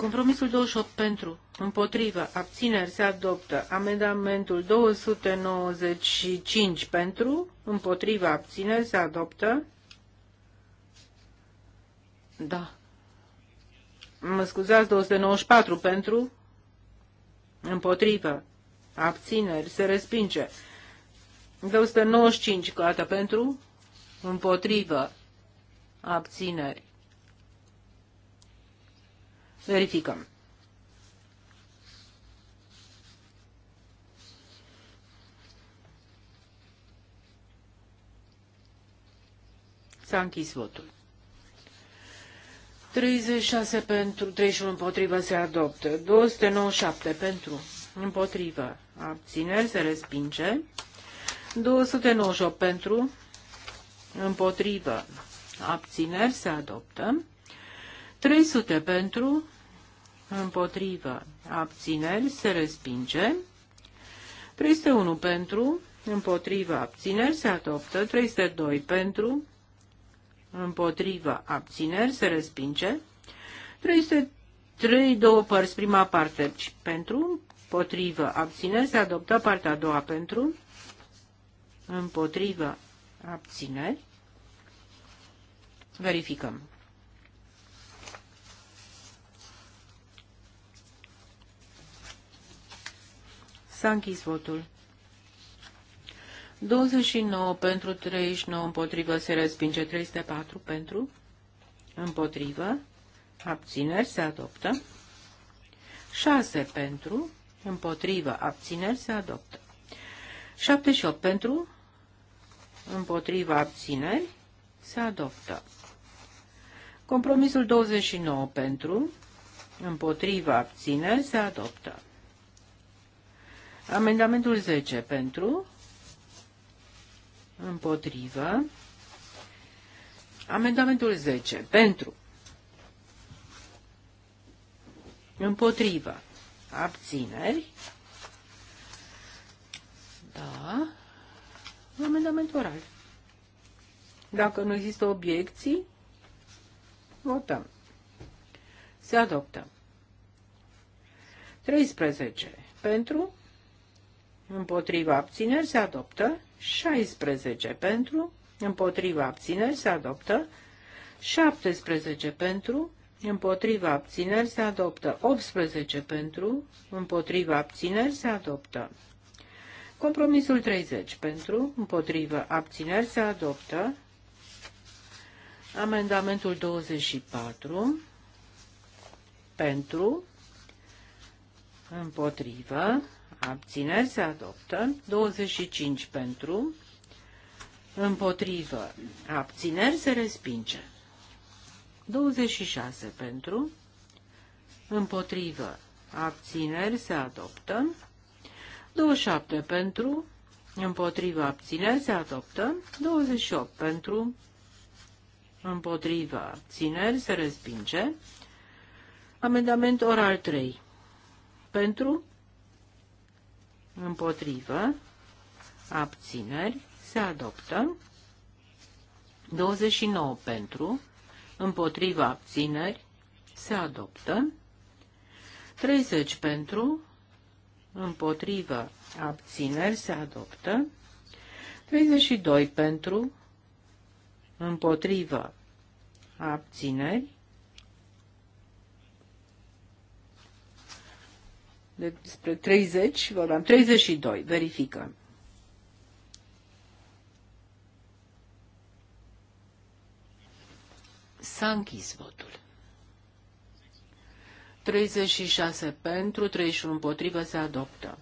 Compromisul 28 pentru, împotrivă, abțineri se adoptă. Amendamentul 295 pentru, împotrivă, abțineri se adoptă. Da. Mă scuzați, 294 pentru, împotrivă, abțineri se respinge. 295 cu pentru, împotrivă, abțineri Verificăm. S-a închis votul. 36 pentru, 31 împotrivă se adoptă, 297 pentru, împotrivă, abțineri se respinge, 298 pentru, împotrivă, abțineri se adoptă, 300 pentru, împotrivă, abțineri, se respinge. 301 pentru, împotrivă, abțineri, se adoptă. 302 pentru, împotrivă, abțineri, se respinge. 303, două părți, prima parte deci, pentru, împotrivă, abțineri, se adoptă. Partea a doua pentru, împotrivă, abțineri. Verificăm. S-a închis votul. 29 pentru, 39 împotrivă, se respinge 304 pentru, împotrivă, abțineri, se adoptă. 6 pentru, împotrivă, abțineri, se adoptă. 78 pentru, împotrivă abțineri, se adoptă. Compromisul 29 pentru, împotrivă abțineri, se adoptă. Amendamentul 10 pentru, împotrivă. Amendamentul 10 pentru, împotrivă, abțineri. Da. Amendament oral. Dacă nu există obiecții, votăm. Se adoptă. 13. Pentru, împotriva abțineri se adoptă, 16 pentru, împotriva abțineri se adoptă, 17 pentru, împotriva abțineri se adoptă, 18 pentru, împotriva abțineri se adoptă. Compromisul 30 pentru, Împotriva abțineri se adoptă. Amendamentul 24 pentru, Împotriva abțineri se adoptă, 25 pentru, împotrivă, abțineri se respinge, 26 pentru, împotrivă, abțineri se adoptă, 27 pentru, împotrivă, abțineri se adoptă, 28 pentru, împotrivă, abțineri se respinge, amendament oral 3 pentru, împotrivă, abțineri, se adoptă. 29 pentru, împotrivă, abțineri, se adoptă. 30 pentru, împotrivă, abțineri, se adoptă. 32 pentru, împotrivă, abțineri, despre 30, vorbeam 32, verificăm. S-a închis votul. 36 pentru, 31 împotrivă se adoptă.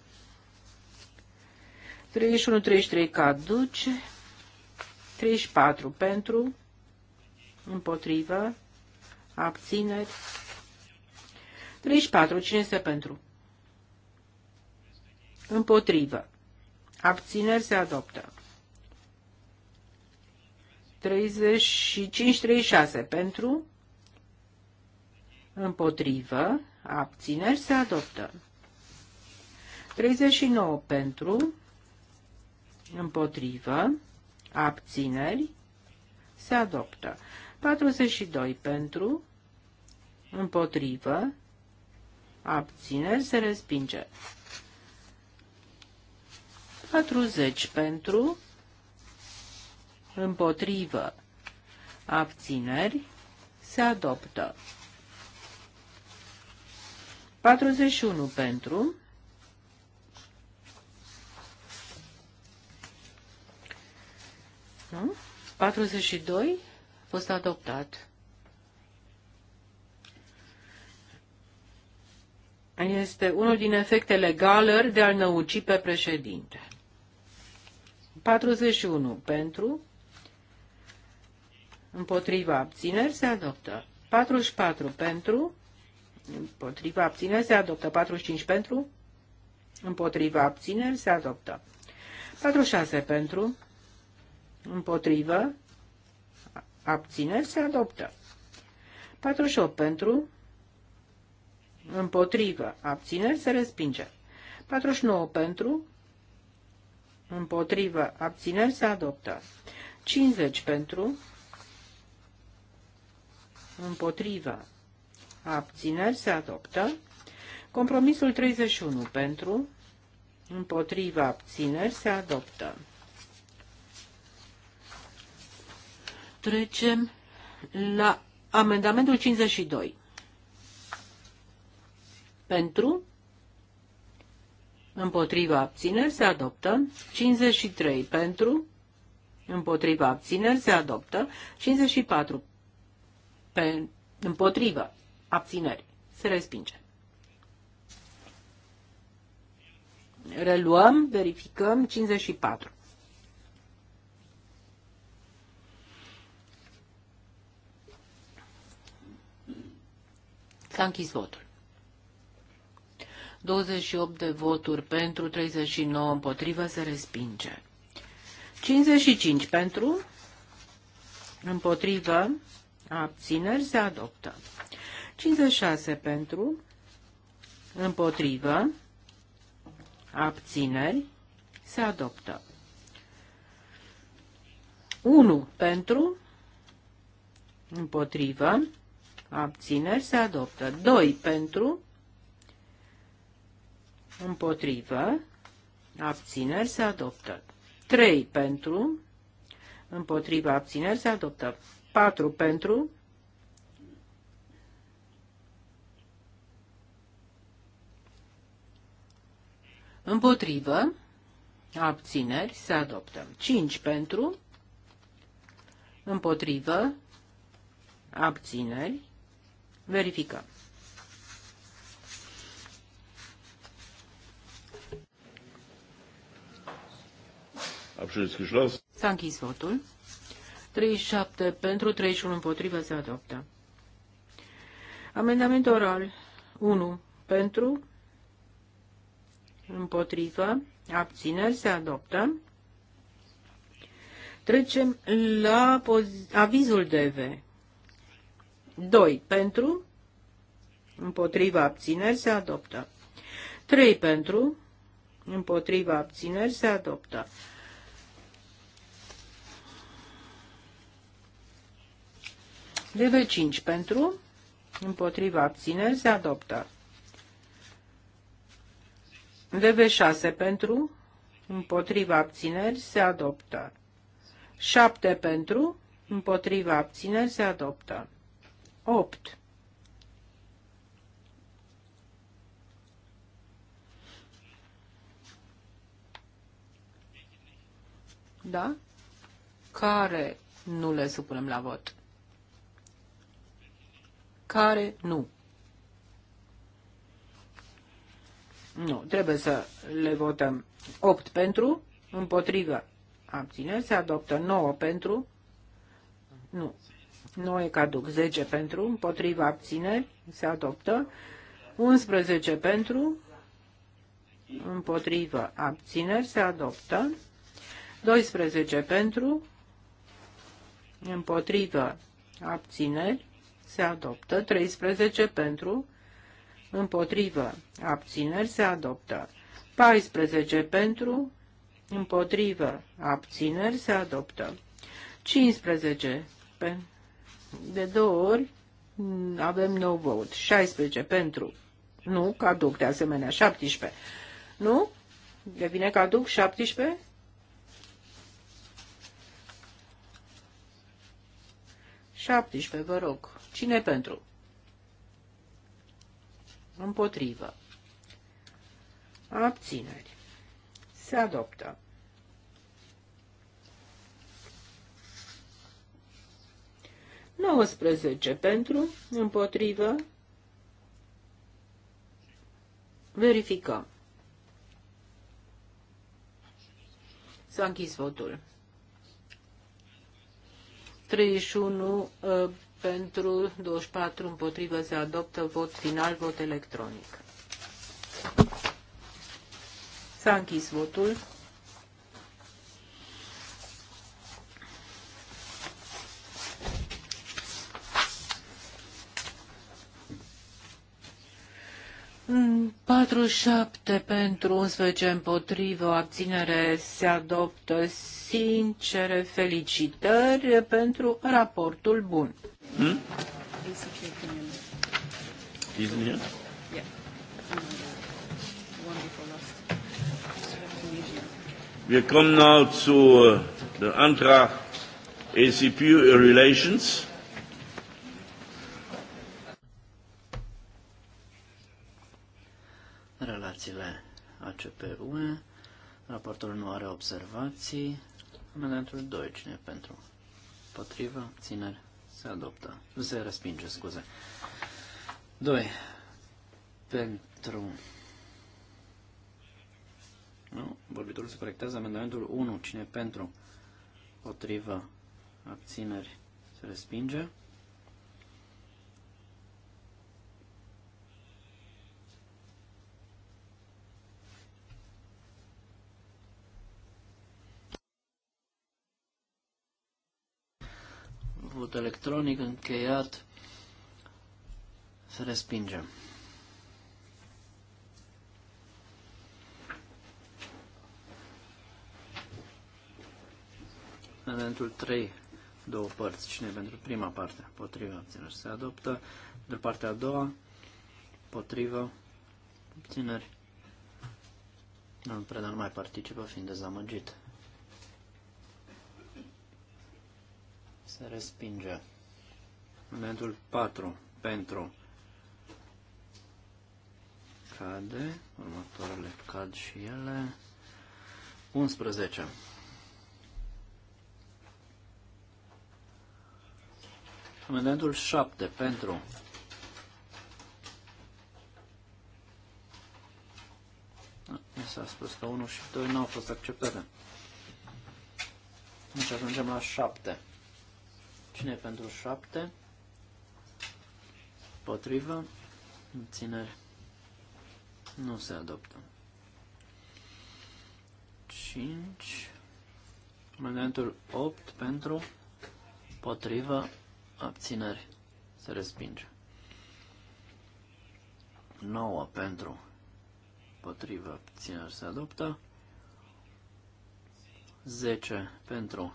31-33 caduce, 34 pentru, împotrivă, abțineri. 34, cine este pentru? Împotrivă. Abțineri se adoptă. 35-36 pentru. Împotrivă. Abțineri se adoptă. 39 pentru. Împotrivă. Abțineri se adoptă. 42 pentru. Împotrivă. Abțineri se respinge. 40 pentru, împotrivă, abțineri, se adoptă. 41 pentru, nu? 42 a fost adoptat. Este unul din efectele Galer de a-l năuci pe președinte. 41 pentru, împotriva abțineri se adoptă. 44 pentru, împotriva abțineri se adoptă. 45 pentru, împotriva abțineri se adoptă. 46 pentru, împotrivă, abțineri se adoptă. 48 pentru, împotrivă, abțineri se respinge. 49 pentru, împotrivă, abțineri se adoptă. 50 pentru, împotrivă, abțineri se adoptă. Compromisul 31 pentru, împotrivă, abțineri se adoptă. Trecem la amendamentul 52. Pentru, împotriva abțineri se adoptă, 53 pentru, împotriva abțineri se adoptă, 54 pe, împotriva abțineri se respinge. Reluăm, verificăm, 54. S-a închis votul. 28 de voturi pentru, 39 împotrivă, se respinge. 55 pentru, împotrivă, abțineri, se adoptă. 56 pentru, împotrivă, abțineri, se adoptă. 1 pentru, împotrivă, abțineri, se adoptă. 2 pentru, împotrivă, abțineri se adoptă. 3 pentru, împotrivă, abțineri se adoptă. 4 pentru, împotrivă, abțineri se adoptă. 5 pentru, împotrivă, abțineri, verificăm. S-a închis votul. 37 pentru, 31 împotrivă se adoptă. Amendament oral 1 pentru, împotrivă, abțineri se adoptă. Trecem la avizul DV. 2 pentru, împotrivă, abțineri se adoptă. 3 pentru, împotrivă, abțineri se adoptă. DV5 pentru, împotriva abțineri se adoptă. DV6 pentru, împotriva abțineri se adoptă. 7 pentru, împotriva abțineri se adoptă. 8. Da? Care nu le supunem la vot? care nu. Nu, trebuie să le votăm 8 pentru, împotrivă, abțineri, se adoptă 9 pentru, nu, 9 e caduc, 10 pentru, împotrivă, abțineri, se adoptă 11 pentru, împotrivă, abțineri, se adoptă 12 pentru, împotrivă, abțineri, se adoptă. 13 pentru, împotrivă, abțineri, se adoptă. 14 pentru, împotrivă, abțineri, se adoptă. 15 pentru, de două ori avem nou vot. 16 pentru, nu, caduc de asemenea, 17. Nu? Devine caduc 17? Șaptișpe, vă rog. Cine pentru? Împotrivă. Abțineri. Se adoptă. Nouăsprezece pentru, împotrivă. Verificăm. S-a închis votul. 31 pentru, 24 împotrivă se adoptă, vot final, vot electronic. S-a închis votul. Mm. 47 pentru 11 împotrivă, abținere se adoptă. Sincere felicitări pentru raportul bun. Hmm? ACP opinion. Isn't here? Yeah. Wonderful last. Wir kommen now zu uh, dem Antrag ACP Relations. Relațiile ACP-UE. Raportorul nu are observații. Amendamentul 2. Cine pentru? Potrivă? Țineri? Se adoptă. Se respinge, scuze. 2. Pentru... Nu? Vorbitorul se corectează amendamentul 1. Cine pentru? Potrivă. Abțineri. Se respinge. vot electronic încheiat, se respinge. Amendamentul 3, două părți. Cine pentru prima parte? Potrivă, abțineri. Se adoptă. De partea a doua, potriva abțineri. nu Preda nu mai participă, fiind dezamăgit. Se respinge. Momentul 4 pentru cade. Următoarele cad și ele. 11. Amendamentul 7 pentru Mi s-a spus că 1 și 2 nu au fost acceptate. Deci ajungem la 7. Cine e pentru 7? Potrivă. Ținere. Nu se adoptă. 5. Amendamentul 8 pentru potrivă abținere. Se respinge. 9 pentru potrivă abținere se adoptă. 10 pentru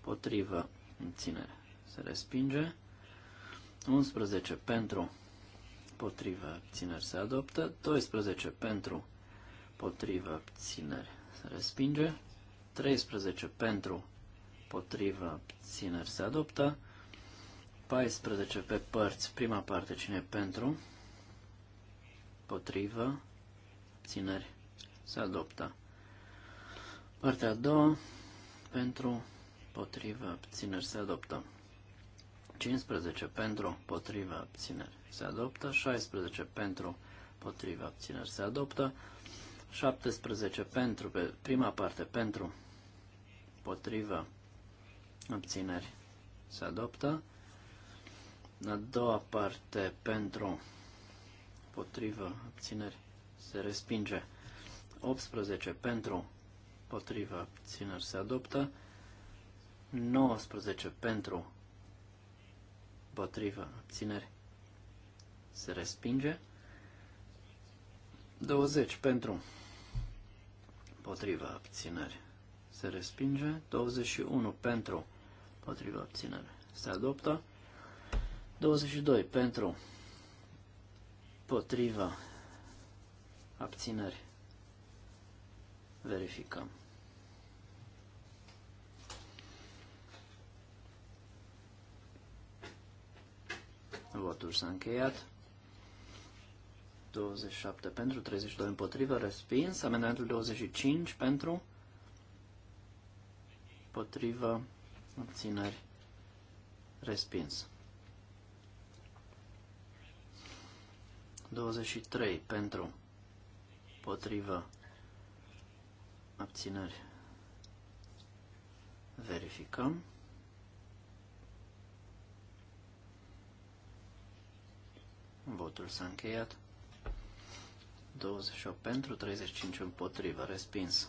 potrivă ținere. Se respinge. 11 pentru. Potrivă. țineri Se adoptă. 12 pentru. Potrivă. țineri Se respinge. 13 pentru. Potrivă. țineri Se adoptă. 14 pe părți. Prima parte. Cine pentru? Potrivă. țineri Se adoptă. Partea a doua. Pentru Potrivă, abțineri se adoptă. 15 pentru, potrivă, abțineri se adoptă. 16 pentru, potrivă, abțineri se adoptă. 17 pentru, pe prima parte pentru, potrivă, abțineri se adoptă. A doua parte pentru, potrivă, abțineri se respinge. 18 pentru, potrivă, abțineri se adoptă. 19 pentru, potrivă abțineri, se respinge. 20 pentru, potrivă abțineri, se respinge. 21 pentru, potrivă abțineri, se adoptă. 22 pentru, potrivă abțineri, verificăm. voturi s-a încheiat. 27 pentru, 32 împotrivă, respins. Amendamentul 25 pentru, împotrivă, obțineri, respins. 23 pentru, împotrivă, abțineri. Verificăm. Votul s-a încheiat. 28 pentru, 35 împotrivă, respins.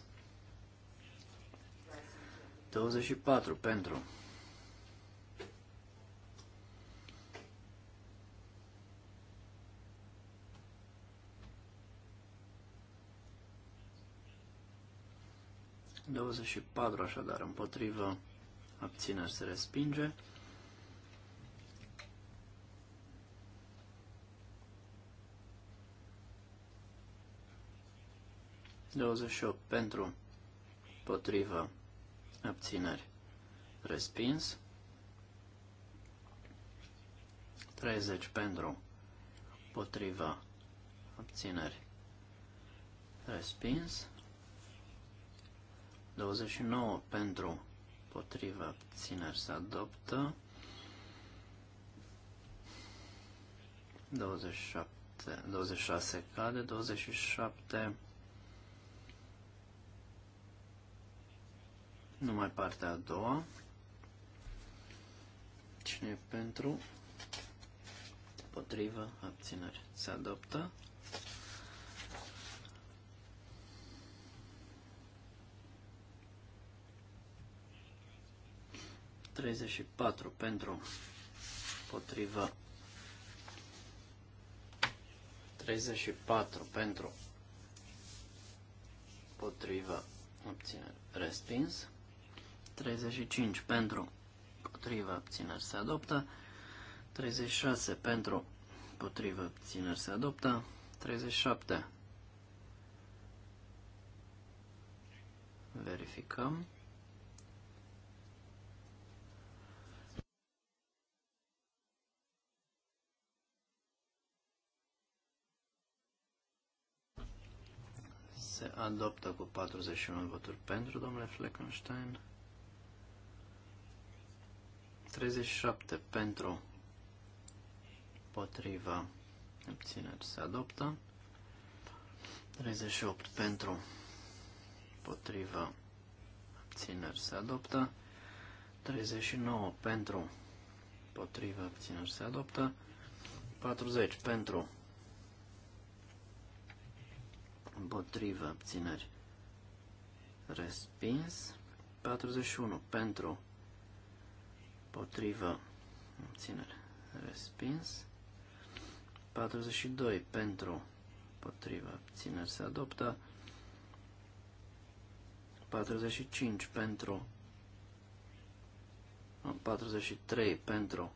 24 pentru. 24 și așadar, împotrivă, abțineri se respinge. 28 pentru, potrivă, abțineri, respins. 30 pentru, potrivă, abțineri, respins. 29 pentru, potrivă, abțineri, se adoptă. 27, 26 cade, 27 numai partea a doua. Cine e pentru? Potrivă, abținere. Se adoptă. Treizeci și patru pentru potrivă. 34 pentru potrivă obținere respins. 35 pentru, potrivă, abțineri se adoptă, 36 pentru, potrivă, abțineri se adoptă, 37 verificăm. se adoptă cu 41 voturi pentru domnule Fleckenstein. 37 pentru, potriva, abțineri se adoptă. 38 pentru, potriva, abțineri se adoptă. 39 pentru, potriva, abțineri se adoptă. 40 pentru, potriva abțineri respins. 41 pentru, împotrivă, abținere, respins. 42 pentru, împotrivă, abțineri se adoptă. 45 pentru, 43 pentru,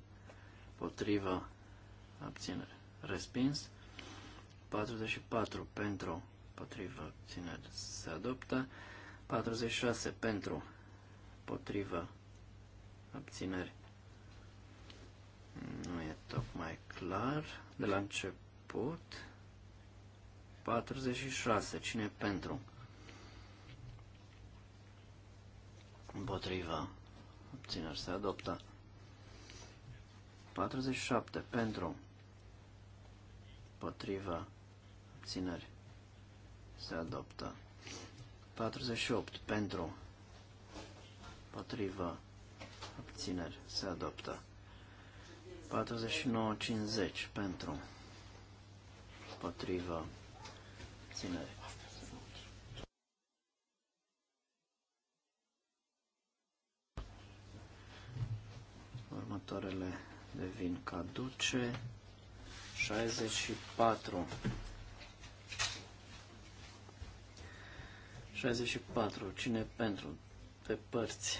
împotrivă, abținere, respins. 44 pentru, împotrivă, abținere se adoptă. 46 pentru, împotrivă, abțineri. Nu e tocmai clar. De la început, 46. Cine e pentru? Împotriva. Abțineri se adoptă. 47. Pentru. Împotriva. Abțineri se adoptă. 48. Pentru. Împotriva abțineri, se adoptă. 49-50 pentru, potrivă, abțineri. Următoarele devin caduce. 64 64. Cine pentru? Pe părți.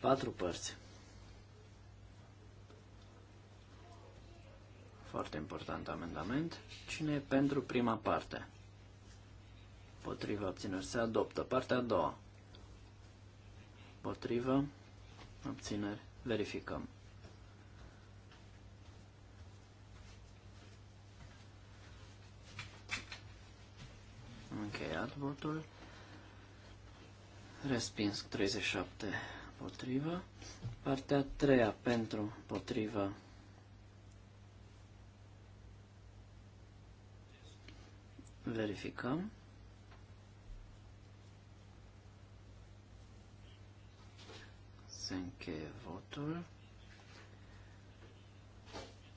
Patru părți. Foarte important amendament. Cine e pentru prima parte? Potrivă abțineri se adoptă. Partea a doua. Potrivă abțineri. Verificăm. încheiat votul. Respins 37 împotriva. Partea a treia pentru împotriva. Verificăm. Se încheie votul.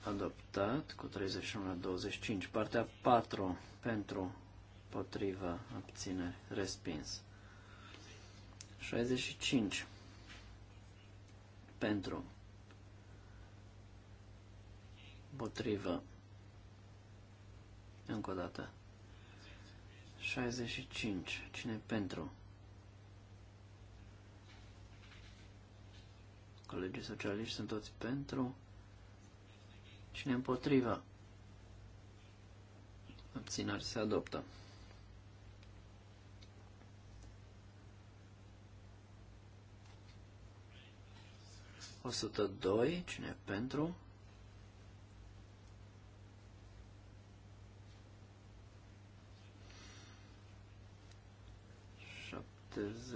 Adoptat cu 31 la 25. Partea 4 pentru potriva abțineri. Respins. 65 pentru, împotrivă, încă o dată, 65, cine pentru? Colegii socialiști sunt toți pentru, cine împotrivă? abținari se adoptă. 102, cine e pentru?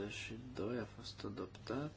Și doi a fost adoptat.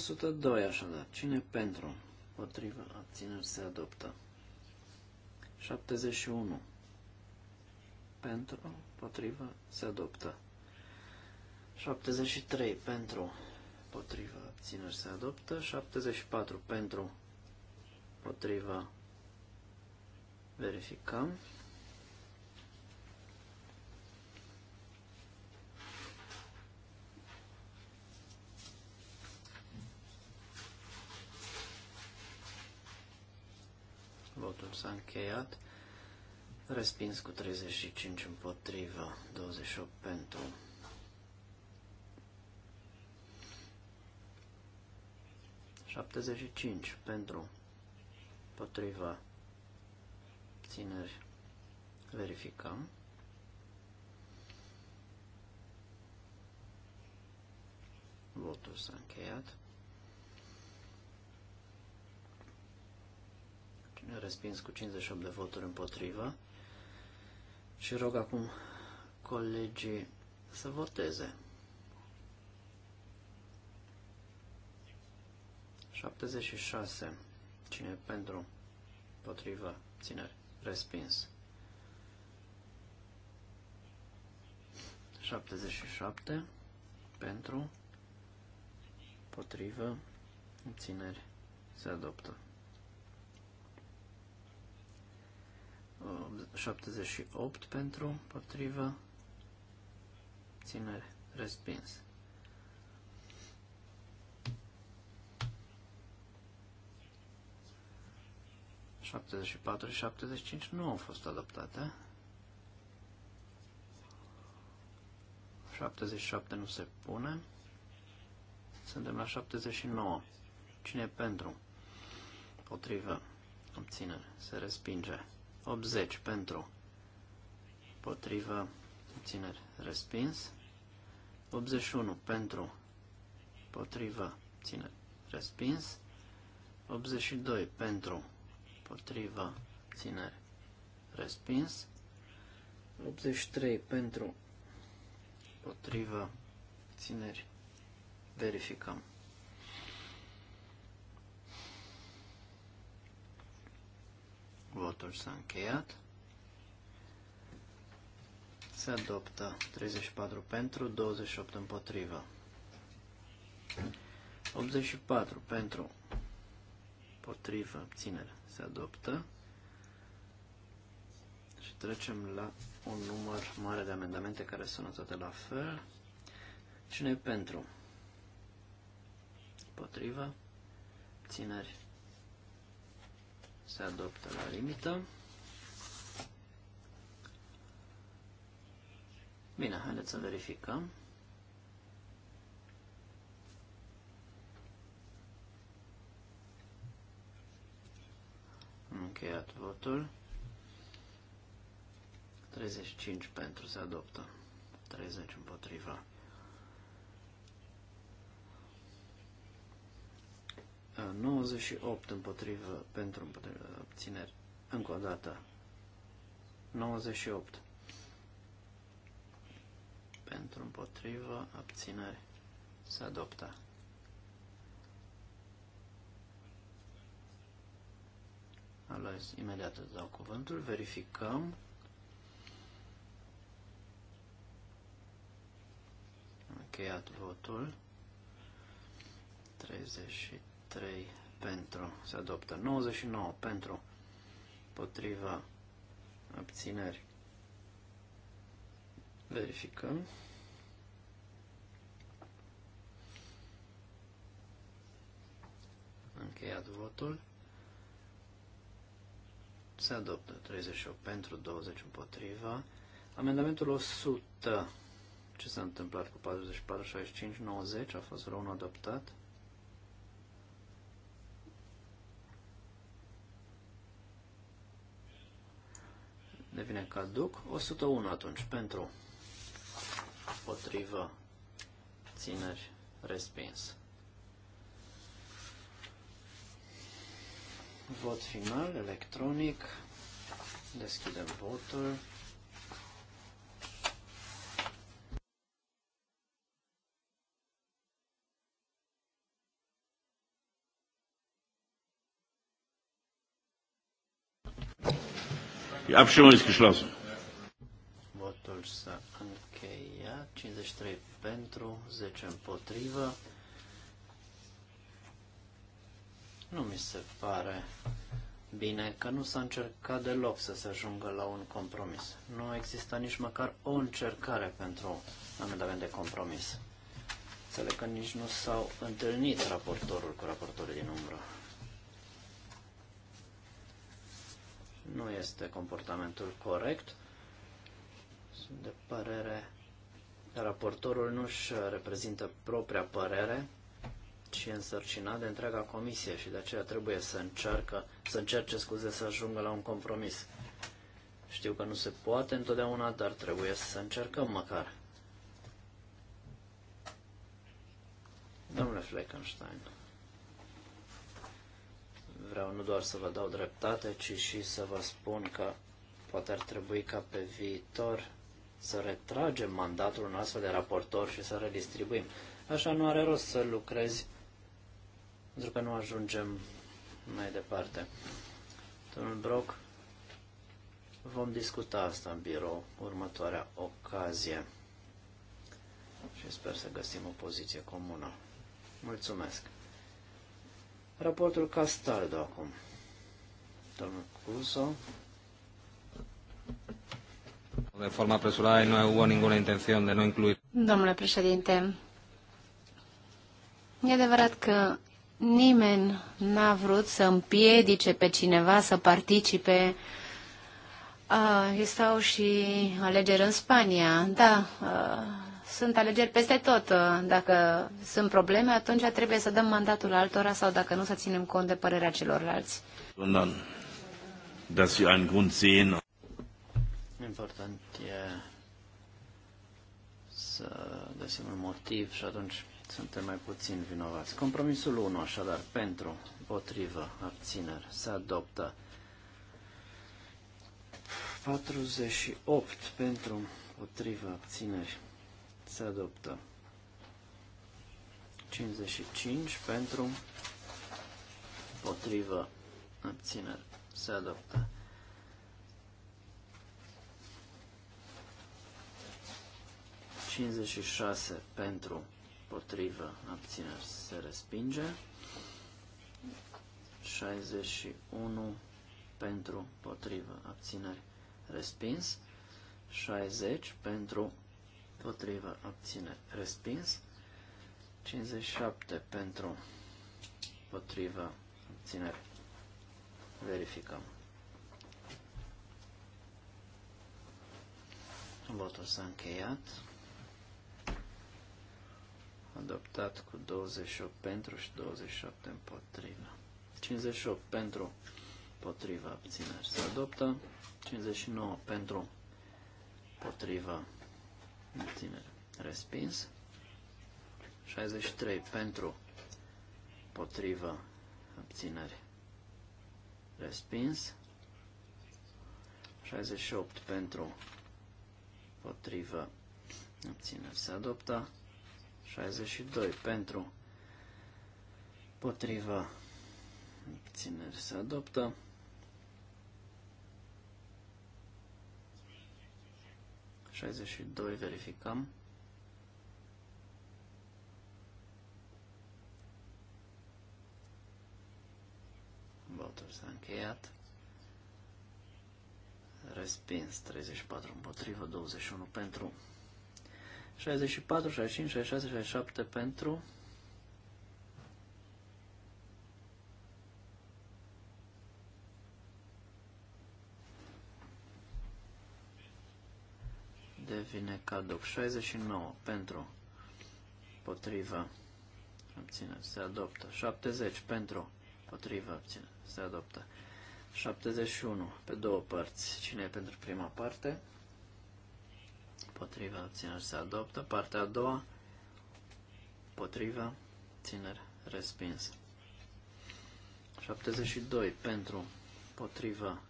102 așadar. Cine pentru? Potrivă abțineri se adoptă. 71. Pentru, potrivă, se adoptă. 73. Pentru, potrivă, abțineri se adoptă. 74. Pentru, potrivă, verificăm. încheiat. Respins cu 35 împotriva, 28 pentru. Șaptezeci cinci pentru potriva țineri verificăm. Votul s-a încheiat. respins cu 58 de voturi împotrivă. Și rog acum colegii să voteze. 76. Cine pentru? Potrivă. Țineri. Respins. 77. Pentru. Potrivă. Țineri. Se adoptă. 78 pentru, împotrivă, ținere, respins. și 75 nu au fost adoptate. 77 nu se pune. Suntem la 79. Cine e pentru? Potrivă. Obținere. Se respinge. 80 pentru, potrivă, abțineri, respins. 81 pentru, potrivă, abțineri, respins. 82 pentru, potrivă, abțineri, respins. 83 pentru, potrivă, abțineri, verificăm. Votul s-a încheiat. Se adoptă 34 pentru, 28 împotrivă. 84 pentru, potrivă, abținere. Se adoptă. Și trecem la un număr mare de amendamente care sună toate la fel. Cine pentru? potrivă, Țineri se adoptă la limită. Bine, haideți să verificăm. Am încheiat votul. 35 pentru se adoptă, 30 împotriva. 98 împotrivă, pentru obțineri. Încă o dată. 98 pentru împotrivă, abțineri. Se adopta Alois, imediat îți dau cuvântul, verificăm. Am încheiat votul. 30 3 pentru, se adoptă 99 pentru, potriva abțineri. Verificăm. Încheiat votul. Se adoptă 38 pentru, 20 împotriva. Amendamentul 100. Ce s-a întâmplat cu 44, 65, 90? A fost rău adoptat. devine caduc. 101 atunci pentru potrivă țineri respins. Vot final electronic. Deschidem votul. Die Abstimmung ist geschlossen. Votul s-a încheiat. 53 pentru, 10 împotrivă. Nu mi se pare bine că nu s-a încercat deloc să se ajungă la un compromis. Nu există nici măcar o încercare pentru amendament de compromis. Înțeleg că nici nu s-au întâlnit raportorul cu raportorul din umbră. nu este comportamentul corect. Sunt de părere raportorul nu își reprezintă propria părere, ci e însărcinat de întreaga comisie și de aceea trebuie să, încearcă, să încerce scuze să ajungă la un compromis. Știu că nu se poate întotdeauna, dar trebuie să încercăm măcar. Domnule Fleckenstein vreau nu doar să vă dau dreptate, ci și să vă spun că poate ar trebui ca pe viitor să retragem mandatul un astfel de raportor și să redistribuim. Așa nu are rost să lucrezi, pentru că nu ajungem mai departe. Domnul Brock, vom discuta asta în birou următoarea ocazie și sper să găsim o poziție comună. Mulțumesc! Raportul Castaldo acum. Domnul Cuso. De forma apresurada nu a hubo ninguna intención de no incluir. Domnule președinte, e adevărat că nimeni n-a vrut să împiedice pe cineva să participe Uh, existau și alegeri în Spania. Da, uh, sunt alegeri peste tot. Uh, dacă sunt probleme, atunci trebuie să dăm mandatul altora sau dacă nu, să ținem cont de părerea celorlalți. Important e să găsim un motiv și atunci suntem mai puțin vinovați. Compromisul 1, așadar, pentru, potrivă, abțineri, se adoptă. 48 pentru, potrivă, abțineri, se adoptă. 55 pentru, potrivă abțineri, se adoptă. Cincizeci șase pentru, potrivă, abțineri, se respinge. 61 pentru, potrivă, abțineri, respins. 60 pentru, împotrivă, obține respins. 57 pentru, împotrivă, obținere. Verificăm. Votul s-a încheiat. Adoptat cu 28 pentru și 27 împotrivă. 58 pentru, împotrivă, abțineri. Se adoptă. 59 pentru, împotrivă, abținere, respins. 63 pentru, potrivă, Abțineri. respins. 68 pentru, potrivă, Abțineri. se adopta. 62 pentru, potrivă, Abțineri. se adoptă. 62 verificăm. Votul s-a încheiat. Respins 34 împotrivă, 21 pentru. 64, 65, 66, 67 pentru. devine caduc. 69 pentru, potrivă, abține, se adoptă. 70 pentru, potrivă, abține, se adoptă. 71 pe două părți. Cine e pentru prima parte? Potrivă, abține, se adoptă. Partea a doua, potrivă, ține respins. 72 pentru, potrivă,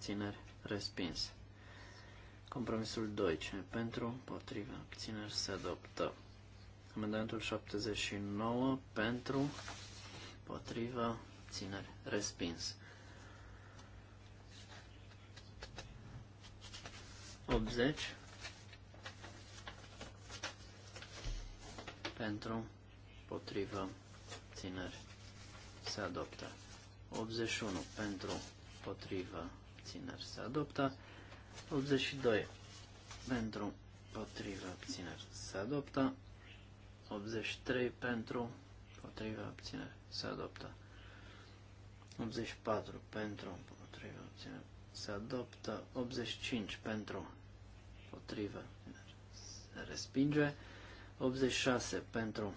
ține respins. Compromisul 2. Cine pentru? potrivă, Abțineri se adoptă. Amendamentul 79. Pentru? potrivă, Abțineri. Respins. 80. Pentru? potrivă, Abțineri se adoptă. 81. Pentru? potrivă, Abțineri se adoptă. 82 pentru potriva abțineri se adoptă. 83 pentru potriva abțineri se adoptă. 84 pentru potriva abțineri se adoptă. 85 pentru potriva abțineri se respinge. 86 pentru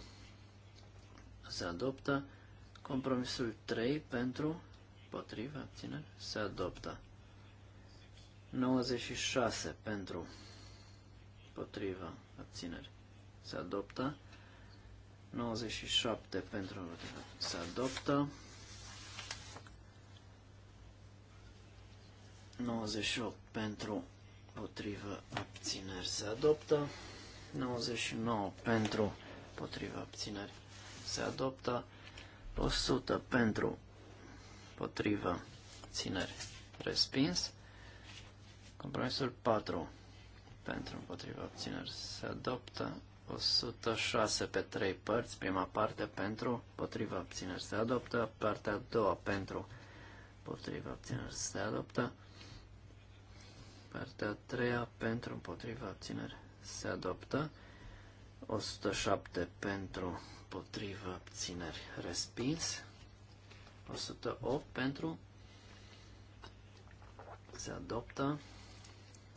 se adoptă. Compromisul 3 pentru potriva abțineri se adoptă. 96 pentru, potriva abțineri, se adoptă. 97 pentru, împotriva, se adoptă. 98 pentru, împotriva, abțineri, se adoptă. 99 pentru, împotriva, abțineri, se adoptă. 100 pentru, împotriva, abțineri, respins. Compromisul 4 pentru împotriva obțineri se adoptă. 106 pe 3 părți, prima parte pentru împotriva obțineri se adoptă, partea a doua pentru împotriva obțineri se adoptă, partea a treia pentru împotriva obțineri se adoptă, 107 pentru împotriva obțineri respins, 108 pentru se adoptă,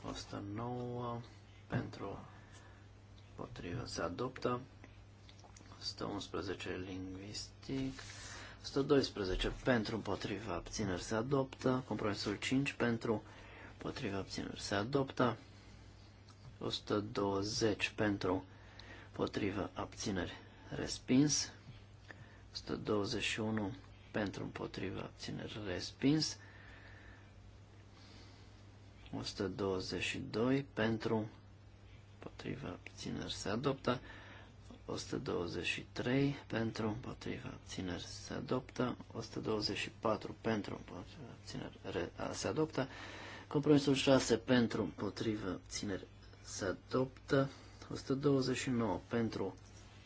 109 pentru potrivă se adoptă. 111 lingvistic. 112 pentru împotriva abțineri se adoptă. Compromisul 5 pentru împotriva abțineri se adoptă. 120 pentru împotriva abțineri respins. 121 pentru împotriva abțineri respins. 122 pentru, împotriva abțineri se adoptă, 123 pentru, împotriva abțineri se adoptă, 124 pentru, împotriva abțineri se adoptă, compromisul 6 pentru, împotriva abțineri se adoptă, 129 pentru,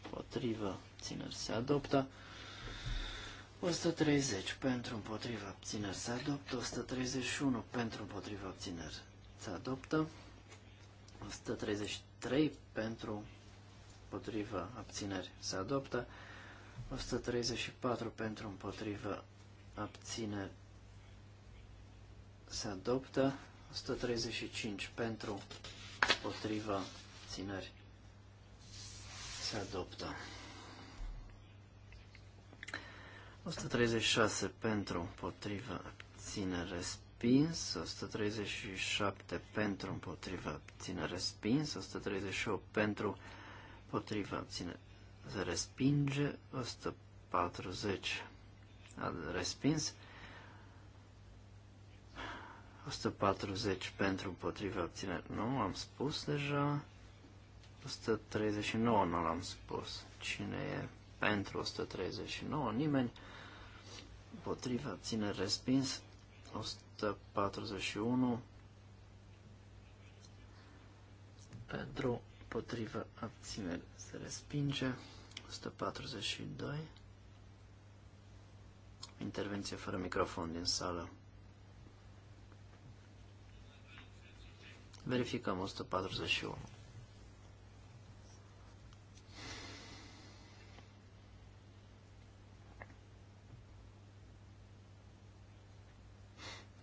împotriva abțineri se adoptă, 130 pentru împotriva abțineri se adoptă, 131 pentru împotriva abțineri se adoptă, 133 pentru împotriva abțineri se adoptă, 134 pentru împotriva abțineri se adoptă, 135 pentru împotriva abțineri se adoptă. 136 pentru, împotrivă abține, respins. 137 pentru, împotrivă abține, respins. 138 pentru, împotrivă abține, se respinge. 140 a respins. 140 pentru împotrivă abținere. Nu, am spus deja. 139 nu l-am spus. Cine e pentru 139? Nimeni. Potriva ține respins, 141 pentru, potriva abțineri se respinge, 142 intervenție fără microfon din sală. Verificăm 141.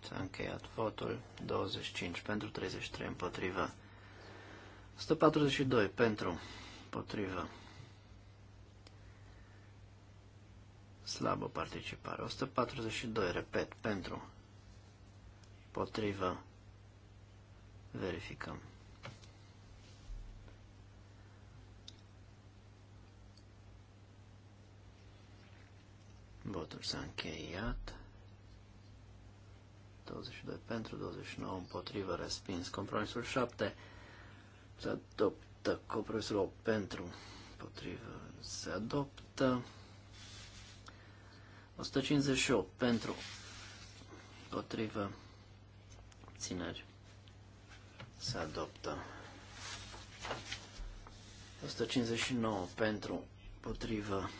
S-a încheiat votul. 25 pentru, 33 împotrivă. 142 pentru, împotrivă. Slabă participare. 142, repet, pentru, potrivă. Verificăm. Votul s-a încheiat. 22 pentru, 29 împotrivă, respins. Compromisul 7 se adoptă. Compromisul 8 pentru, împotrivă, se adoptă. 158 pentru, împotrivă, țineri, se adoptă. 159 pentru, împotrivă,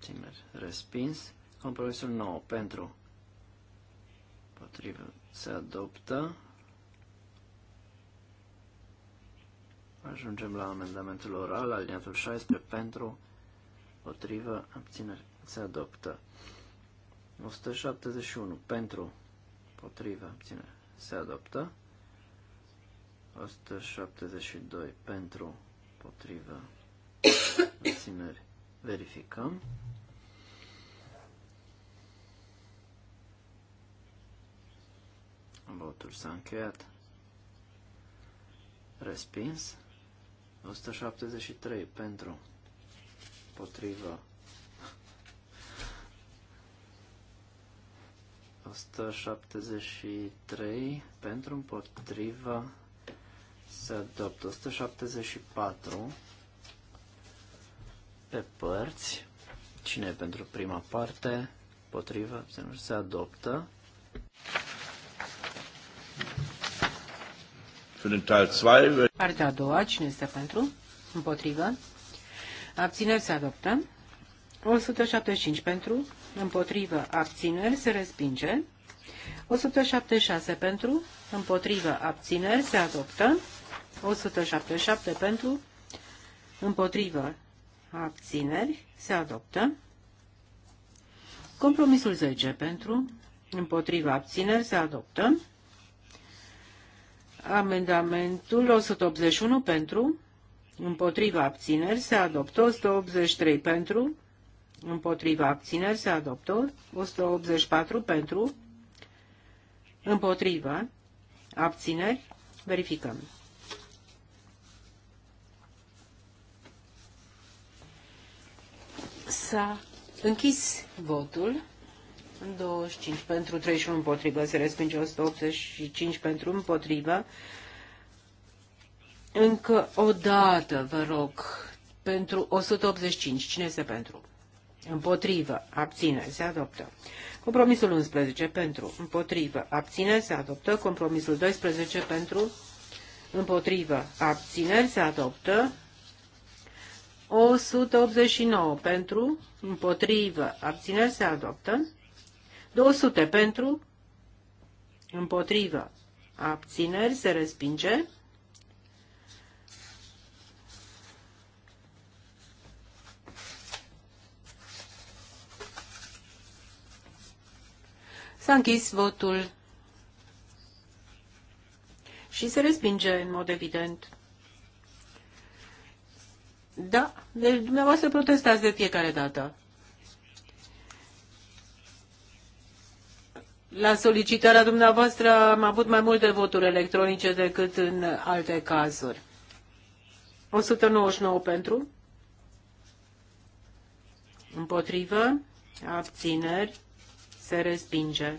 țineri, respins. Compromisul 9 pentru, Potrivă se adoptă. Ajungem la amendamentul oral, aliniatul 16, pentru, potrivă abținere, se adoptă. 171, pentru, potrivă abținere, se adoptă. 172, pentru, potrivă abținere, verificăm. Votul s-a încheiat. Respins. 173 pentru. Potrivă. 173 pentru împotrivă se adoptă 174 pe părți cine pentru prima parte potrivă se adoptă Partea a doua, cine este pentru? Împotrivă. Abțineri se adoptă. 175 pentru, împotrivă, abțineri, se respinge. 176 pentru, împotrivă, abțineri, se adoptă. 177 pentru, împotrivă, abțineri, se adoptă. Compromisul 10 pentru, împotrivă, abțineri, se adoptă. Amendamentul 181 pentru, împotriva abțineri se adoptă, 183 pentru, împotriva abțineri se adoptă, 184 pentru, împotriva abțineri, verificăm. S-a închis votul. 25 pentru 31 împotrivă, se respinge 185 pentru împotrivă. Încă o dată, vă rog, pentru 185, cine este pentru? Împotrivă, abține, se adoptă. Compromisul 11 pentru, împotrivă, abține, se adoptă. Compromisul 12 pentru, împotrivă, abține, se adoptă. 189 pentru, împotrivă, abține, se adoptă. 200 pentru, împotrivă, abțineri, se respinge. S-a închis votul și se respinge în mod evident. Da, deci dumneavoastră protestați de fiecare dată. la solicitarea dumneavoastră am avut mai multe voturi electronice decât în alte cazuri. 199 pentru, împotrivă, abțineri, se respinge.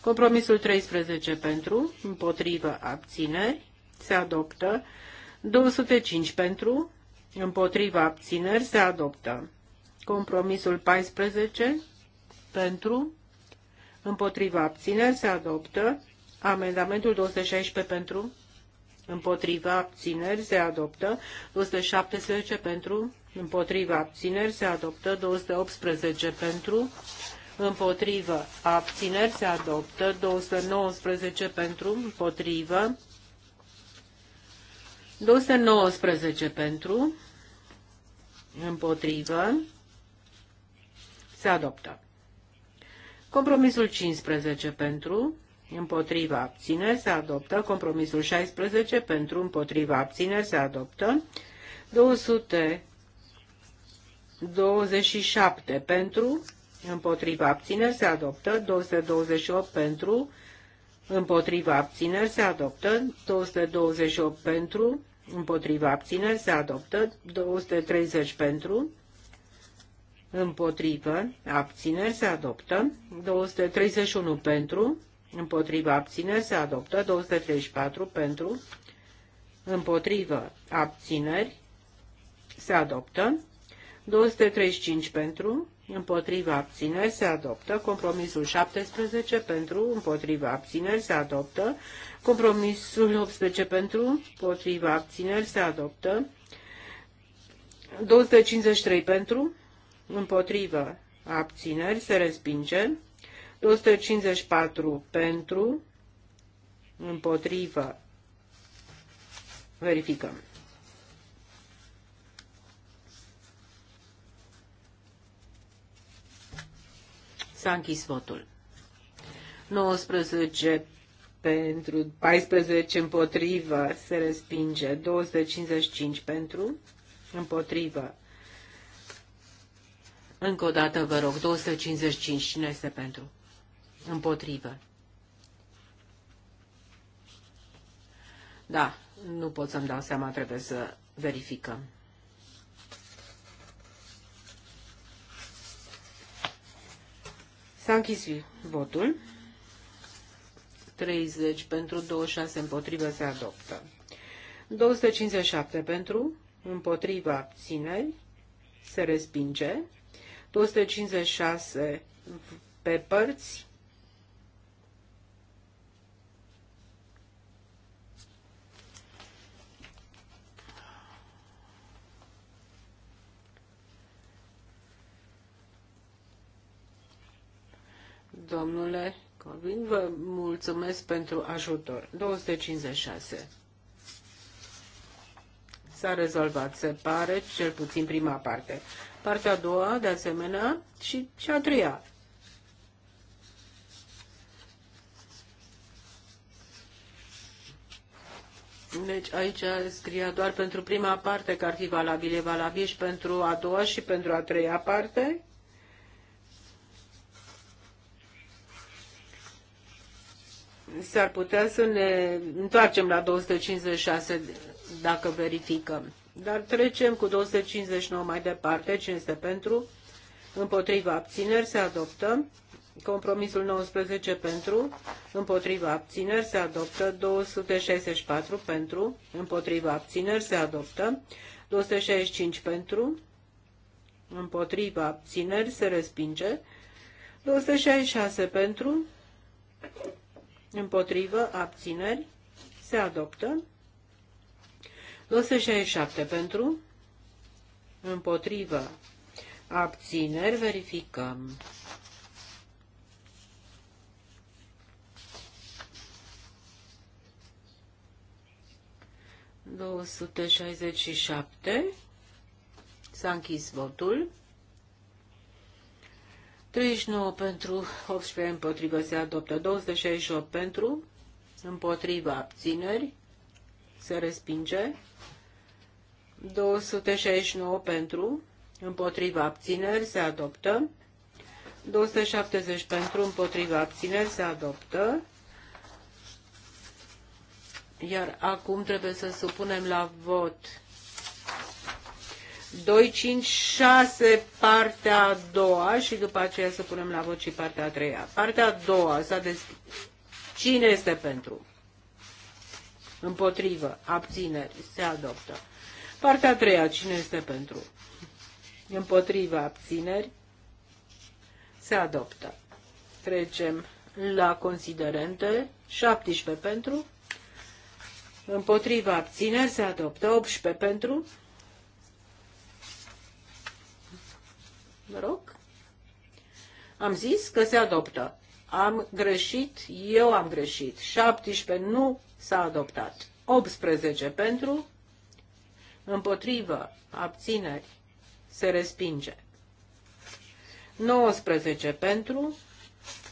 Compromisul 13 pentru, împotrivă, abțineri, se adoptă. 205 pentru, împotrivă, abțineri, se adoptă. Compromisul 14 pentru, împotriva abțineri se adoptă. Amendamentul 216 pentru, împotriva abțineri se adoptă. 217 pentru, împotriva abțineri se adoptă. 218 pentru, împotrivă abțineri se adoptă. 219 pentru, împotrivă. 219 pentru, împotrivă, se adoptă. Compromisul 15 pentru, împotriva abține, se adoptă. Compromisul 16 pentru, împotriva abține, se adoptă. 227 pentru, împotriva abține, se adoptă. 228 pentru, împotriva abține, se adoptă. 228 pentru, împotriva abține, se adoptă. 230 pentru, împotrivă, abțineri se adoptă, 231 pentru, împotrivă, abțineri se adoptă, 234 pentru, împotrivă, abțineri se adoptă, 235 pentru, împotrivă, abțineri se adoptă, compromisul 17 pentru, împotrivă, abțineri se adoptă, compromisul 18 pentru, împotrivă, abțineri se adoptă, 253 pentru, împotrivă, abțineri, se respinge. 254 pentru, împotrivă, verificăm. S-a închis votul. 19 pentru, 14 împotrivă, se respinge, 255 pentru, împotrivă, încă o dată vă rog, 255. Cine este pentru? Împotrivă. Da, nu pot să-mi dau seama, trebuie să verificăm. S-a închis votul. 30 pentru, 26 împotrivă se adoptă. 257 pentru, împotrivă abțineri, se respinge. 256 pe părți. Domnule Corvin, vă mulțumesc pentru ajutor. 256. S-a rezolvat, se pare, cel puțin prima parte partea a doua, de asemenea, și cea a treia. Deci aici scria doar pentru prima parte că ar fi valabil, e valabil și pentru a doua și pentru a treia parte. S-ar putea să ne întoarcem la 256 dacă verificăm. Dar trecem cu 259 mai departe. Cine este pentru? Împotriva abțineri se adoptă. Compromisul 19 pentru, împotriva abțineri se adoptă, 264 pentru, împotriva abțineri se adoptă, 265 pentru, împotriva abțineri se respinge, 266 pentru, împotriva abțineri se adoptă, 267 pentru, împotrivă, abțineri, verificăm. Două S-a închis votul. 39 pentru, 18 împotrivă se adoptă, 268 pentru, împotriva abțineri, se respinge. 269 pentru, împotriva abțineri se adoptă. 270 pentru, împotriva abțineri se adoptă. Iar acum trebuie să supunem la vot 256 partea a doua și după aceea să punem la vot și partea a treia. Partea a doua s-a deschis. Cine este pentru? Împotrivă. Abțineri. Se adoptă. Partea a treia. Cine este pentru? Împotrivă. Abțineri. Se adoptă. Trecem la considerente. 17 pentru. Împotrivă. abțineri se adoptă 18 pentru. Mă rog. Am zis că se adoptă. Am greșit, eu am greșit. 17 nu S-a adoptat. 18 pentru, împotrivă, abțineri, se respinge. 19 pentru,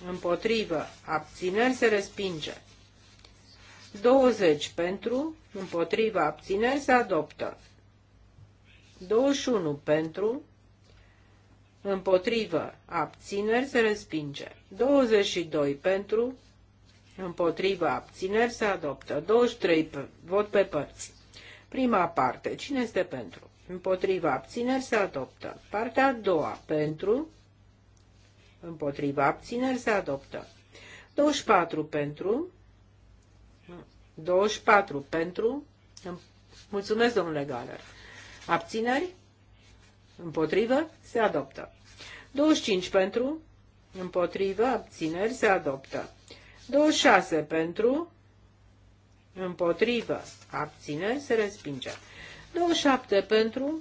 împotrivă, abțineri, se respinge. 20 pentru, împotrivă, abțineri, se adoptă. 21 pentru, împotrivă, abțineri, se respinge. 22 pentru, împotriva abțineri se adoptă. 23 vot pe părți. Prima parte. Cine este pentru? Împotriva abțineri se adoptă. Partea a doua. Pentru. Împotriva abțineri se adoptă. 24 pentru. 24 pentru. Mulțumesc, domnule Galer. Abțineri? Împotrivă? Se adoptă. 25 pentru. Împotrivă? Abțineri? Se adoptă. 26 pentru, împotrivă, abține, se respinge. 27 pentru,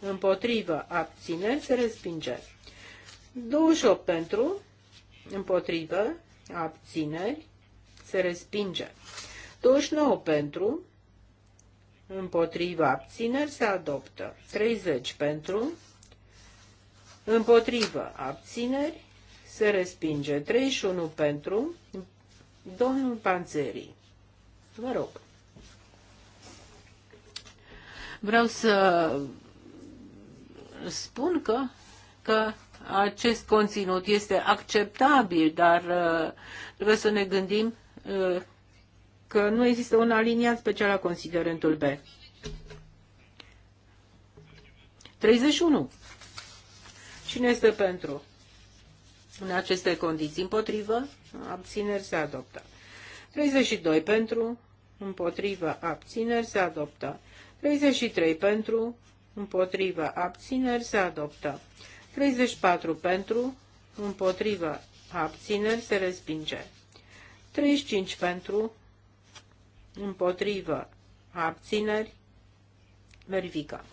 împotrivă, abține, se respinge. 28 pentru, împotrivă, abțineri, se respinge. 29 pentru, împotrivă, abțineri, se adoptă. 30 pentru, împotrivă, abțineri, se respinge. 31 pentru domnul Panțerii. Vă rog. Vreau să spun că, că acest conținut este acceptabil, dar uh, trebuie să ne gândim uh, că nu există un aliniat special la considerentul B. 31. Cine este pentru? în aceste condiții. Împotrivă, abțineri se adoptă. 32 pentru, împotrivă, abțineri se adoptă. 33 pentru, împotrivă, abțineri se adoptă. 34 pentru, împotrivă, abțineri se respinge. 35 pentru, împotrivă, abțineri, verificăm.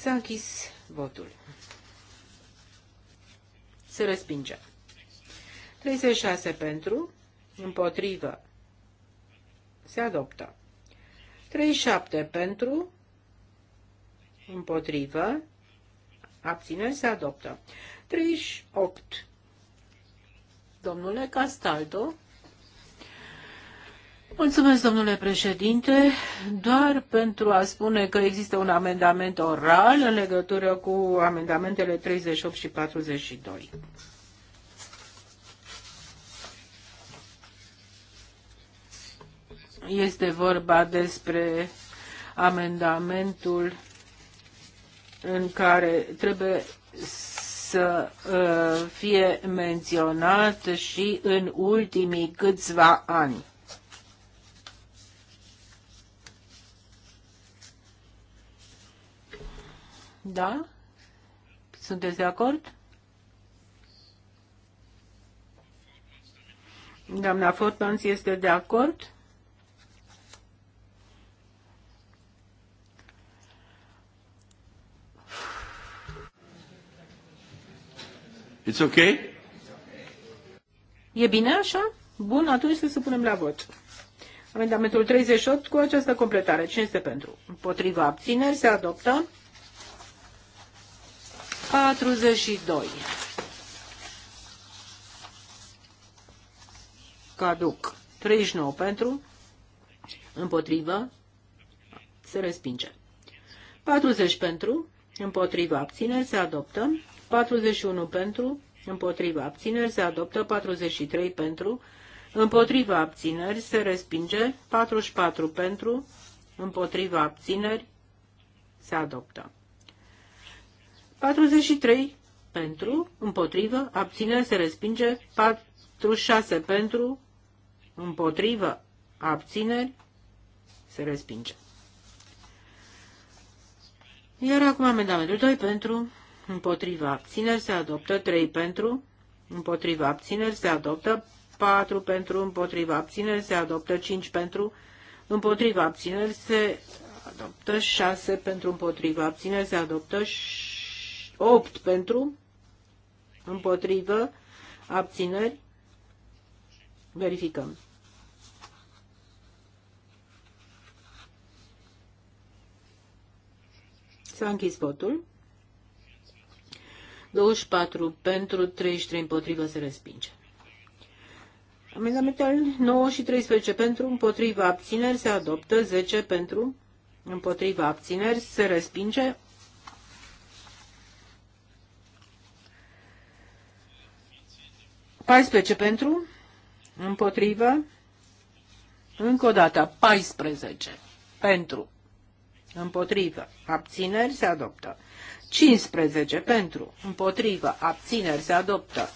S-a închis votul. Se respinge. 36 pentru, împotrivă. Se adoptă. 37 pentru, împotrivă, abține, se adoptă. 38. Domnule Castaldo, Mulțumesc, domnule președinte. Doar pentru a spune că există un amendament oral în legătură cu amendamentele 38 și 42. Este vorba despre amendamentul în care trebuie să uh, fie menționat și în ultimii câțiva ani. Da? Sunteți de acord? Doamna Fortmans este de acord? It's okay? E bine așa? Bun, atunci să supunem la vot. Amendamentul 38 cu această completare. Cine este pentru? Împotriva abțineri se adoptă. 42. Caduc. 39 pentru. Împotrivă. Se respinge. 40 pentru. Împotrivă abțineri se adoptă. 41 pentru. Împotrivă abțineri se adoptă. 43 pentru. Împotrivă abțineri se respinge. 44 pentru. Împotrivă abțineri se adoptă. 43 pentru, împotrivă, abțineri se respinge, 46 pentru, împotrivă, abțineri se respinge. Iar acum amendamentul 2 pentru, împotrivă, abțineri se adoptă, 3 pentru, împotrivă, abțineri se adoptă, 4 pentru, împotrivă, abțineri se adoptă, 5 pentru, împotrivă, abțineri se adoptă, 6 pentru, împotrivă, abțineri se adoptă, 8 pentru, împotrivă, abțineri, verificăm. S-a închis votul. 24 pentru, 33 împotrivă se respinge. Amendamentul 9 și 13 pentru, împotriva abțineri se adoptă, 10 pentru, împotriva abțineri se respinge, 14 pentru, împotrivă, încă o dată, 14 pentru, împotrivă, abțineri se adoptă. 15 pentru, împotrivă, abțineri se adoptă.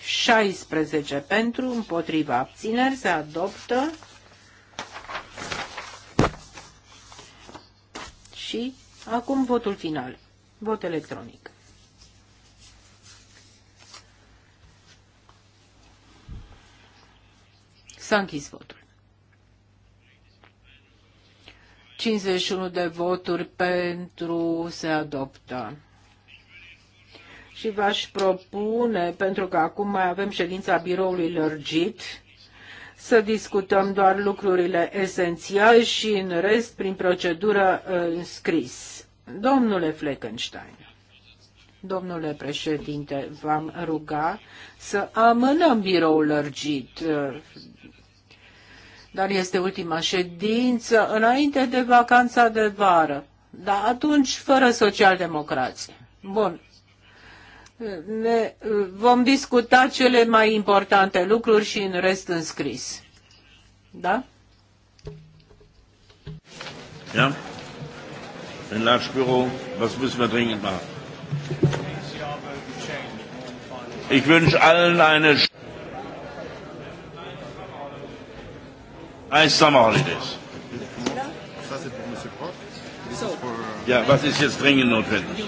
16 pentru, împotrivă, abțineri se adoptă. Și acum votul final. Vot electronic. S-a închis votul. 51 de voturi pentru se adoptă. Și v-aș propune, pentru că acum mai avem ședința biroului lărgit, să discutăm doar lucrurile esențiale și în rest prin procedură uh, scris. Domnule Fleckenstein, domnule președinte, v-am ruga să amânăm biroul lărgit. Uh, dar este ultima ședință înainte de vacanța de vară. Dar atunci fără socialdemocrație. Bun. Ne vom discuta cele mai importante lucruri și în rest în scris. Da? Ja? În Lagebüro, was müssen wir dringend machen? Ich wünsche allen eine and summer holidays. So. Ja, euh, was ist jetzt dringend notwendig?